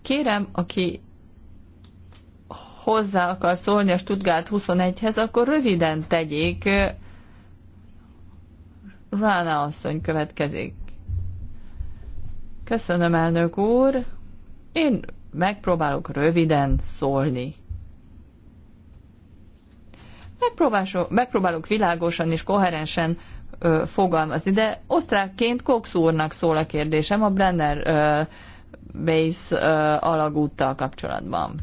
Kérem, aki hozzá akar szólni a Stuttgart 21-hez, akkor röviden tegyék. Rána asszony következik. Köszönöm, elnök úr. Én megpróbálok röviden szólni. Megpróbálok világosan és koherensen ö, fogalmazni, de osztrákként Cox úrnak szól a kérdésem a Brenner ö, Base ö, alagúttal kapcsolatban.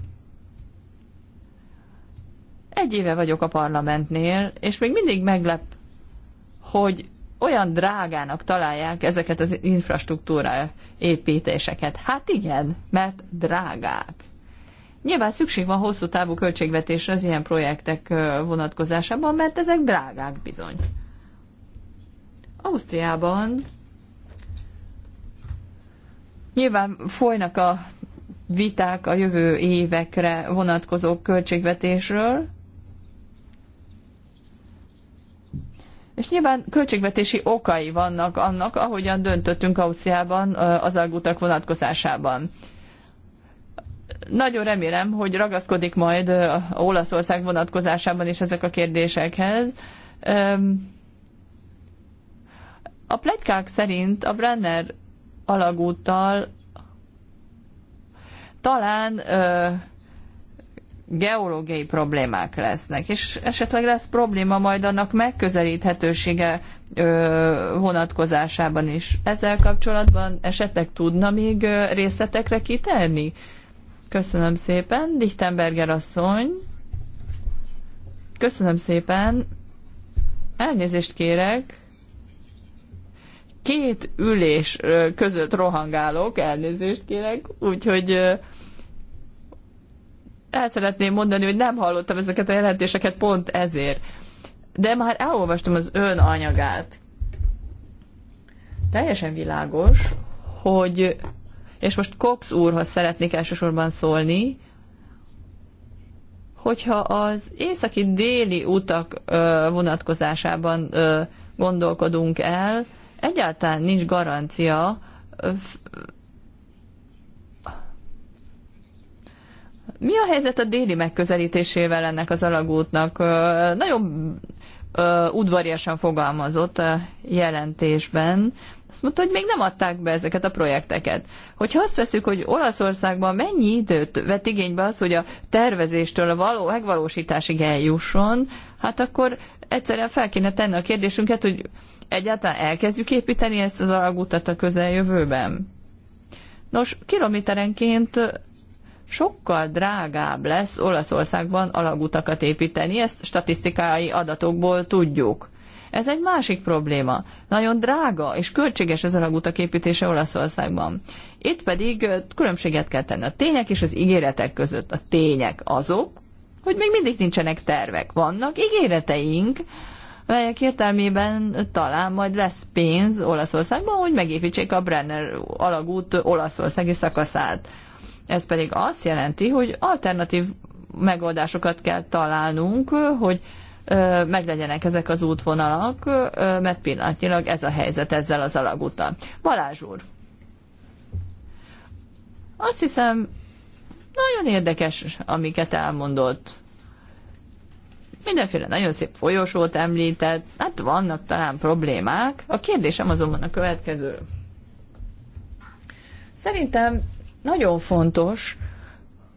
Egy éve vagyok a parlamentnél, és még mindig meglep, hogy olyan drágának találják ezeket az infrastruktúra építéseket. Hát igen, mert drágák. Nyilván szükség van hosszú távú költségvetésre az ilyen projektek vonatkozásában, mert ezek drágák bizony. Ausztriában nyilván folynak a viták a jövő évekre vonatkozó költségvetésről, És nyilván költségvetési okai vannak annak, ahogyan döntöttünk Ausztriában az algutak vonatkozásában. Nagyon remélem, hogy ragaszkodik majd Olaszország vonatkozásában is ezek a kérdésekhez. A plegykák szerint a Brenner alagúttal talán geológiai problémák lesznek, és esetleg lesz probléma majd annak megközelíthetősége ö, vonatkozásában is. Ezzel kapcsolatban esetleg tudna még részletekre kiterni? Köszönöm szépen, Dichtenberger asszony. Köszönöm szépen. Elnézést kérek. Két ülés között rohangálok, elnézést kérek, úgyhogy el szeretném mondani, hogy nem hallottam ezeket a jelentéseket pont ezért. De már elolvastam az ön anyagát. Teljesen világos, hogy, és most Cox úrhoz szeretnék elsősorban szólni, hogyha az északi-déli utak ö, vonatkozásában ö, gondolkodunk el, egyáltalán nincs garancia, ö, Mi a helyzet a déli megközelítésével ennek az alagútnak? Nagyon udvariasan fogalmazott a jelentésben. Azt mondta, hogy még nem adták be ezeket a projekteket. Hogyha azt veszük, hogy Olaszországban mennyi időt vett igénybe az, hogy a tervezéstől a való megvalósításig eljusson, hát akkor egyszerűen fel kéne tenni a kérdésünket, hogy egyáltalán elkezdjük építeni ezt az alagutat a közeljövőben. Nos, kilométerenként sokkal drágább lesz Olaszországban alagutakat építeni, ezt statisztikai adatokból tudjuk. Ez egy másik probléma. Nagyon drága és költséges az alagutak építése Olaszországban. Itt pedig különbséget kell tenni a tények és az ígéretek között. A tények azok, hogy még mindig nincsenek tervek. Vannak ígéreteink, melyek értelmében talán majd lesz pénz Olaszországban, hogy megépítsék a Brenner alagút olaszországi szakaszát. Ez pedig azt jelenti, hogy alternatív megoldásokat kell találnunk, hogy meglegyenek ezek az útvonalak, mert pillanatnyilag ez a helyzet ezzel az alagúttal. Balázs úr, azt hiszem, nagyon érdekes, amiket elmondott. Mindenféle nagyon szép folyosót említett, hát vannak talán problémák. A kérdésem azonban a következő. Szerintem nagyon fontos,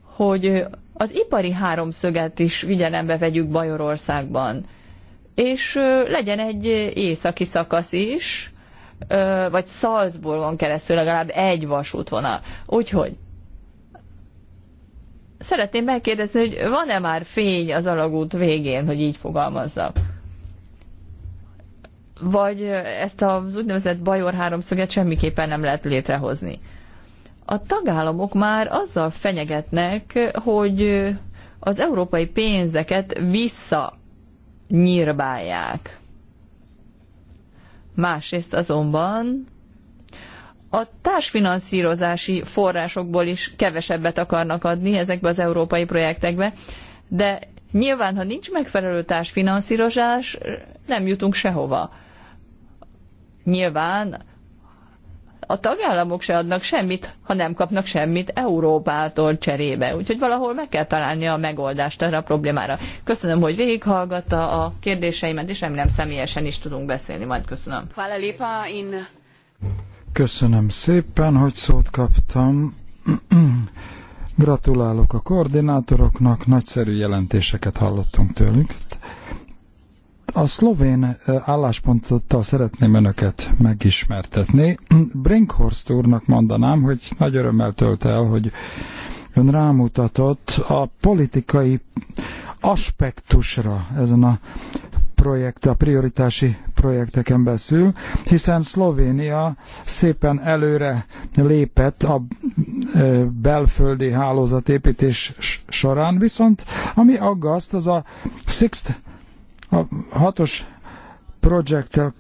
hogy az ipari háromszöget is figyelembe vegyük Bajorországban. És legyen egy északi szakasz is, vagy Salzburgon keresztül legalább egy vasútvonal. Úgyhogy szeretném megkérdezni, hogy van-e már fény az alagút végén, hogy így fogalmazzak? Vagy ezt az úgynevezett Bajor háromszöget semmiképpen nem lehet létrehozni a tagállamok már azzal fenyegetnek, hogy az európai pénzeket visszanyírbálják. Másrészt azonban a társfinanszírozási forrásokból is kevesebbet akarnak adni ezekbe az európai projektekbe, de nyilván, ha nincs megfelelő társfinanszírozás, nem jutunk sehova. Nyilván a tagállamok se adnak semmit, ha nem kapnak semmit Európától cserébe. Úgyhogy valahol meg kell találni a megoldást erre a problémára. Köszönöm, hogy végighallgatta a kérdéseimet, és remélem személyesen is tudunk beszélni. Majd köszönöm. Köszönöm szépen, hogy szót kaptam. Gratulálok a koordinátoroknak, nagyszerű jelentéseket hallottunk tőlük. A szlovén állásponttal szeretném önöket megismertetni. Brinkhorst úrnak mondanám, hogy nagy örömmel tölt el, hogy ön rámutatott a politikai aspektusra ezen a projekt, a prioritási projekteken beszül, hiszen Szlovénia szépen előre lépett a belföldi hálózatépítés során, viszont ami aggaszt, az a Sixth a hatos projekttel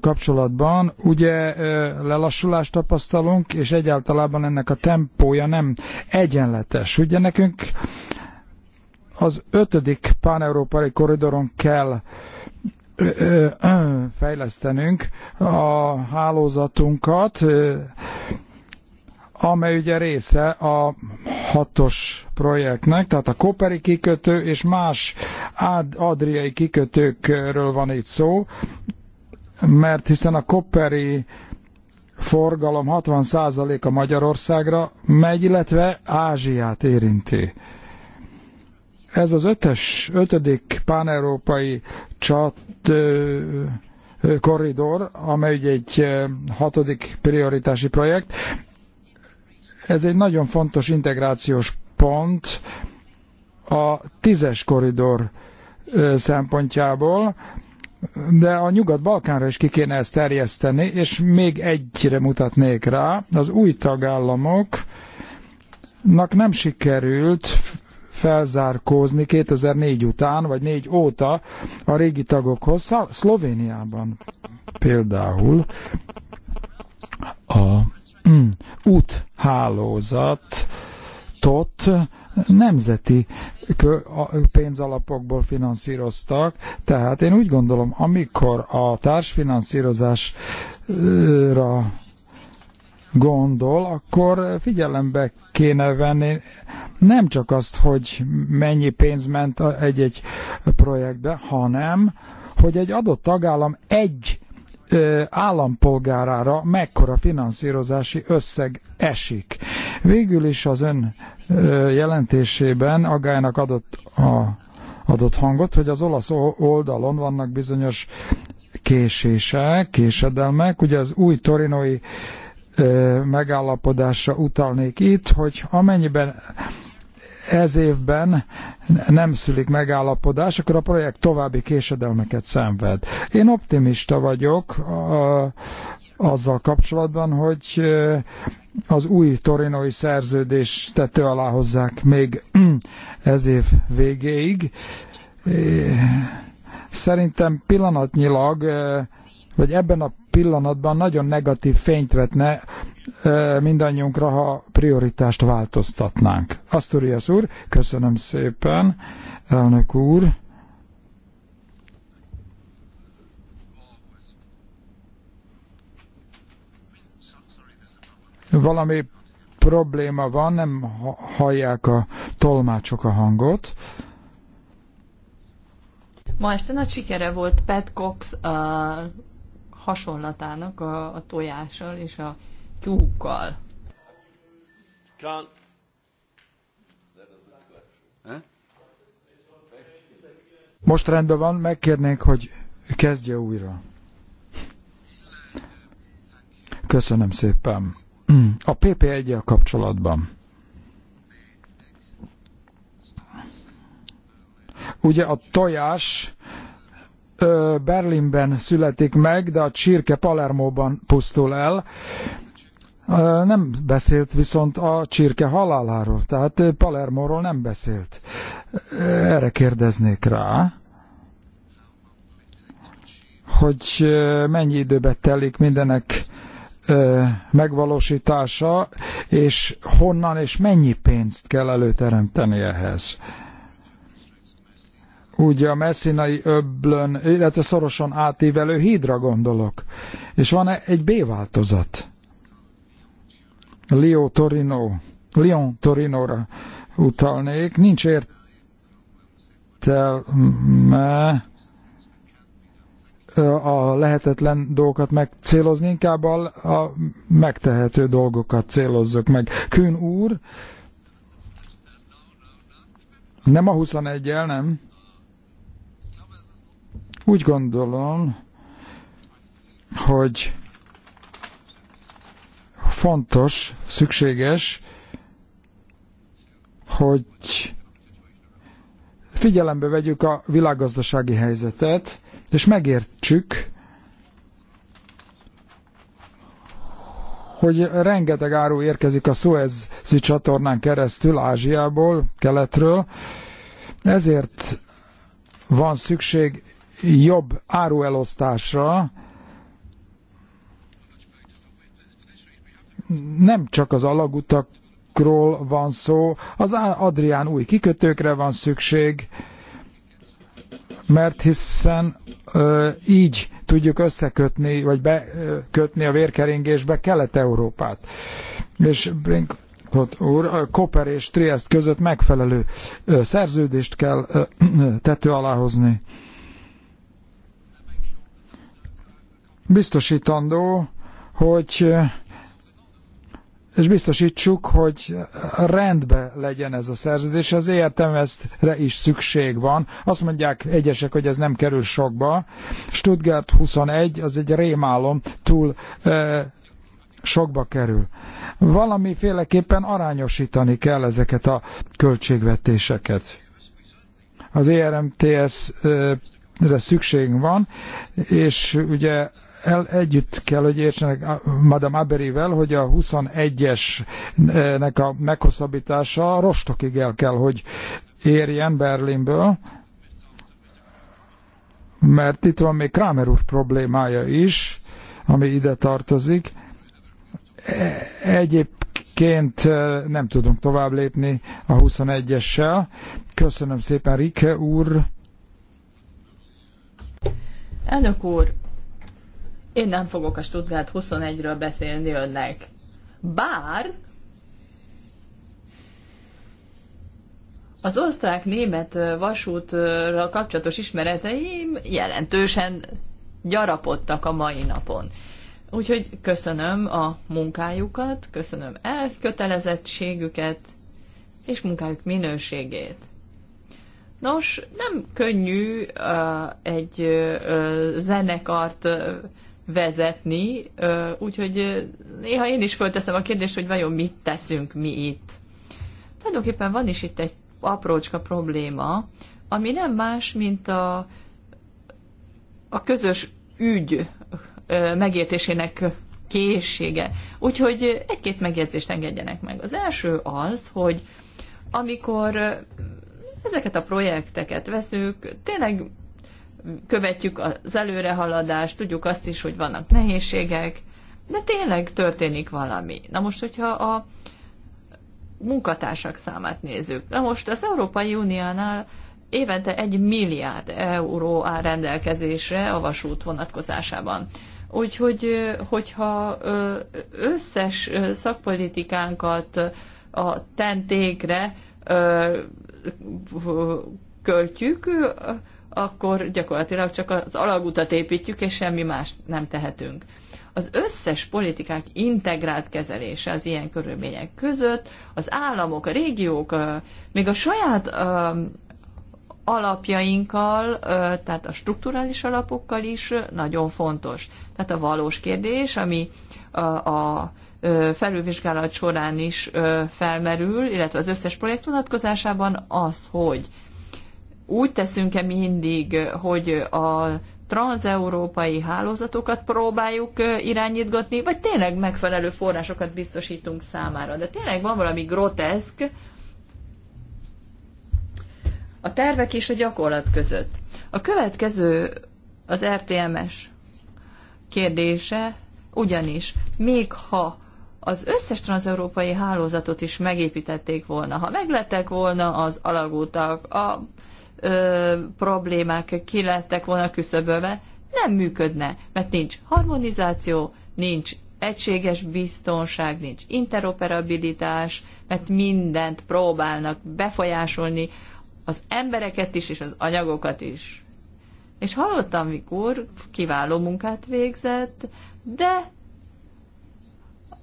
kapcsolatban ugye lelassulást tapasztalunk, és egyáltalában ennek a tempója nem egyenletes. Ugye nekünk az ötödik páneurópai koridoron kell fejlesztenünk a hálózatunkat, amely ugye része a hatos projektnek, tehát a Koperi kikötő és más adriai kikötőkről van itt szó, mert hiszen a Koperi forgalom 60%-a Magyarországra megy, illetve Ázsiát érinti. Ez az ötös, ötödik páneurópai csat ö, korridor, amely egy egy hatodik prioritási projekt, ez egy nagyon fontos integrációs pont a tízes koridor szempontjából, de a Nyugat-Balkánra is ki kéne ezt terjeszteni, és még egyre mutatnék rá, az új tagállamoknak nem sikerült felzárkózni 2004 után, vagy 4 óta a régi tagokhoz, Szlovéniában például a Mm. úthálózatot nemzeti pénzalapokból finanszíroztak, tehát én úgy gondolom, amikor a társfinanszírozásra gondol, akkor figyelembe kéne venni nem csak azt, hogy mennyi pénz ment egy-egy projektbe, hanem hogy egy adott tagállam egy állampolgárára mekkora finanszírozási összeg esik. Végül is az ön jelentésében agálynak adott, a, adott hangot, hogy az olasz oldalon vannak bizonyos késések, késedelmek. Ugye az új torinoi megállapodásra utalnék itt, hogy amennyiben ez évben nem szülik megállapodás, akkor a projekt további késedelmeket szenved. Én optimista vagyok a, azzal kapcsolatban, hogy az új torinói szerződés tető alá hozzák még ez év végéig. Szerintem pillanatnyilag, vagy ebben a pillanatban nagyon negatív fényt vetne mindannyiunkra, ha prioritást változtatnánk. Asturias úr, köszönöm szépen, elnök úr. Valami probléma van, nem hallják a tolmácsok a hangot. Ma este nagy sikere volt Pat Cox a hasonlatának a, a tojással és a tyúkkal. Most rendben van, megkérnék, hogy kezdje újra. Köszönöm szépen. A pp 1 el kapcsolatban. Ugye a tojás Berlinben születik meg, de a csirke Palermóban pusztul el. Nem beszélt viszont a csirke haláláról, tehát Palermóról nem beszélt. Erre kérdeznék rá, hogy mennyi időbe telik mindenek megvalósítása, és honnan és mennyi pénzt kell előteremteni ehhez úgy a messzinai öblön, illetve szorosan átívelő hídra gondolok. És van -e egy B változat? Leo Torino, Lyon Torinóra utalnék. Nincs értelme a lehetetlen dolgokat megcélozni, inkább a, a megtehető dolgokat célozzuk meg. Kün úr, nem a 21-el, nem. Úgy gondolom, hogy fontos, szükséges, hogy figyelembe vegyük a világgazdasági helyzetet, és megértsük, hogy rengeteg áru érkezik a Suezi csatornán keresztül Ázsiából, keletről, ezért van szükség jobb áruelosztásra, nem csak az alagutakról van szó, az Adrián új kikötőkre van szükség, mert hiszen ö, így tudjuk összekötni, vagy bekötni a vérkeringésbe Kelet-Európát. És Brink úr, Koper és Triest között megfelelő ö, szerződést kell ö, tető alá hozni. biztosítandó, hogy és biztosítsuk, hogy rendbe legyen ez a szerződés. Az értelmeztre is szükség van. Azt mondják egyesek, hogy ez nem kerül sokba. Stuttgart 21, az egy rémálom, túl e, sokba kerül. Valamiféleképpen arányosítani kell ezeket a költségvetéseket. Az ERMTS re szükség van, és ugye el együtt kell, hogy értsenek Madame Aberivel, hogy a 21-esnek a meghosszabbítása Rostokig el kell, hogy érjen Berlinből, mert itt van még Kramer úr problémája is, ami ide tartozik. Egyébként eh, nem tudunk tovább lépni a 21-essel. Köszönöm szépen, Rike úr! Elnök úr, én nem fogok a Stuttgart 21-ről beszélni önnek. Bár az osztrák-német vasútra kapcsolatos ismereteim jelentősen gyarapodtak a mai napon. Úgyhogy köszönöm a munkájukat, köszönöm elkötelezettségüket és munkájuk minőségét. Nos, nem könnyű uh, egy uh, zenekart uh, vezetni, úgyhogy néha én is fölteszem a kérdést, hogy vajon mit teszünk mi itt. Tulajdonképpen van is itt egy aprócska probléma, ami nem más, mint a, a közös ügy megértésének készsége. Úgyhogy egy-két megjegyzést engedjenek meg. Az első az, hogy amikor ezeket a projekteket veszük, tényleg követjük az előrehaladást, tudjuk azt is, hogy vannak nehézségek, de tényleg történik valami. Na most, hogyha a munkatársak számát nézzük, na most az Európai Uniónál évente egy milliárd euró áll rendelkezésre a vasút vonatkozásában. Úgyhogy, hogyha összes szakpolitikánkat a tentékre költjük, akkor gyakorlatilag csak az alagutat építjük, és semmi más nem tehetünk. Az összes politikák integrált kezelése az ilyen körülmények között, az államok, a régiók, még a saját alapjainkkal, tehát a strukturális alapokkal is nagyon fontos. Tehát a valós kérdés, ami a felülvizsgálat során is felmerül, illetve az összes projekt vonatkozásában az, hogy úgy teszünk-e mindig, hogy a transeurópai hálózatokat próbáljuk irányítgatni, vagy tényleg megfelelő forrásokat biztosítunk számára. De tényleg van valami groteszk a tervek és a gyakorlat között. A következő az RTMS kérdése ugyanis, még ha az összes transeurópai hálózatot is megépítették volna, ha meglettek volna az alagútak, a ö, problémák ki lettek volna küszöbölve, nem működne, mert nincs harmonizáció, nincs egységes biztonság, nincs interoperabilitás, mert mindent próbálnak befolyásolni, az embereket is, és az anyagokat is. És hallottam, mikor kiváló munkát végzett, de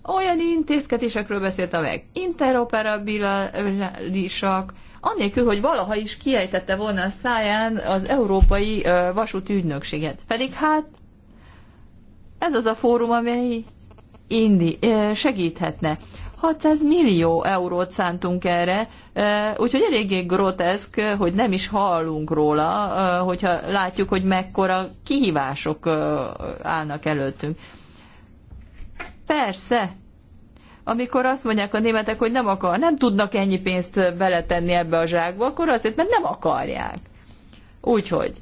olyan intézkedésekről beszélt, amelyek interoperabilisak, anélkül, hogy valaha is kiejtette volna a száján az Európai Vasúti Ügynökséget. Pedig hát ez az a fórum, amely indi, segíthetne. 600 millió eurót szántunk erre, úgyhogy eléggé groteszk, hogy nem is hallunk róla, hogyha látjuk, hogy mekkora kihívások állnak előttünk. Persze, amikor azt mondják a németek, hogy nem akar, nem tudnak ennyi pénzt beletenni ebbe a zsákba, akkor azért, mert nem akarják. Úgyhogy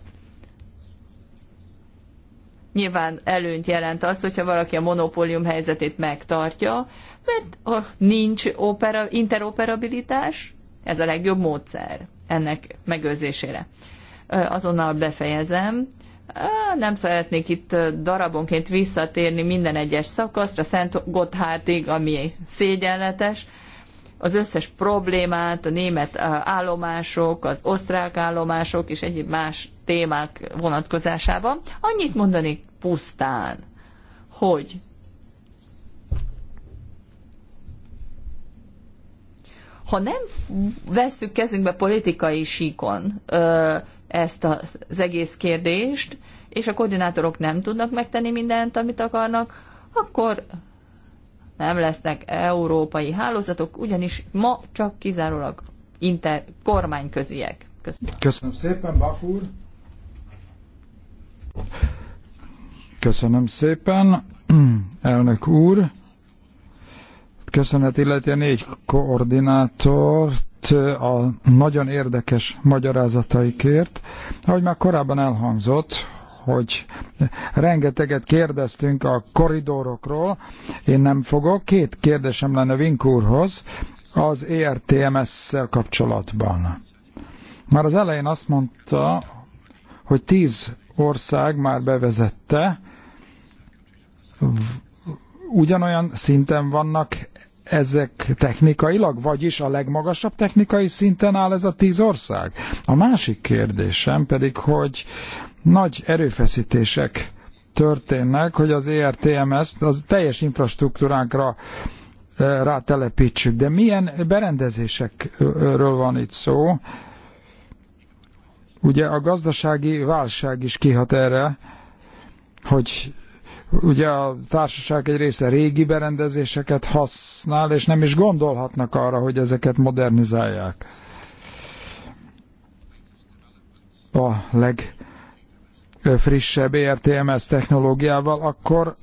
nyilván előnyt jelent az, hogyha valaki a monopólium helyzetét megtartja, mert ha nincs opera, interoperabilitás, ez a legjobb módszer ennek megőrzésére. Azonnal befejezem. Nem szeretnék itt darabonként visszatérni minden egyes szakaszra, Szent Gotthárdig, ami szégyenletes, az összes problémát, a német állomások, az osztrák állomások és egyéb más témák vonatkozásában. Annyit mondanék pusztán, hogy ha nem veszük kezünkbe politikai síkon ezt az egész kérdést, és a koordinátorok nem tudnak megtenni mindent, amit akarnak, akkor nem lesznek európai hálózatok, ugyanis ma csak kizárólag inter Köszönöm. Köszönöm szépen, Bakúr. Köszönöm szépen, elnök úr. Köszönet illeti a négy koordinátort, a nagyon érdekes magyarázataikért. Ahogy már korábban elhangzott, hogy rengeteget kérdeztünk a koridorokról, én nem fogok. Két kérdésem lenne Vink úrhoz az ERTMS-szel kapcsolatban. Már az elején azt mondta, hogy tíz ország már bevezette, ugyanolyan szinten vannak ezek technikailag, vagyis a legmagasabb technikai szinten áll ez a tíz ország? A másik kérdésem pedig, hogy nagy erőfeszítések történnek, hogy az ERTMS-t az teljes infrastruktúránkra eh, rátelepítsük. De milyen berendezésekről van itt szó? Ugye a gazdasági válság is kihat erre, hogy Ugye a társaság egy része régi berendezéseket használ, és nem is gondolhatnak arra, hogy ezeket modernizálják. A legfrissebb ERTMS technológiával, akkor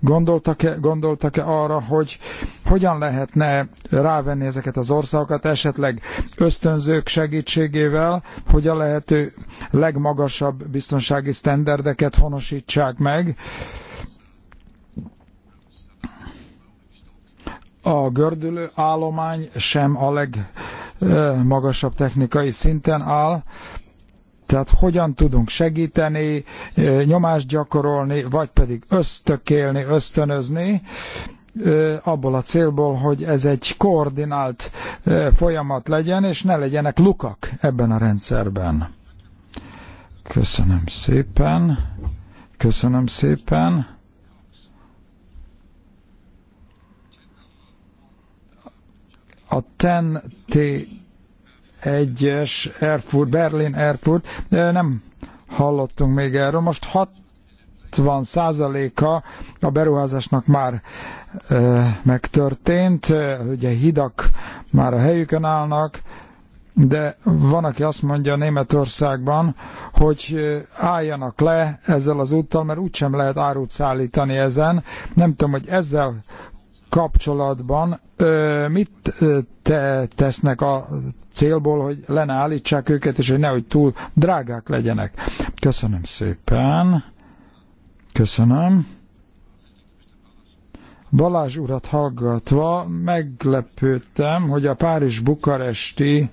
gondoltak-e, gondoltak-e arra, hogy hogyan lehetne rávenni ezeket az országokat, esetleg ösztönzők segítségével, hogy a lehető legmagasabb biztonsági sztenderdeket honosítsák meg, a gördülő állomány sem a legmagasabb technikai szinten áll, tehát hogyan tudunk segíteni, nyomást gyakorolni, vagy pedig ösztökélni, ösztönözni, abból a célból, hogy ez egy koordinált folyamat legyen, és ne legyenek lukak ebben a rendszerben. Köszönöm szépen. Köszönöm szépen. A TEN-T 1-es Erfurt, Berlin Erfurt, nem hallottunk még erről. Most 60 százaléka a beruházásnak már megtörtént, ugye hidak már a helyükön állnak, de van, aki azt mondja Németországban, hogy álljanak le ezzel az úttal, mert úgysem lehet árut szállítani ezen. Nem tudom, hogy ezzel kapcsolatban mit te tesznek a célból, hogy le ne állítsák őket, és hogy nehogy túl drágák legyenek? Köszönöm szépen. Köszönöm. Balázs urat hallgatva meglepődtem, hogy a Párizs-Bukaresti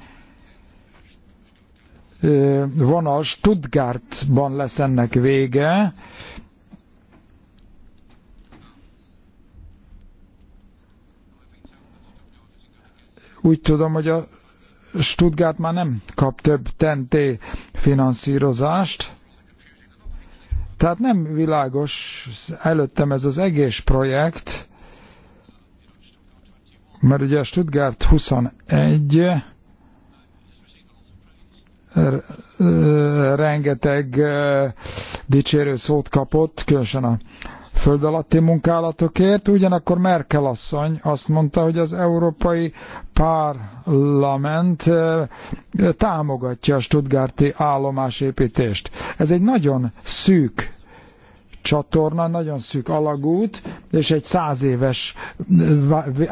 vonal Stuttgartban lesz ennek vége, Úgy tudom, hogy a Stuttgart már nem kap több TNT finanszírozást, tehát nem világos előttem ez az egész projekt, mert ugye a Stuttgart 21 rengeteg dicsérő szót kapott, különösen a föld alatti munkálatokért, ugyanakkor Merkel asszony azt mondta, hogy az Európai Parlament támogatja a Stuttgarti állomásépítést. Ez egy nagyon szűk csatorna, nagyon szűk alagút, és egy száz éves,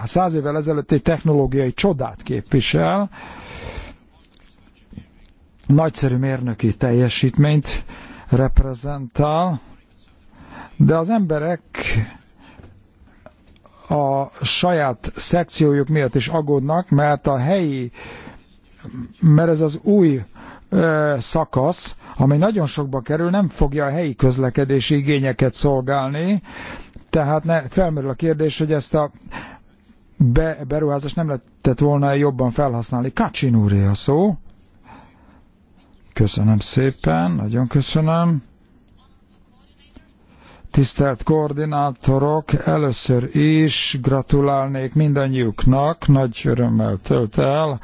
száz évvel ezelőtt egy technológiai csodát képvisel, nagyszerű mérnöki teljesítményt reprezentál, de az emberek a saját szekciójuk miatt is aggódnak, mert a helyi, mert ez az új ö, szakasz, amely nagyon sokba kerül, nem fogja a helyi közlekedési igényeket szolgálni, tehát ne, felmerül a kérdés, hogy ezt a be, beruházást nem lehetett volna jobban felhasználni. Kacsin úré a szó. Köszönöm szépen, nagyon köszönöm. Tisztelt koordinátorok, először is gratulálnék mindannyiuknak, nagy örömmel tölt el,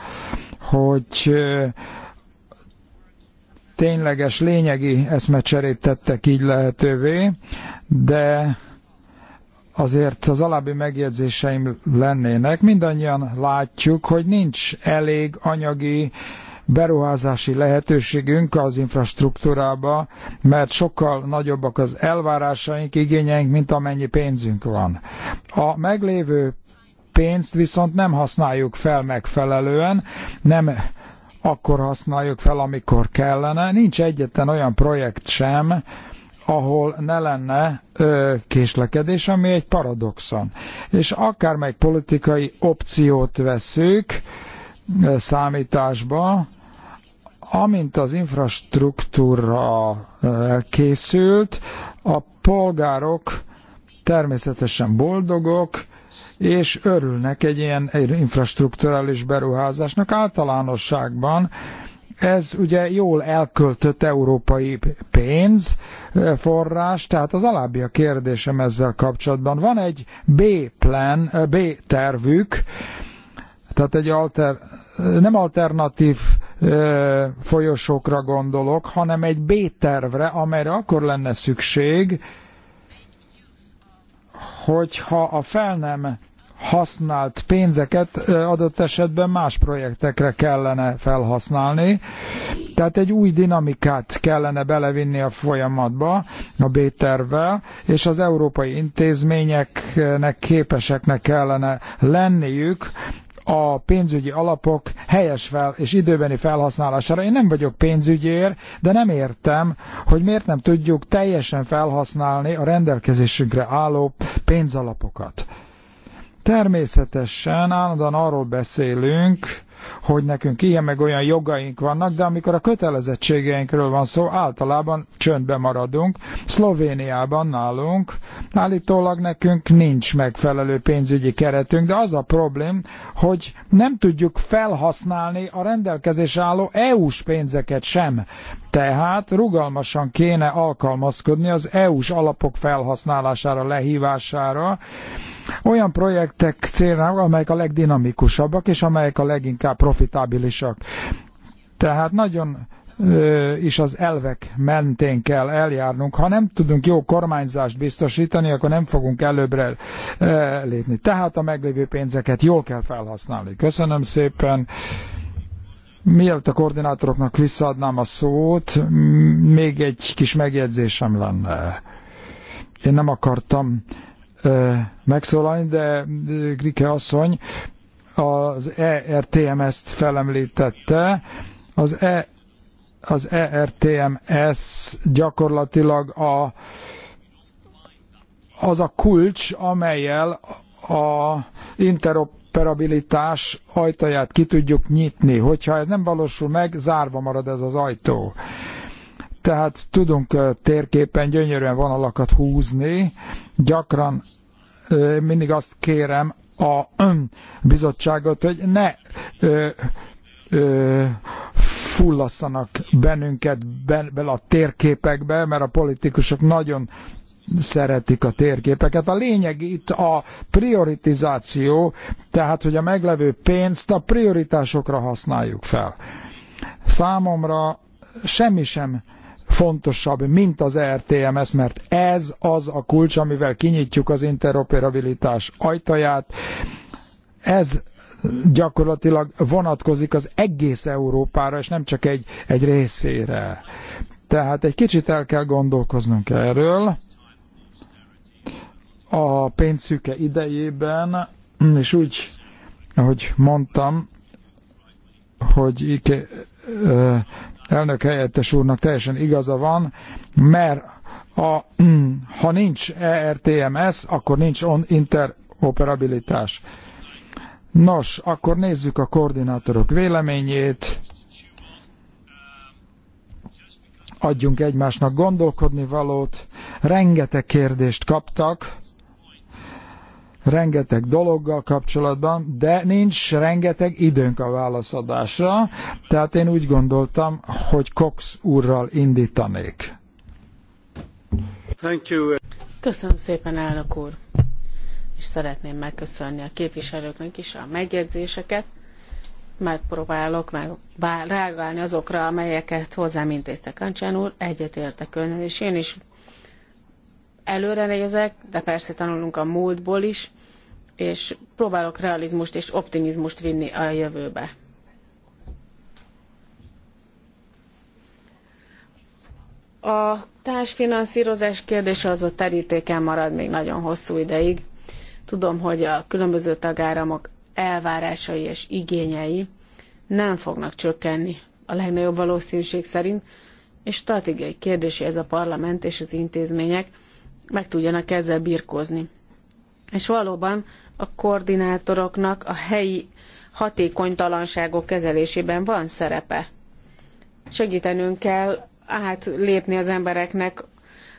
hogy tényleges, lényegi eszmecserét tettek így lehetővé, de azért az alábbi megjegyzéseim lennének. Mindannyian látjuk, hogy nincs elég anyagi beruházási lehetőségünk az infrastruktúrába, mert sokkal nagyobbak az elvárásaink, igényeink, mint amennyi pénzünk van. A meglévő pénzt viszont nem használjuk fel megfelelően, nem akkor használjuk fel, amikor kellene. Nincs egyetlen olyan projekt sem, ahol ne lenne ö, késlekedés, ami egy paradoxon. És akármely politikai opciót veszük ö, számításba, Amint az infrastruktúra elkészült, a polgárok természetesen boldogok, és örülnek egy ilyen infrastruktúrális beruházásnak általánosságban. Ez ugye jól elköltött európai pénz, forrás, tehát az alábbi a kérdésem ezzel kapcsolatban. Van egy B-plan, B-tervük, b plan b tervük tehát egy alter, nem alternatív ö, folyosókra gondolok, hanem egy B-tervre, amelyre akkor lenne szükség, hogyha a fel nem használt pénzeket adott esetben más projektekre kellene felhasználni. Tehát egy új dinamikát kellene belevinni a folyamatba a b és az európai intézményeknek képeseknek kellene lenniük a pénzügyi alapok helyes fel és időbeni felhasználására. Én nem vagyok pénzügyér, de nem értem, hogy miért nem tudjuk teljesen felhasználni a rendelkezésünkre álló pénzalapokat. Természetesen állandóan arról beszélünk, hogy nekünk ilyen meg olyan jogaink vannak, de amikor a kötelezettségeinkről van szó, általában csöndbe maradunk. Szlovéniában nálunk állítólag nekünk nincs megfelelő pénzügyi keretünk, de az a problém, hogy nem tudjuk felhasználni a rendelkezés álló EU-s pénzeket sem. Tehát rugalmasan kéne alkalmazkodni az EU-s alapok felhasználására, lehívására, olyan projektek célnak, amelyek a legdinamikusabbak, és amelyek a leginkább profitábilisak. Tehát nagyon is az elvek mentén kell eljárnunk. Ha nem tudunk jó kormányzást biztosítani, akkor nem fogunk előbbre lépni. Tehát a meglévő pénzeket jól kell felhasználni. Köszönöm szépen. Mielőtt a koordinátoroknak visszaadnám a szót, még egy kis megjegyzésem lenne. Én nem akartam megszólalni, de Grike asszony az ERTMS-t felemlítette. Az, e, az ERTMS gyakorlatilag a, az a kulcs, amelyel a interop interoperabilitás ajtaját ki tudjuk nyitni. Hogyha ez nem valósul meg, zárva marad ez az ajtó. Tehát tudunk térképen gyönyörűen vonalakat húzni, gyakran mindig azt kérem a bizottságot, hogy ne ö, ö, fullasszanak bennünket bele a térképekbe, mert a politikusok nagyon szeretik a térképeket. A lényeg itt a prioritizáció, tehát hogy a meglevő pénzt a prioritásokra használjuk fel. Számomra semmi sem fontosabb, mint az RTMS, mert ez az a kulcs, amivel kinyitjuk az interoperabilitás ajtaját. Ez gyakorlatilag vonatkozik az egész Európára, és nem csak egy, egy részére. Tehát egy kicsit el kell gondolkoznunk erről. A pénzszüke idejében, és úgy, ahogy mondtam, hogy elnök helyettes úrnak teljesen igaza van, mert a, mm, ha nincs ERTMS, akkor nincs on interoperabilitás. Nos, akkor nézzük a koordinátorok véleményét. Adjunk egymásnak gondolkodni valót. Rengeteg kérdést kaptak rengeteg dologgal kapcsolatban, de nincs rengeteg időnk a válaszadásra, tehát én úgy gondoltam, hogy Cox úrral indítanék. Thank you. Köszönöm szépen, elnök úr! És szeretném megköszönni a képviselőknek is a megjegyzéseket. Megpróbálok meg reagálni azokra, amelyeket hozzám intéztek. Ancsán úr, egyetértek önnel, és én is előre nézek, de persze tanulunk a múltból is, és próbálok realizmust és optimizmust vinni a jövőbe. A társfinanszírozás kérdése az a terítéken marad még nagyon hosszú ideig. Tudom, hogy a különböző tagáramok elvárásai és igényei nem fognak csökkenni a legnagyobb valószínűség szerint, és stratégiai kérdési ez a parlament és az intézmények, meg tudjanak ezzel birkózni. És valóban a koordinátoroknak a helyi hatékonytalanságok kezelésében van szerepe. Segítenünk kell átlépni az embereknek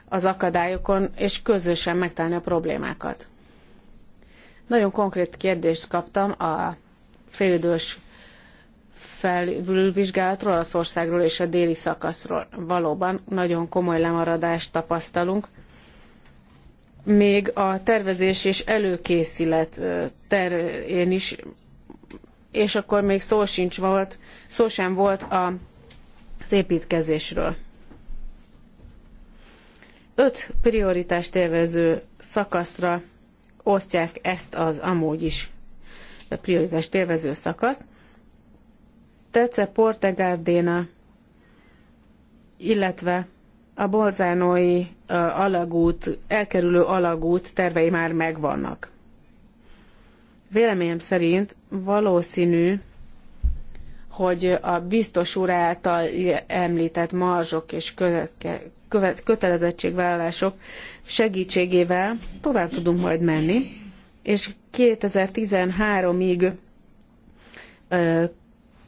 az akadályokon, és közösen megtalálni a problémákat. Nagyon konkrét kérdést kaptam a félidős felülvizsgálatról, országról és a déli szakaszról. Valóban nagyon komoly lemaradást tapasztalunk, még a tervezés és előkészület terén is, és akkor még szó sincs volt, szó sem volt a, az építkezésről. Öt prioritást élvező szakaszra osztják ezt az amúgy is a prioritást élvező szakaszt. Tece Portegardéna, illetve a bolzánói alagút, elkerülő alagút tervei már megvannak. Véleményem szerint valószínű, hogy a biztos úr által említett marzsok és kötelezettségvállalások segítségével tovább tudunk majd menni, és 2013-ig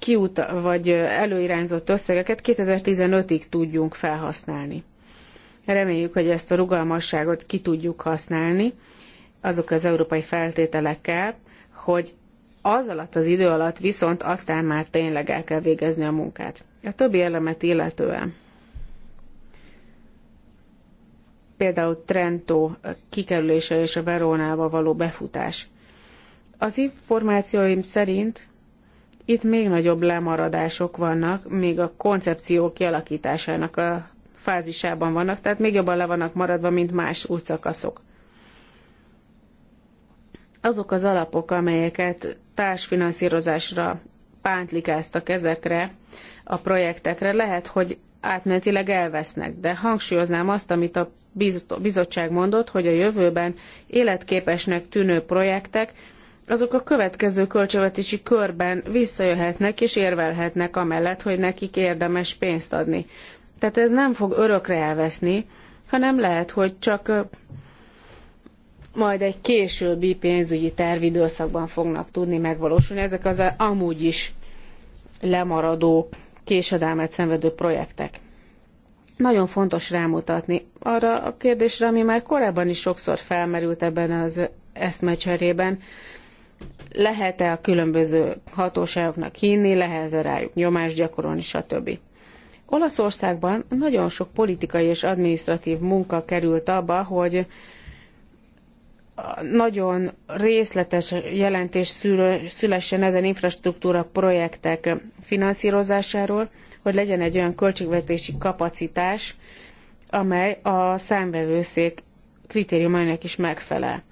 kiút vagy előirányzott összegeket 2015-ig tudjunk felhasználni. Reméljük, hogy ezt a rugalmasságot ki tudjuk használni azok az európai feltételekkel, hogy az alatt az idő alatt viszont aztán már tényleg el kell végezni a munkát. A többi elemet illetően. Például Trento kikerülése és a Verónába való befutás. Az információim szerint itt még nagyobb lemaradások vannak, még a koncepció kialakításának a fázisában vannak, tehát még jobban le vannak maradva, mint más útszakaszok. Azok az alapok, amelyeket társfinanszírozásra pántlikáztak ezekre a projektekre, lehet, hogy átmenetileg elvesznek, de hangsúlyoznám azt, amit a bizottság mondott, hogy a jövőben életképesnek tűnő projektek azok a következő költségvetési körben visszajöhetnek és érvelhetnek amellett, hogy nekik érdemes pénzt adni. Tehát ez nem fog örökre elveszni, hanem lehet, hogy csak majd egy későbbi pénzügyi tervidőszakban fognak tudni megvalósulni ezek az amúgy is lemaradó, késedelmet szenvedő projektek. Nagyon fontos rámutatni arra a kérdésre, ami már korábban is sokszor felmerült ebben az eszmecserében, lehet-e a különböző hatóságoknak hinni, lehet-e rájuk nyomást gyakorolni, stb. Olaszországban nagyon sok politikai és administratív munka került abba, hogy nagyon részletes jelentés szülessen ezen infrastruktúra projektek finanszírozásáról, hogy legyen egy olyan költségvetési kapacitás, amely a számvevőszék kritériumainak is megfelel.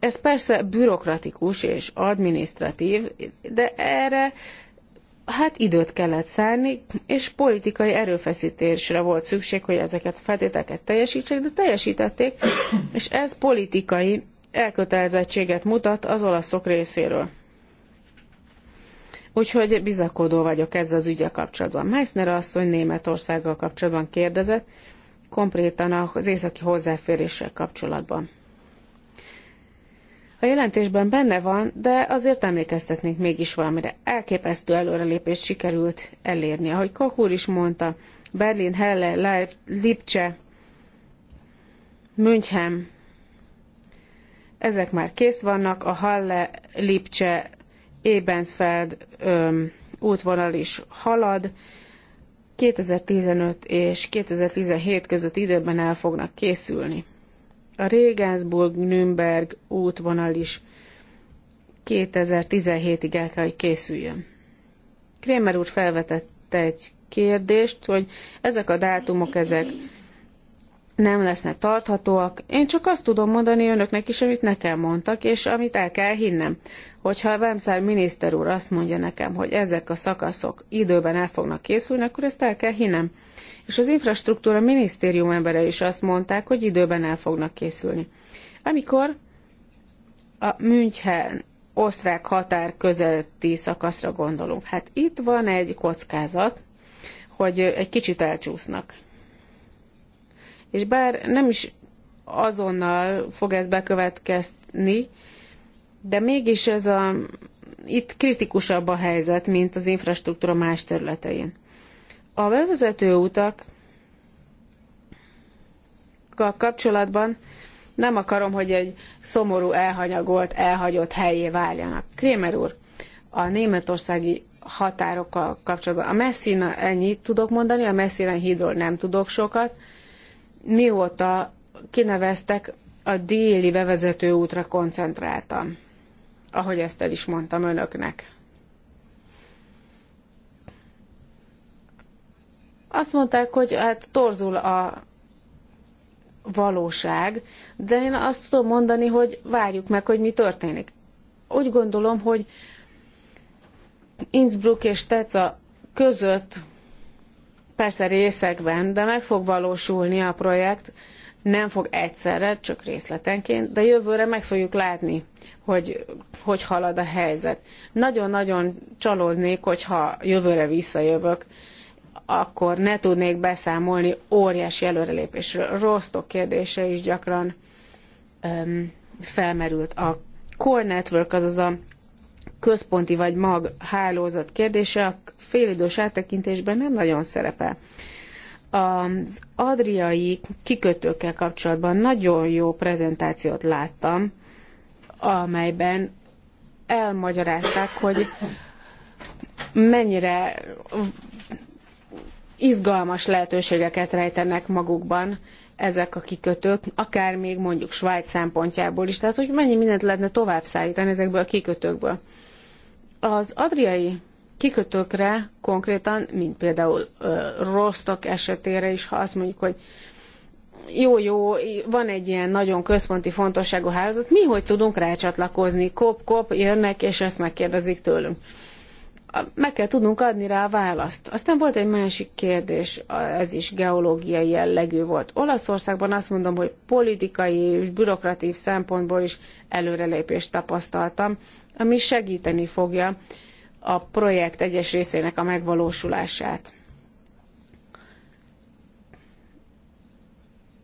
Ez persze bürokratikus és adminisztratív, de erre hát időt kellett szállni, és politikai erőfeszítésre volt szükség, hogy ezeket a feltételeket teljesítsék, de teljesítették, és ez politikai elkötelezettséget mutat az olaszok részéről. Úgyhogy bizakodó vagyok ezzel az ügyel kapcsolatban. Meissner asszony Németországgal kapcsolatban kérdezett, konkrétan az északi hozzáféréssel kapcsolatban. A jelentésben benne van, de azért emlékeztetnénk mégis valamire. Elképesztő előrelépést sikerült elérni. Ahogy Koch úr is mondta, Berlin, Helle, Leip, Lipcse, München, ezek már kész vannak, a Halle, Lipcse, Ebensfeld öm, útvonal is halad. 2015 és 2017 között időben el fognak készülni. A Regensburg-Nürnberg útvonal is 2017-ig el kell, hogy készüljön. Krémer úr felvetette egy kérdést, hogy ezek a dátumok, ezek nem lesznek tarthatóak. Én csak azt tudom mondani önöknek is, amit nekem mondtak, és amit el kell hinnem. Hogyha a Vemszár miniszter úr azt mondja nekem, hogy ezek a szakaszok időben el fognak készülni, akkor ezt el kell hinnem és az infrastruktúra minisztérium embere is azt mondták, hogy időben el fognak készülni. Amikor a München osztrák határ közötti szakaszra gondolunk. Hát itt van egy kockázat, hogy egy kicsit elcsúsznak. És bár nem is azonnal fog ez bekövetkezni, de mégis ez a, itt kritikusabb a helyzet, mint az infrastruktúra más területein. A bevezető utak kapcsolatban nem akarom, hogy egy szomorú, elhanyagolt, elhagyott helyé váljanak. Krémer úr, a németországi határokkal kapcsolatban. A Messina ennyit tudok mondani, a Messina hídról nem tudok sokat. Mióta kineveztek, a déli bevezető útra koncentráltam, ahogy ezt el is mondtam önöknek. Azt mondták, hogy hát torzul a valóság, de én azt tudom mondani, hogy várjuk meg, hogy mi történik. Úgy gondolom, hogy Innsbruck és Teca között persze részekben, de meg fog valósulni a projekt, nem fog egyszerre, csak részletenként, de jövőre meg fogjuk látni, hogy hogy halad a helyzet. Nagyon-nagyon csalódnék, hogyha jövőre visszajövök, akkor ne tudnék beszámolni óriási előrelépésről. Rostok kérdése is gyakran um, felmerült. A core network, azaz a központi vagy mag hálózat kérdése a félidős áttekintésben nem nagyon szerepel. Az adriai kikötőkkel kapcsolatban nagyon jó prezentációt láttam, amelyben elmagyarázták, hogy mennyire izgalmas lehetőségeket rejtenek magukban ezek a kikötők, akár még mondjuk Svájc szempontjából is, tehát hogy mennyi mindent lehetne tovább szállítani ezekből a kikötőkből. Az adriai kikötőkre konkrétan, mint például Rostok esetére is, ha azt mondjuk, hogy jó, jó, van egy ilyen nagyon központi fontosságú hálózat, mi hogy tudunk rácsatlakozni? Kop, kop, jönnek, és ezt megkérdezik tőlünk meg kell tudnunk adni rá a választ. Aztán volt egy másik kérdés, ez is geológiai jellegű volt. Olaszországban azt mondom, hogy politikai és bürokratív szempontból is előrelépést tapasztaltam, ami segíteni fogja a projekt egyes részének a megvalósulását.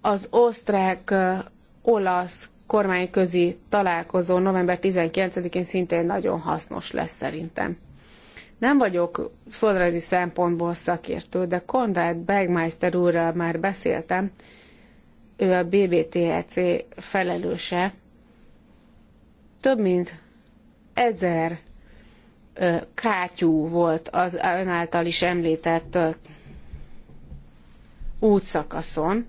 Az osztrák-olasz kormányközi találkozó november 19-én szintén nagyon hasznos lesz szerintem. Nem vagyok földrajzi szempontból szakértő, de Konrad Bergmeister úrral már beszéltem, ő a BBTEC felelőse. Több mint ezer kátyú volt az ön által is említett útszakaszon,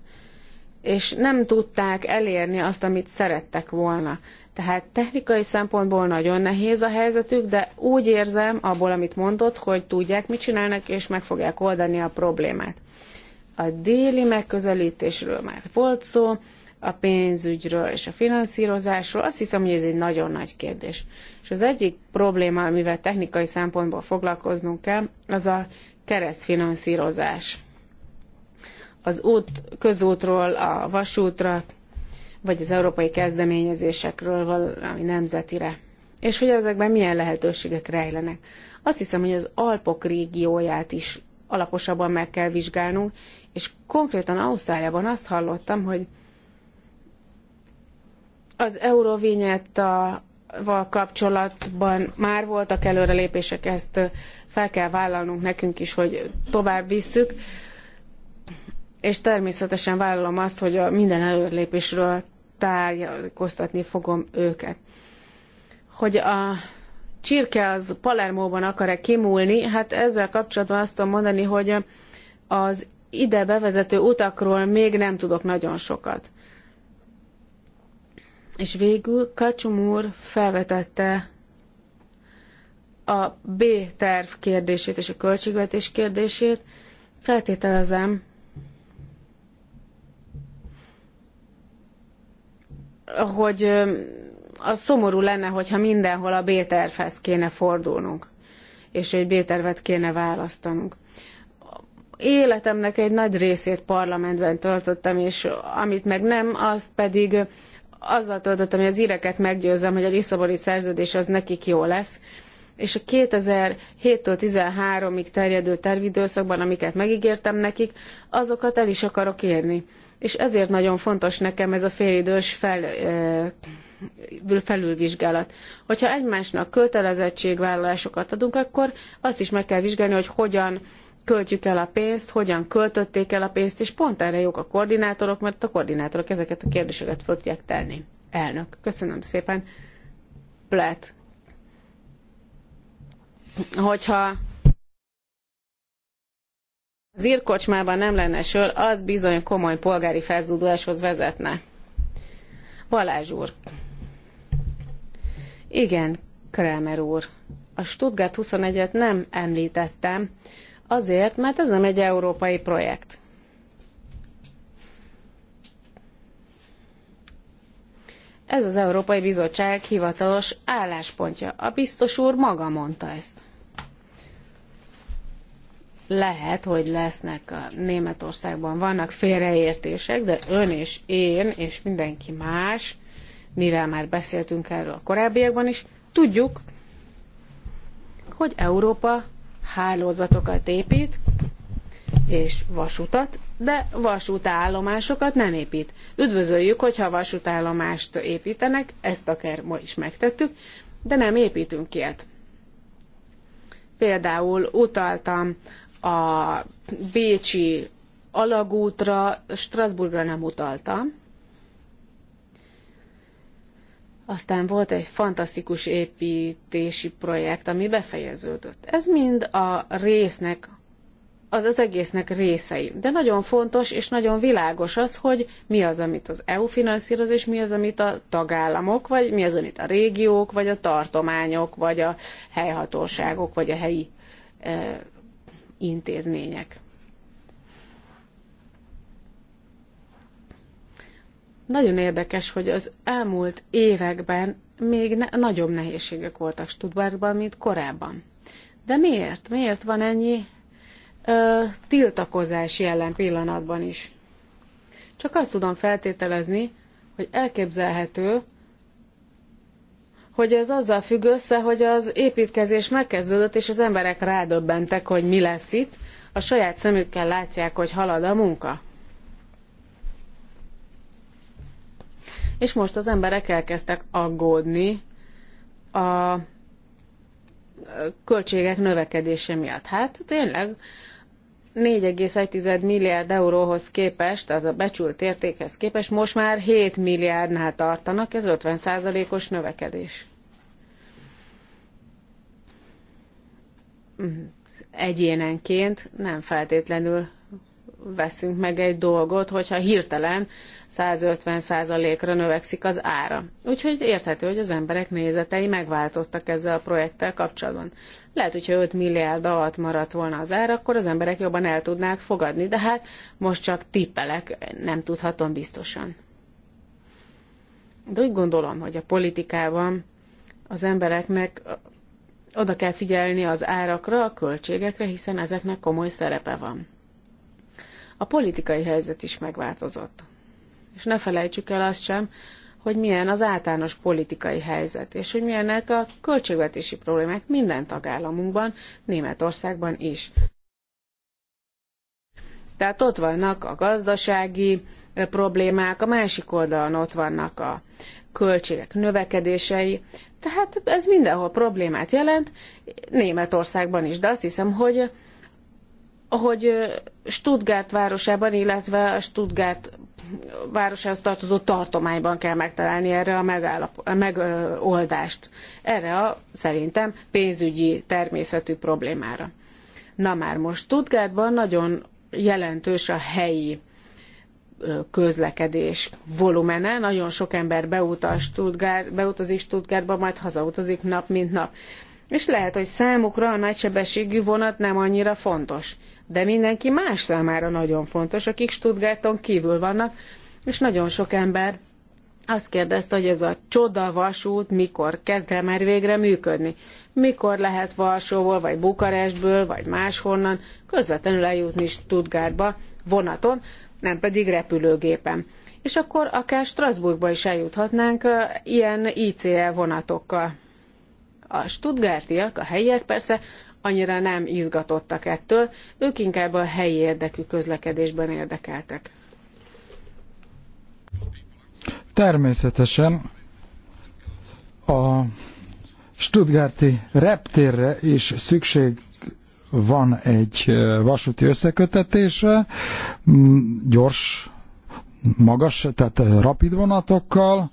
és nem tudták elérni azt, amit szerettek volna. Tehát technikai szempontból nagyon nehéz a helyzetük, de úgy érzem abból, amit mondott, hogy tudják, mit csinálnak, és meg fogják oldani a problémát. A déli megközelítésről már volt szó, a pénzügyről és a finanszírozásról, azt hiszem, hogy ez egy nagyon nagy kérdés. És az egyik probléma, amivel technikai szempontból foglalkoznunk kell, az a keresztfinanszírozás. Az út, közútról a vasútra vagy az európai kezdeményezésekről valami nemzetire. És hogy ezekben milyen lehetőségek rejlenek. Azt hiszem, hogy az Alpok régióját is alaposabban meg kell vizsgálnunk, és konkrétan Ausztráliában azt hallottam, hogy az Eurovinyettaval kapcsolatban már voltak előrelépések, ezt fel kell vállalnunk nekünk is, hogy tovább visszük és természetesen vállalom azt, hogy a minden előlépésről tájékoztatni fogom őket. Hogy a csirke az Palermóban akar-e kimúlni, hát ezzel kapcsolatban azt tudom mondani, hogy az ide bevezető utakról még nem tudok nagyon sokat. És végül Kacsum úr felvetette a B terv kérdését és a költségvetés kérdését. Feltételezem, hogy az szomorú lenne, hogyha mindenhol a B-tervhez kéne fordulnunk, és egy B-tervet kéne választanunk. Életemnek egy nagy részét parlamentben töltöttem, és amit meg nem, azt pedig azzal töltöttem, hogy az íreket meggyőzzem, hogy a Lisszaboni szerződés az nekik jó lesz, és a 2007-től 13-ig terjedő tervidőszakban, amiket megígértem nekik, azokat el is akarok érni és ezért nagyon fontos nekem ez a félidős fel, felülvizsgálat. Hogyha egymásnak kötelezettségvállalásokat adunk, akkor azt is meg kell vizsgálni, hogy hogyan költjük el a pénzt, hogyan költötték el a pénzt, és pont erre jók a koordinátorok, mert a koordinátorok ezeket a kérdéseket fel tudják tenni. Elnök, köszönöm szépen. Plát. Hogyha zirkocsmában nem lenne sör, az bizony komoly polgári felzúduláshoz vezetne. Balázs úr. Igen, Kramer úr. A Stuttgart 21-et nem említettem, azért, mert ez nem egy európai projekt. Ez az Európai Bizottság hivatalos álláspontja. A biztos úr maga mondta ezt lehet, hogy lesznek a Németországban, vannak félreértések, de ön és én és mindenki más, mivel már beszéltünk erről a korábbiakban is, tudjuk, hogy Európa hálózatokat épít, és vasutat, de vasútállomásokat nem épít. Üdvözöljük, hogyha vasútállomást építenek, ezt akár ma is megtettük, de nem építünk ilyet. Például utaltam a Bécsi alagútra, Strasbourgra nem utaltam. Aztán volt egy fantasztikus építési projekt, ami befejeződött. Ez mind a résznek, az az egésznek részei. De nagyon fontos és nagyon világos az, hogy mi az, amit az EU finanszíroz, és mi az, amit a tagállamok, vagy mi az, amit a régiók, vagy a tartományok, vagy a helyhatóságok, vagy a helyi eh, intézmények. Nagyon érdekes, hogy az elmúlt években még ne, nagyobb nehézségek voltak Stuttgartban, mint korábban. De miért? Miért van ennyi ö, tiltakozás jelen pillanatban is? Csak azt tudom feltételezni, hogy elképzelhető, hogy ez azzal függ össze, hogy az építkezés megkezdődött, és az emberek rádöbbentek, hogy mi lesz itt, a saját szemükkel látják, hogy halad a munka. És most az emberek elkezdtek aggódni a költségek növekedése miatt. Hát tényleg 4,1 milliárd euróhoz képest, az a becsült értékhez képest most már 7 milliárdnál tartanak, ez 50 százalékos növekedés. Mhm. Egyénenként nem feltétlenül veszünk meg egy dolgot, hogyha hirtelen 150%-ra növekszik az ára. Úgyhogy érthető, hogy az emberek nézetei megváltoztak ezzel a projekttel kapcsolatban. Lehet, hogyha 5 milliárd alatt maradt volna az ára, akkor az emberek jobban el tudnák fogadni, de hát most csak tippelek, nem tudhatom biztosan. De úgy gondolom, hogy a politikában az embereknek oda kell figyelni az árakra, a költségekre, hiszen ezeknek komoly szerepe van. A politikai helyzet is megváltozott. És ne felejtsük el azt sem, hogy milyen az általános politikai helyzet, és hogy milyenek a költségvetési problémák minden tagállamunkban, Németországban is. Tehát ott vannak a gazdasági eh, problémák, a másik oldalon ott vannak a költségek növekedései, tehát ez mindenhol problémát jelent, Németországban is, de azt hiszem, hogy hogy Stuttgart városában, illetve a Stuttgart városához tartozó tartományban kell megtalálni erre a, megoldást. Erre a szerintem pénzügyi természetű problémára. Na már most Stuttgartban nagyon jelentős a helyi közlekedés volumene. Nagyon sok ember beutaz Stuttgart, beutazik Stuttgartba, majd hazautazik nap mint nap. És lehet, hogy számukra a nagysebességű vonat nem annyira fontos de mindenki más számára nagyon fontos, akik Stuttgarton kívül vannak, és nagyon sok ember azt kérdezte, hogy ez a csoda vasút mikor kezd el már végre működni. Mikor lehet Varsóból, vagy Bukarestből, vagy máshonnan közvetlenül eljutni Stuttgartba vonaton, nem pedig repülőgépen. És akkor akár Strasbourgba is eljuthatnánk ilyen ICE vonatokkal. A stuttgartiak, a helyiek persze annyira nem izgatottak ettől, ők inkább a helyi érdekű közlekedésben érdekeltek. Természetesen a Stuttgarti reptérre is szükség van egy vasúti összekötetésre, gyors, magas, tehát rapid vonatokkal,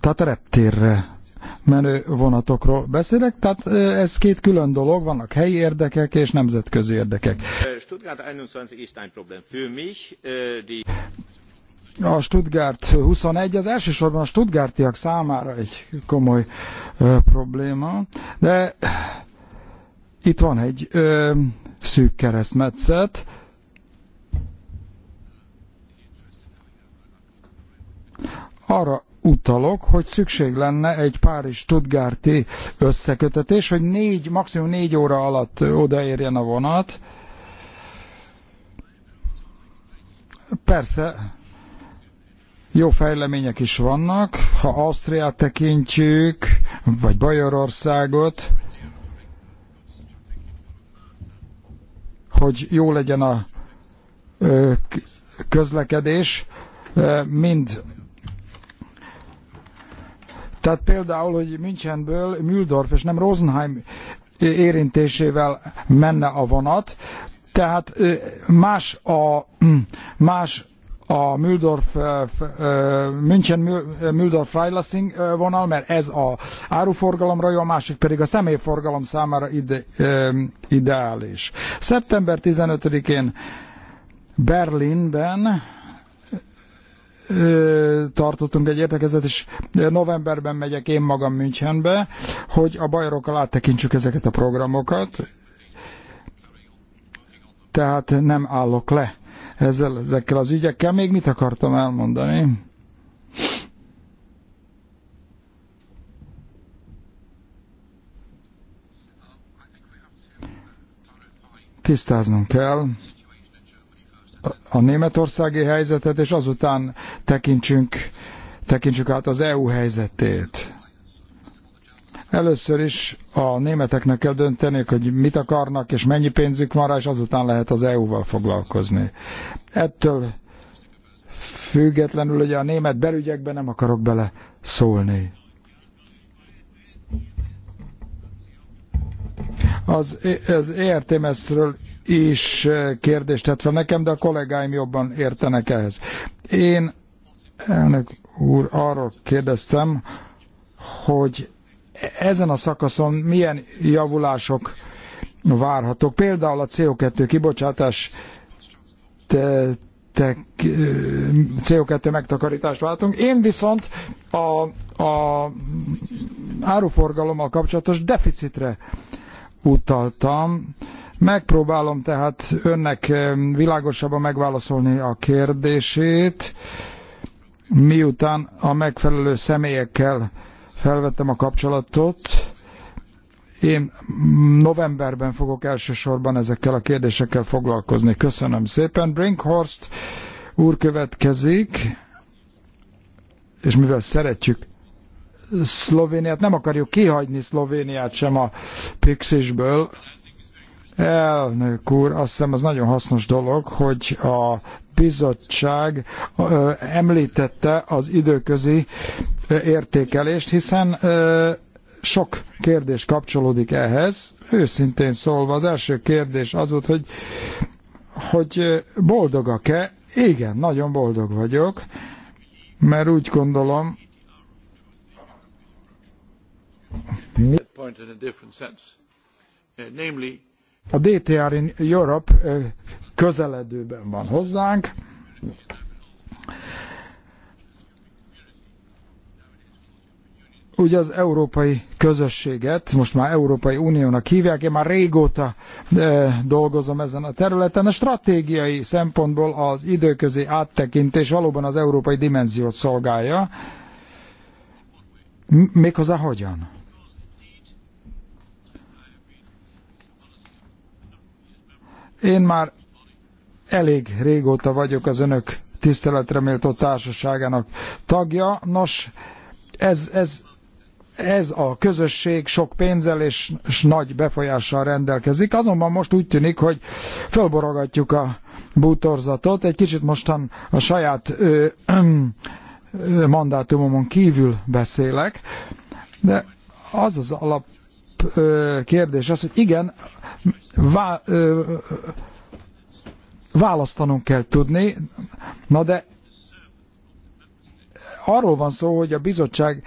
tehát a reptérre menő vonatokról beszélek, tehát ez két külön dolog, vannak helyi érdekek és nemzetközi érdekek. Stuttgart 21 ist ein Problem. Für mich, die... A Stuttgart 21 az elsősorban a stuttgartiak számára egy komoly ö, probléma, de itt van egy ö, szűk keresztmetszet, arra utalok, hogy szükség lenne egy Párizs-Tudgárti összekötetés, hogy négy, maximum négy óra alatt odaérjen a vonat. Persze, jó fejlemények is vannak, ha Ausztriát tekintjük, vagy Bajorországot, hogy jó legyen a közlekedés, mind tehát például, hogy Münchenből Mühldorf és nem Rosenheim érintésével menne a vonat, tehát más a, hm, más a Mühldorf, München Mühldorf Freilassing vonal, mert ez a áruforgalomra jó, a másik pedig a személyforgalom számára ide, ideális. Szeptember 15-én Berlinben tartottunk egy értekezet, és novemberben megyek én magam Münchenbe, hogy a bajorokkal áttekintsük ezeket a programokat, tehát nem állok le ezzel, ezekkel az ügyekkel. Még mit akartam elmondani? Tisztáznunk kell, a németországi helyzetet, és azután tekintsünk, tekintsük át az EU helyzetét. Először is a németeknek kell dönteniük, hogy mit akarnak, és mennyi pénzük van rá, és azután lehet az EU-val foglalkozni. Ettől függetlenül ugye a német belügyekbe nem akarok bele szólni. Az, az ERTMS-ről is eh, kérdést tett fel nekem, de a kollégáim jobban értenek ehhez. Én, elnök úr, arról kérdeztem, hogy ezen a szakaszon milyen javulások várhatók. Például a CO2 kibocsátás te, te, CO2 megtakarítást váltunk. Én viszont a, a áruforgalommal kapcsolatos deficitre utaltam, Megpróbálom tehát önnek világosabban megválaszolni a kérdését, miután a megfelelő személyekkel felvettem a kapcsolatot. Én novemberben fogok elsősorban ezekkel a kérdésekkel foglalkozni. Köszönöm szépen. Brinkhorst úr következik, és mivel szeretjük Szlovéniát, nem akarjuk kihagyni Szlovéniát sem a Pixisből, Elnök úr, azt hiszem az nagyon hasznos dolog, hogy a bizottság említette az időközi értékelést, hiszen sok kérdés kapcsolódik ehhez. Őszintén szólva az első kérdés az volt, hogy, hogy boldogak-e? Igen, nagyon boldog vagyok, mert úgy gondolom, uh, mi... A DTR in Europe közeledőben van hozzánk. ugye az európai közösséget, most már Európai Uniónak hívják, én már régóta e, dolgozom ezen a területen. A stratégiai szempontból az időközi áttekintés valóban az európai dimenziót szolgálja. Méghozzá hogyan? Én már elég régóta vagyok az önök tiszteletre méltó társaságának tagja. Nos, ez, ez, ez a közösség sok pénzzel és, és nagy befolyással rendelkezik. Azonban most úgy tűnik, hogy fölborogatjuk a bútorzatot. Egy kicsit mostan a saját ö, ö, ö, mandátumomon kívül beszélek, de az az alap alap kérdés az, hogy igen, vá, választanunk kell tudni, na de arról van szó, hogy a bizottság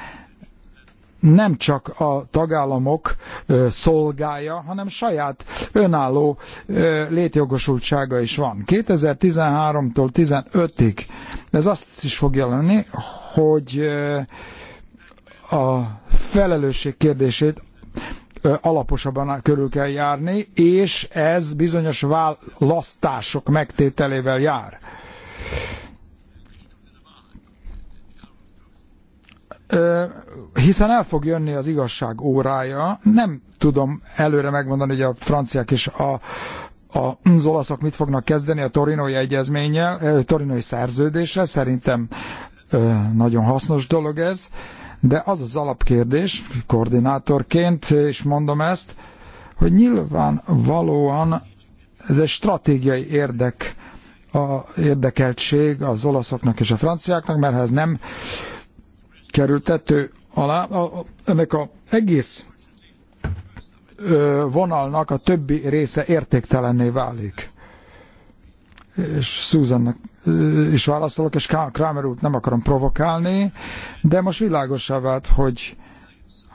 nem csak a tagállamok szolgálja, hanem saját önálló létjogosultsága is van. 2013-tól 15-ig ez azt is fog jelenni, hogy a felelősség kérdését alaposabban körül kell járni, és ez bizonyos választások megtételével jár. hiszen el fog jönni az igazság órája. Nem tudom előre megmondani, hogy a franciák és a, a, az olaszok mit fognak kezdeni a torinói egyezménnyel, a torinói szerződéssel. Szerintem nagyon hasznos dolog ez de az az alapkérdés, koordinátorként is mondom ezt, hogy nyilvánvalóan ez egy stratégiai érdek, a érdekeltség az olaszoknak és a franciáknak, mert ha ez nem került alá, a, ennek a egész ö, vonalnak a többi része értéktelenné válik és Susannak is válaszolok, és Kramer út nem akarom provokálni, de most világosá vált, hogy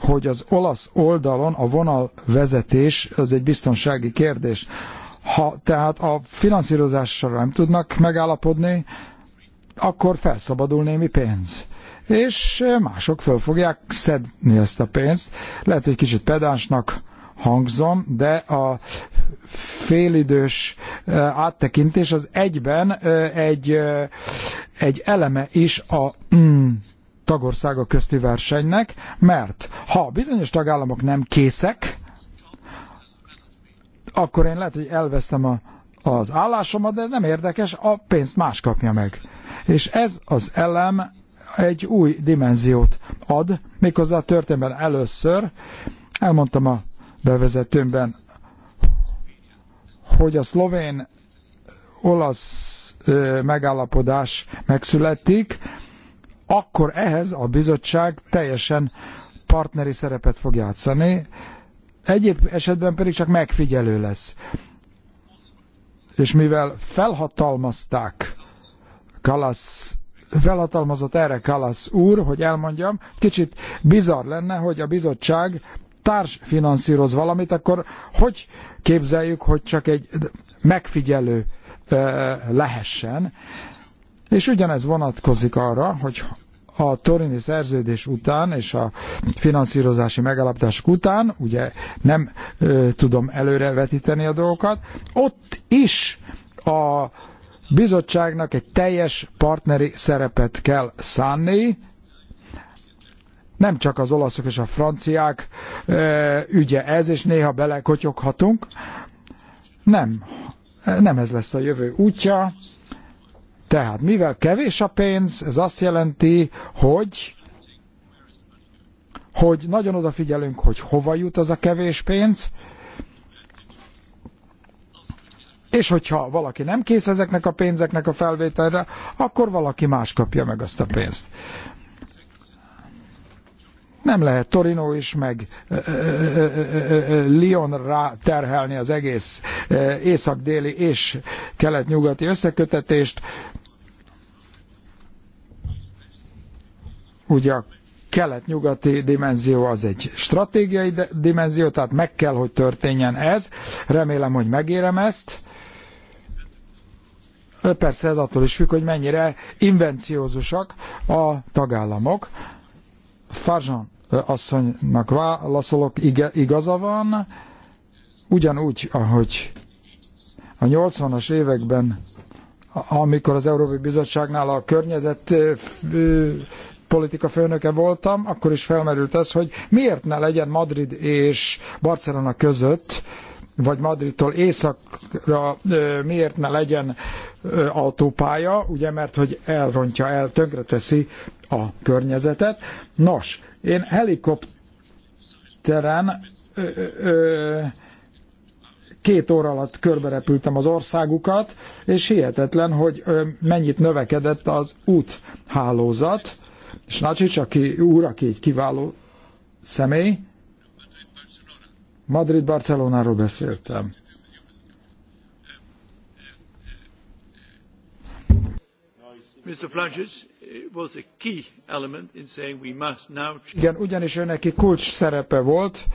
hogy az olasz oldalon a vonalvezetés az egy biztonsági kérdés. Ha tehát a finanszírozással nem tudnak megállapodni, akkor felszabadul némi pénz. És mások föl fogják szedni ezt a pénzt. Lehet, hogy kicsit pedánsnak hangzom, de a félidős áttekintés az egyben egy, egy eleme is a mm, tagországa közti versenynek, mert ha bizonyos tagállamok nem készek, akkor én lehet, hogy elvesztem a, az állásomat, de ez nem érdekes, a pénzt más kapja meg. És ez az elem egy új dimenziót ad, méghozzá a történetben először, elmondtam a bevezetőmben, hogy a szlovén olasz megállapodás megszületik, akkor ehhez a bizottság teljesen partneri szerepet fog játszani, egyéb esetben pedig csak megfigyelő lesz. És mivel felhatalmazták Kalasz felhatalmazott erre Kalasz úr, hogy elmondjam, kicsit bizarr lenne, hogy a bizottság társ társfinanszíroz valamit, akkor hogy képzeljük, hogy csak egy megfigyelő lehessen? És ugyanez vonatkozik arra, hogy a torini szerződés után és a finanszírozási megalapítások után, ugye nem ö, tudom előrevetíteni a dolgokat, ott is a bizottságnak egy teljes partneri szerepet kell szánni, nem csak az olaszok és a franciák ügye ez, és néha belekotyoghatunk. Nem, nem ez lesz a jövő útja. Tehát mivel kevés a pénz, ez azt jelenti, hogy hogy nagyon odafigyelünk, hogy hova jut az a kevés pénz, és hogyha valaki nem kész ezeknek a pénzeknek a felvételre, akkor valaki más kapja meg azt a pénzt. Nem lehet Torino is, meg Lyon rá terhelni az egész észak-déli és kelet-nyugati összekötetést. Ugye a kelet-nyugati dimenzió az egy stratégiai dimenzió, tehát meg kell, hogy történjen ez. Remélem, hogy megérem ezt. Persze ez attól is függ, hogy mennyire invenciózusak a tagállamok. Farzsan asszonynak válaszolok, igaza van, ugyanúgy, ahogy a 80-as években, amikor az Európai Bizottságnál a környezet politika főnöke voltam, akkor is felmerült ez, hogy miért ne legyen Madrid és Barcelona között vagy Madridtól északra miért ne legyen autópálya, ugye, mert hogy elrontja el, tönkreteszi a környezetet. Nos, én helikopteren ö, ö, két óra alatt körberepültem az országukat, és hihetetlen, hogy mennyit növekedett az úthálózat, és Nacsics, aki úr, aki egy kiváló személy, Madrid-Barcelonáról beszéltem. Mr. Plages was a key element in saying we must now... Igen, ugyanis neki kulcs szerepe volt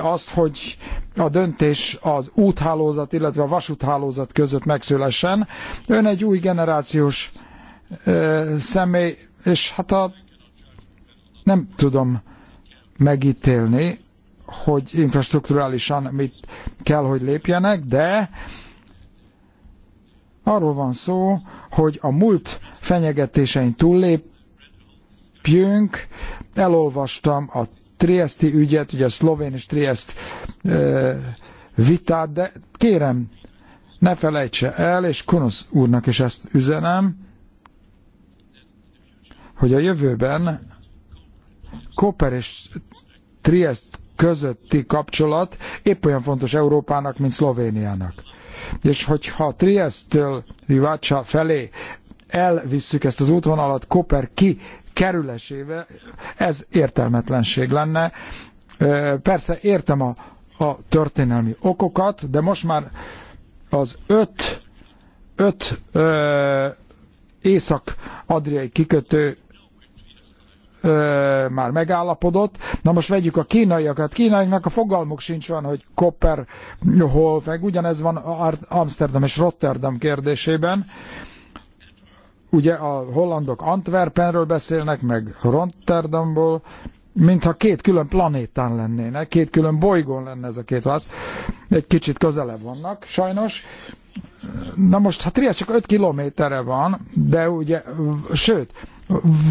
azt, hogy a döntés az úthálózat, illetve a vasúthálózat között megszülessen. Ön egy új generációs személy, és hát a, nem tudom megítélni hogy infrastruktúrálisan mit kell, hogy lépjenek, de arról van szó, hogy a múlt fenyegetésein túllépjünk. Elolvastam a Triesti ügyet, ugye a szlovén és Triest vitát, de kérem, ne felejtse el, és Kunusz úrnak is ezt üzenem, hogy a jövőben Koper és Triest közötti kapcsolat épp olyan fontos Európának, mint Szlovéniának. És hogyha Triesttől Rivácsa felé elvisszük ezt az útvonalat Koper ki kerülesével, ez értelmetlenség lenne. Persze értem a, a történelmi okokat, de most már az öt, öt ö, észak-adriai kikötő ö, már megállapodott. Na most vegyük a kínaiakat. Kínaiaknak a fogalmuk sincs van, hogy Copper hol meg ugyanez van Amsterdam és Rotterdam kérdésében. Ugye a hollandok Antwerpenről beszélnek, meg Rotterdamból, mintha két külön planétán lennének, két külön bolygón lenne ez a két válasz. Egy kicsit közelebb vannak, sajnos. Na most, hát Trieste csak 5 kilométerre van, de ugye, sőt,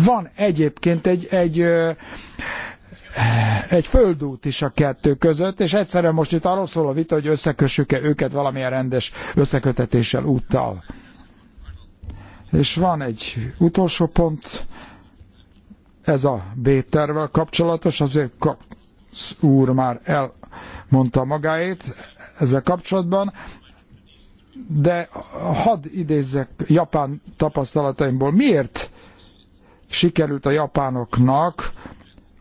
van egyébként egy, egy egy földút is a kettő között, és egyszerűen most itt arról szól a vita, hogy összekössük-e őket valamilyen rendes összekötetéssel, úttal. És van egy utolsó pont, ez a b kapcsolatos, azért Kax úr már elmondta magáét ezzel kapcsolatban, de hadd idézzek japán tapasztalataimból. Miért sikerült a japánoknak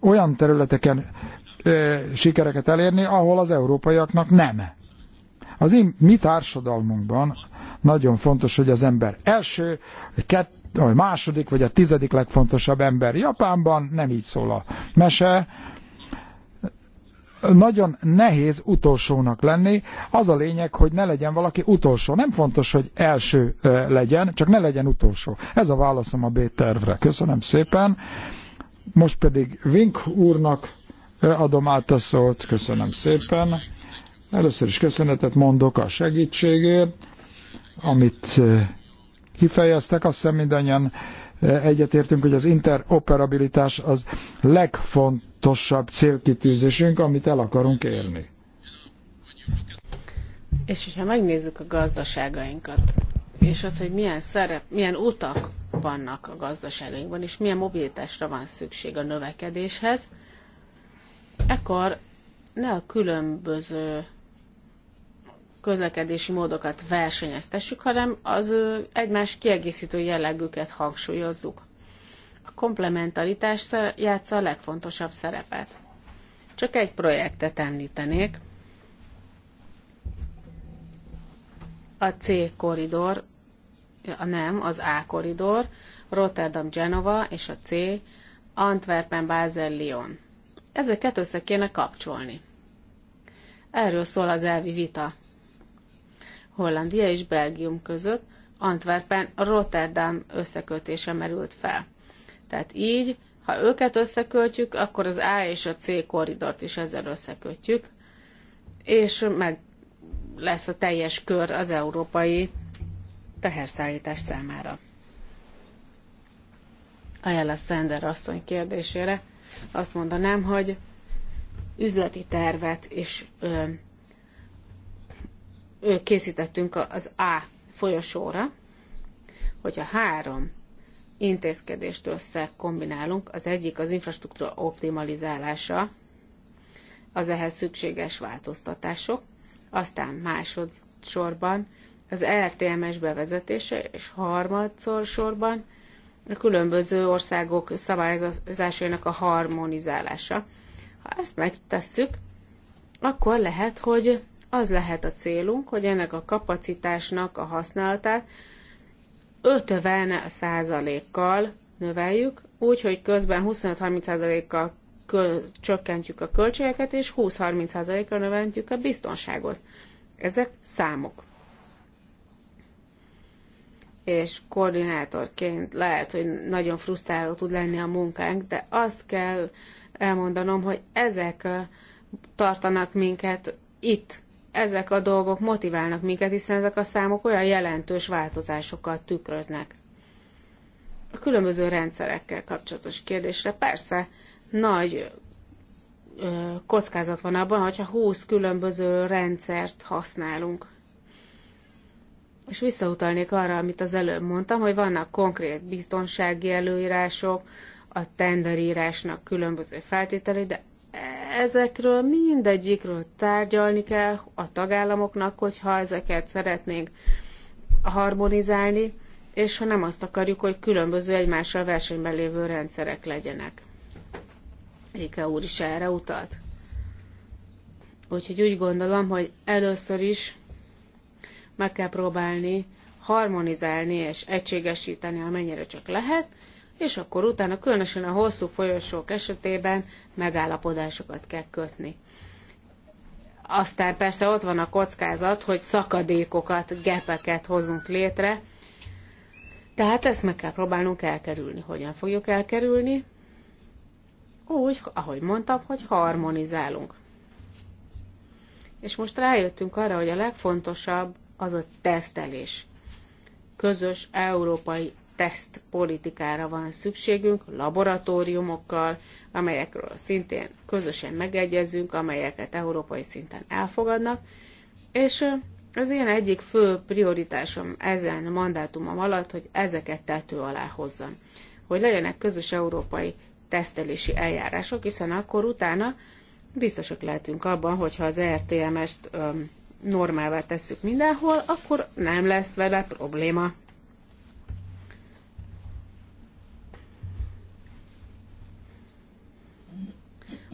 olyan területeken ö, sikereket elérni, ahol az európaiaknak nem. Az én mi társadalmunkban nagyon fontos, hogy az ember első, kett, vagy második, vagy a tizedik legfontosabb ember Japánban, nem így szól a mese, nagyon nehéz utolsónak lenni. Az a lényeg, hogy ne legyen valaki utolsó. Nem fontos, hogy első legyen, csak ne legyen utolsó. Ez a válaszom a B-tervre. Köszönöm szépen. Most pedig Vink úrnak adom át a szót. Köszönöm szépen. Először is köszönetet mondok a segítségért, amit kifejeztek, azt hiszem mindannyian egyetértünk, hogy az interoperabilitás az legfontosabb célkitűzésünk, amit el akarunk érni. És hogyha megnézzük a gazdaságainkat, és az, hogy milyen szerep, milyen utak vannak a gazdaságainkban, és milyen mobilitásra van szükség a növekedéshez, ekkor ne a különböző közlekedési módokat versenyeztessük, hanem az egymás kiegészítő jellegüket hangsúlyozzuk. A komplementaritás játsza a legfontosabb szerepet. Csak egy projektet említenék. A C koridor, a nem, az A koridor, Rotterdam Genova és a C, Antwerpen Basel Lyon. Ezeket össze kéne kapcsolni. Erről szól az elvi vita. Hollandia és Belgium között, Antwerpen a Rotterdam összekötése merült fel. Tehát így, ha őket összekötjük, akkor az A és a C korridort is ezzel összekötjük, és meg lesz a teljes kör az európai teherszállítás számára. Ajala Szender asszony kérdésére azt mondanám, hogy üzleti tervet és ö, készítettünk az A folyosóra, hogyha három intézkedést összekombinálunk, az egyik az infrastruktúra optimalizálása, az ehhez szükséges változtatások, aztán másodszorban az RTMS bevezetése, és harmadszor sorban a különböző országok szabályozásainak a harmonizálása. Ha ezt megtesszük, akkor lehet, hogy az lehet a célunk, hogy ennek a kapacitásnak a használatát 50 kal növeljük, úgyhogy közben 25-30%-kal csökkentjük a költségeket, és 20-30%-kal növeljük a biztonságot. Ezek számok. És koordinátorként lehet, hogy nagyon frusztráló tud lenni a munkánk, de azt kell elmondanom, hogy ezek tartanak minket itt, ezek a dolgok motiválnak minket, hiszen ezek a számok olyan jelentős változásokat tükröznek. A különböző rendszerekkel kapcsolatos kérdésre persze nagy ö, kockázat van abban, hogyha 20 különböző rendszert használunk. És visszautalnék arra, amit az előbb mondtam, hogy vannak konkrét biztonsági előírások, a tenderírásnak különböző feltételei, de ezekről mindegyikről tárgyalni kell a tagállamoknak, hogyha ezeket szeretnénk harmonizálni, és ha nem azt akarjuk, hogy különböző egymással versenyben lévő rendszerek legyenek. Rika úr is erre utalt. Úgyhogy úgy gondolom, hogy először is meg kell próbálni harmonizálni és egységesíteni, amennyire csak lehet, és akkor utána különösen a hosszú folyosók esetében megállapodásokat kell kötni. Aztán persze ott van a kockázat, hogy szakadékokat, gepeket hozunk létre, tehát ezt meg kell próbálnunk elkerülni. Hogyan fogjuk elkerülni? Úgy, ahogy mondtam, hogy harmonizálunk. És most rájöttünk arra, hogy a legfontosabb az a tesztelés. Közös európai teszt politikára van szükségünk, laboratóriumokkal, amelyekről szintén közösen megegyezünk, amelyeket európai szinten elfogadnak, és az én egyik fő prioritásom ezen mandátumom alatt, hogy ezeket tető alá hozzam. Hogy legyenek közös európai tesztelési eljárások, hiszen akkor utána biztosak lehetünk abban, hogyha az RTMS-t normává tesszük mindenhol, akkor nem lesz vele probléma.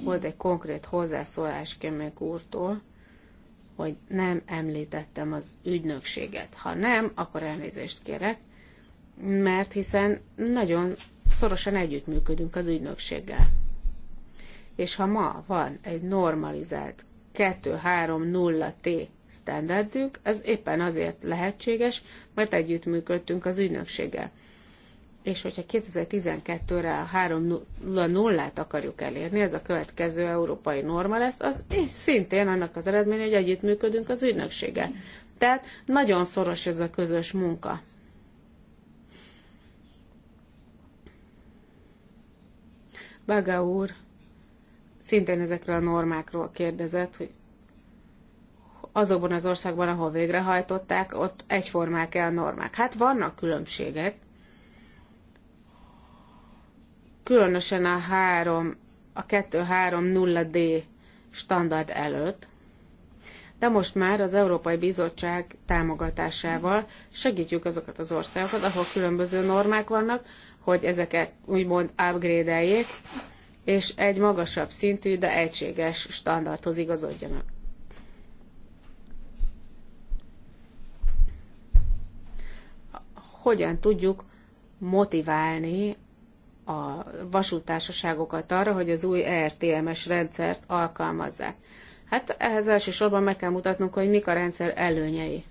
Volt egy konkrét hozzászólás Kemek úrtól, hogy nem említettem az ügynökséget. Ha nem, akkor elnézést kérek, mert hiszen nagyon szorosan együttműködünk az ügynökséggel. És ha ma van egy normalizált 23.0T standardünk, ez éppen azért lehetséges, mert együttműködtünk az ügynökséggel és hogyha 2012-re a 3-0-át akarjuk elérni, ez a következő európai norma lesz, az és szintén annak az eredménye, hogy együttműködünk az ügynöksége. Tehát nagyon szoros ez a közös munka. Baga úr szintén ezekről a normákról kérdezett, hogy azokban az országban, ahol végrehajtották, ott egyformák el normák. Hát vannak különbségek, különösen a 3, a 2-3-0D standard előtt, de most már az Európai Bizottság támogatásával segítjük azokat az országokat, ahol különböző normák vannak, hogy ezeket úgymond upgrade és egy magasabb szintű, de egységes standardhoz igazodjanak. Hogyan tudjuk motiválni a vasútársaságokat arra, hogy az új ERTMS rendszert alkalmazzák. Hát ehhez elsősorban meg kell mutatnunk, hogy mik a rendszer előnyei.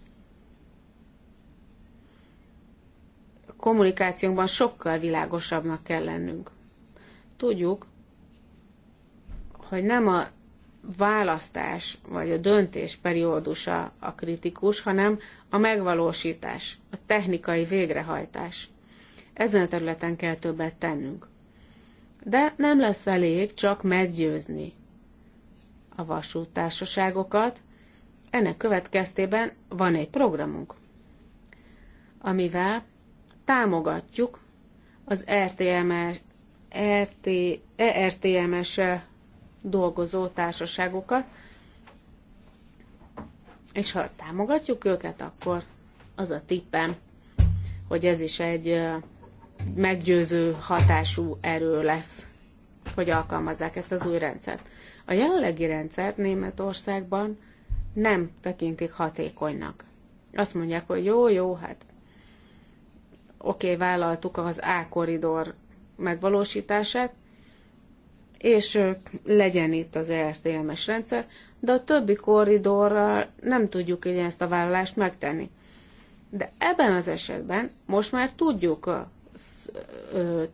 A kommunikációnkban sokkal világosabbnak kell lennünk. Tudjuk, hogy nem a választás vagy a döntés periódusa a kritikus, hanem a megvalósítás, a technikai végrehajtás. Ezen a területen kell többet tennünk. De nem lesz elég csak meggyőzni a vasútársaságokat. Ennek következtében van egy programunk, amivel támogatjuk az RTMS, RT, ERTMS dolgozó társaságokat, és ha támogatjuk őket, akkor az a tippem, hogy ez is egy meggyőző hatású erő lesz, hogy alkalmazzák ezt az új rendszert. A jelenlegi rendszert Németországban nem tekintik hatékonynak. Azt mondják, hogy jó, jó, hát oké, okay, vállaltuk az A-koridor megvalósítását, és legyen itt az ERTMS rendszer, de a többi korridorral nem tudjuk ezt a vállalást megtenni. De ebben az esetben most már tudjuk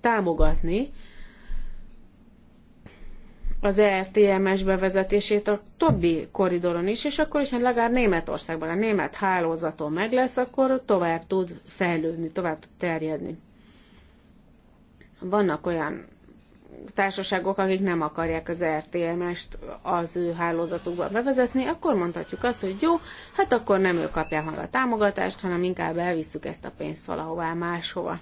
támogatni az ERTMS bevezetését a többi koridoron is, és akkor is, ha legalább Németországban a német hálózaton meg lesz, akkor tovább tud fejlődni, tovább tud terjedni. Vannak olyan társaságok, akik nem akarják az e RTMS-t az ő hálózatukba bevezetni, akkor mondhatjuk azt, hogy jó, hát akkor nem ők kapják meg a támogatást, hanem inkább elvisszük ezt a pénzt valahová máshova.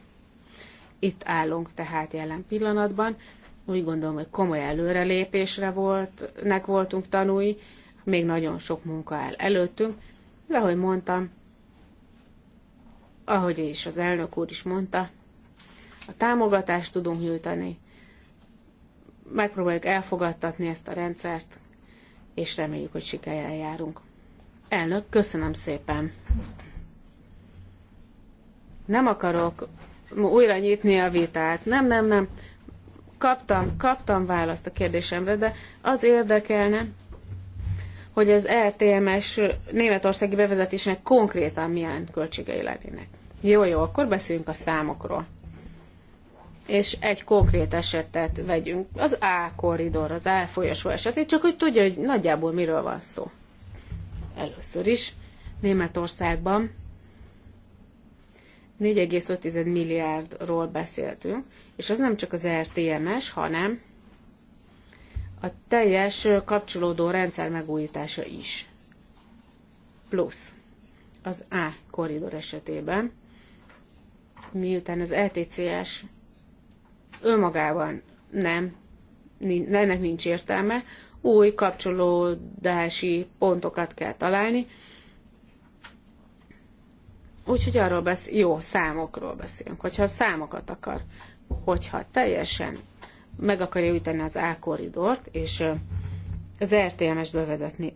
Itt állunk tehát jelen pillanatban. Úgy gondolom, hogy komoly előrelépésre volt, nek voltunk tanúi, még nagyon sok munka áll előttünk, de ahogy mondtam, ahogy is az elnök úr is mondta, a támogatást tudunk nyújtani, megpróbáljuk elfogadtatni ezt a rendszert, és reméljük, hogy sikerrel járunk. Elnök, köszönöm szépen! Nem akarok újra nyitni a vitát. Nem, nem, nem. Kaptam, kaptam választ a kérdésemre, de az érdekelne, hogy az LTMS er németországi bevezetésnek konkrétan milyen költségei lennének. Jó, jó, akkor beszéljünk a számokról. És egy konkrét esetet vegyünk, az A korridor, az A folyosó esetét, csak hogy tudja, hogy nagyjából miről van szó. Először is Németországban 4,5 milliárdról beszéltünk, és az nem csak az RTMS, er hanem a teljes kapcsolódó rendszer megújítása is. Plusz az A koridor esetében, miután az LTCS er önmagában nem, ennek nincs értelme, új kapcsolódási pontokat kell találni, Úgyhogy arról beszél, jó számokról beszélünk, hogyha számokat akar, hogyha teljesen meg akarja üteni az A-koridort, és az RTMS-t bevezetni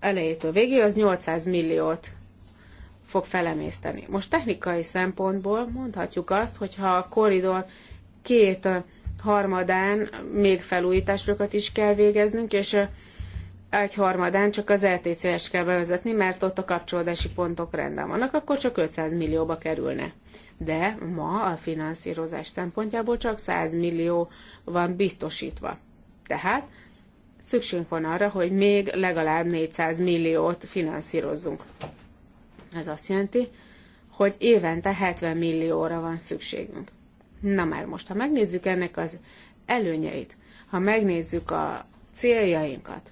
elejétől végig az 800 milliót fog felemészteni. Most technikai szempontból mondhatjuk azt, hogy ha a koridor két harmadán még felújításokat is kell végeznünk, és egyharmadán csak az LTCS e kell bevezetni, mert ott a kapcsolódási pontok rendben vannak, akkor csak 500 millióba kerülne. De ma a finanszírozás szempontjából csak 100 millió van biztosítva. Tehát szükségünk van arra, hogy még legalább 400 milliót finanszírozzunk. Ez azt jelenti, hogy évente 70 millióra van szükségünk. Na már most, ha megnézzük ennek az előnyeit, ha megnézzük a céljainkat,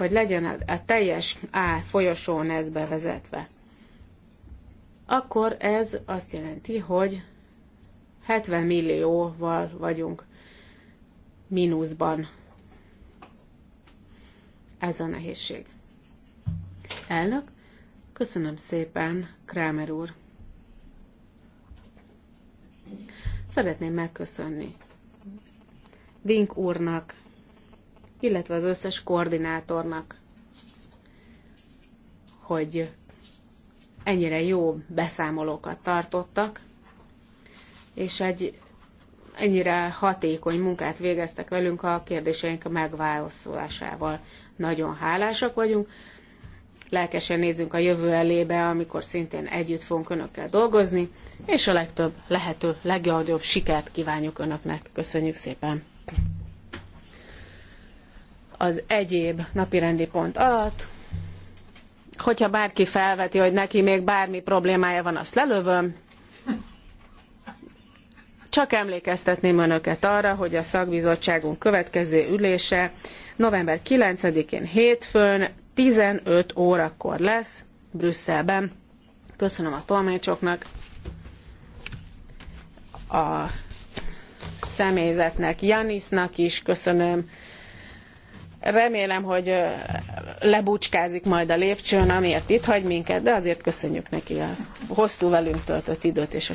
hogy legyen a teljes A folyosón ez bevezetve, akkor ez azt jelenti, hogy 70 millióval vagyunk mínuszban. Ez a nehézség. Elnök, köszönöm szépen, Krámer úr. Szeretném megköszönni Vink úrnak illetve az összes koordinátornak, hogy ennyire jó beszámolókat tartottak, és egy ennyire hatékony munkát végeztek velünk a kérdéseink megválaszolásával. Nagyon hálásak vagyunk. Lelkesen nézünk a jövő elébe, amikor szintén együtt fogunk önökkel dolgozni, és a legtöbb lehető, legjobb sikert kívánjuk önöknek. Köszönjük szépen! az egyéb napirendi pont alatt. Hogyha bárki felveti, hogy neki még bármi problémája van, azt lelövöm. Csak emlékeztetném önöket arra, hogy a szakbizottságunk következő ülése november 9-én hétfőn 15 órakor lesz Brüsszelben. Köszönöm a tolmácsoknak, a személyzetnek, Janisnak is köszönöm, Remélem, hogy lebucskázik majd a lépcsőn, amiért itt hagy minket, de azért köszönjük neki a hosszú velünk töltött időt és a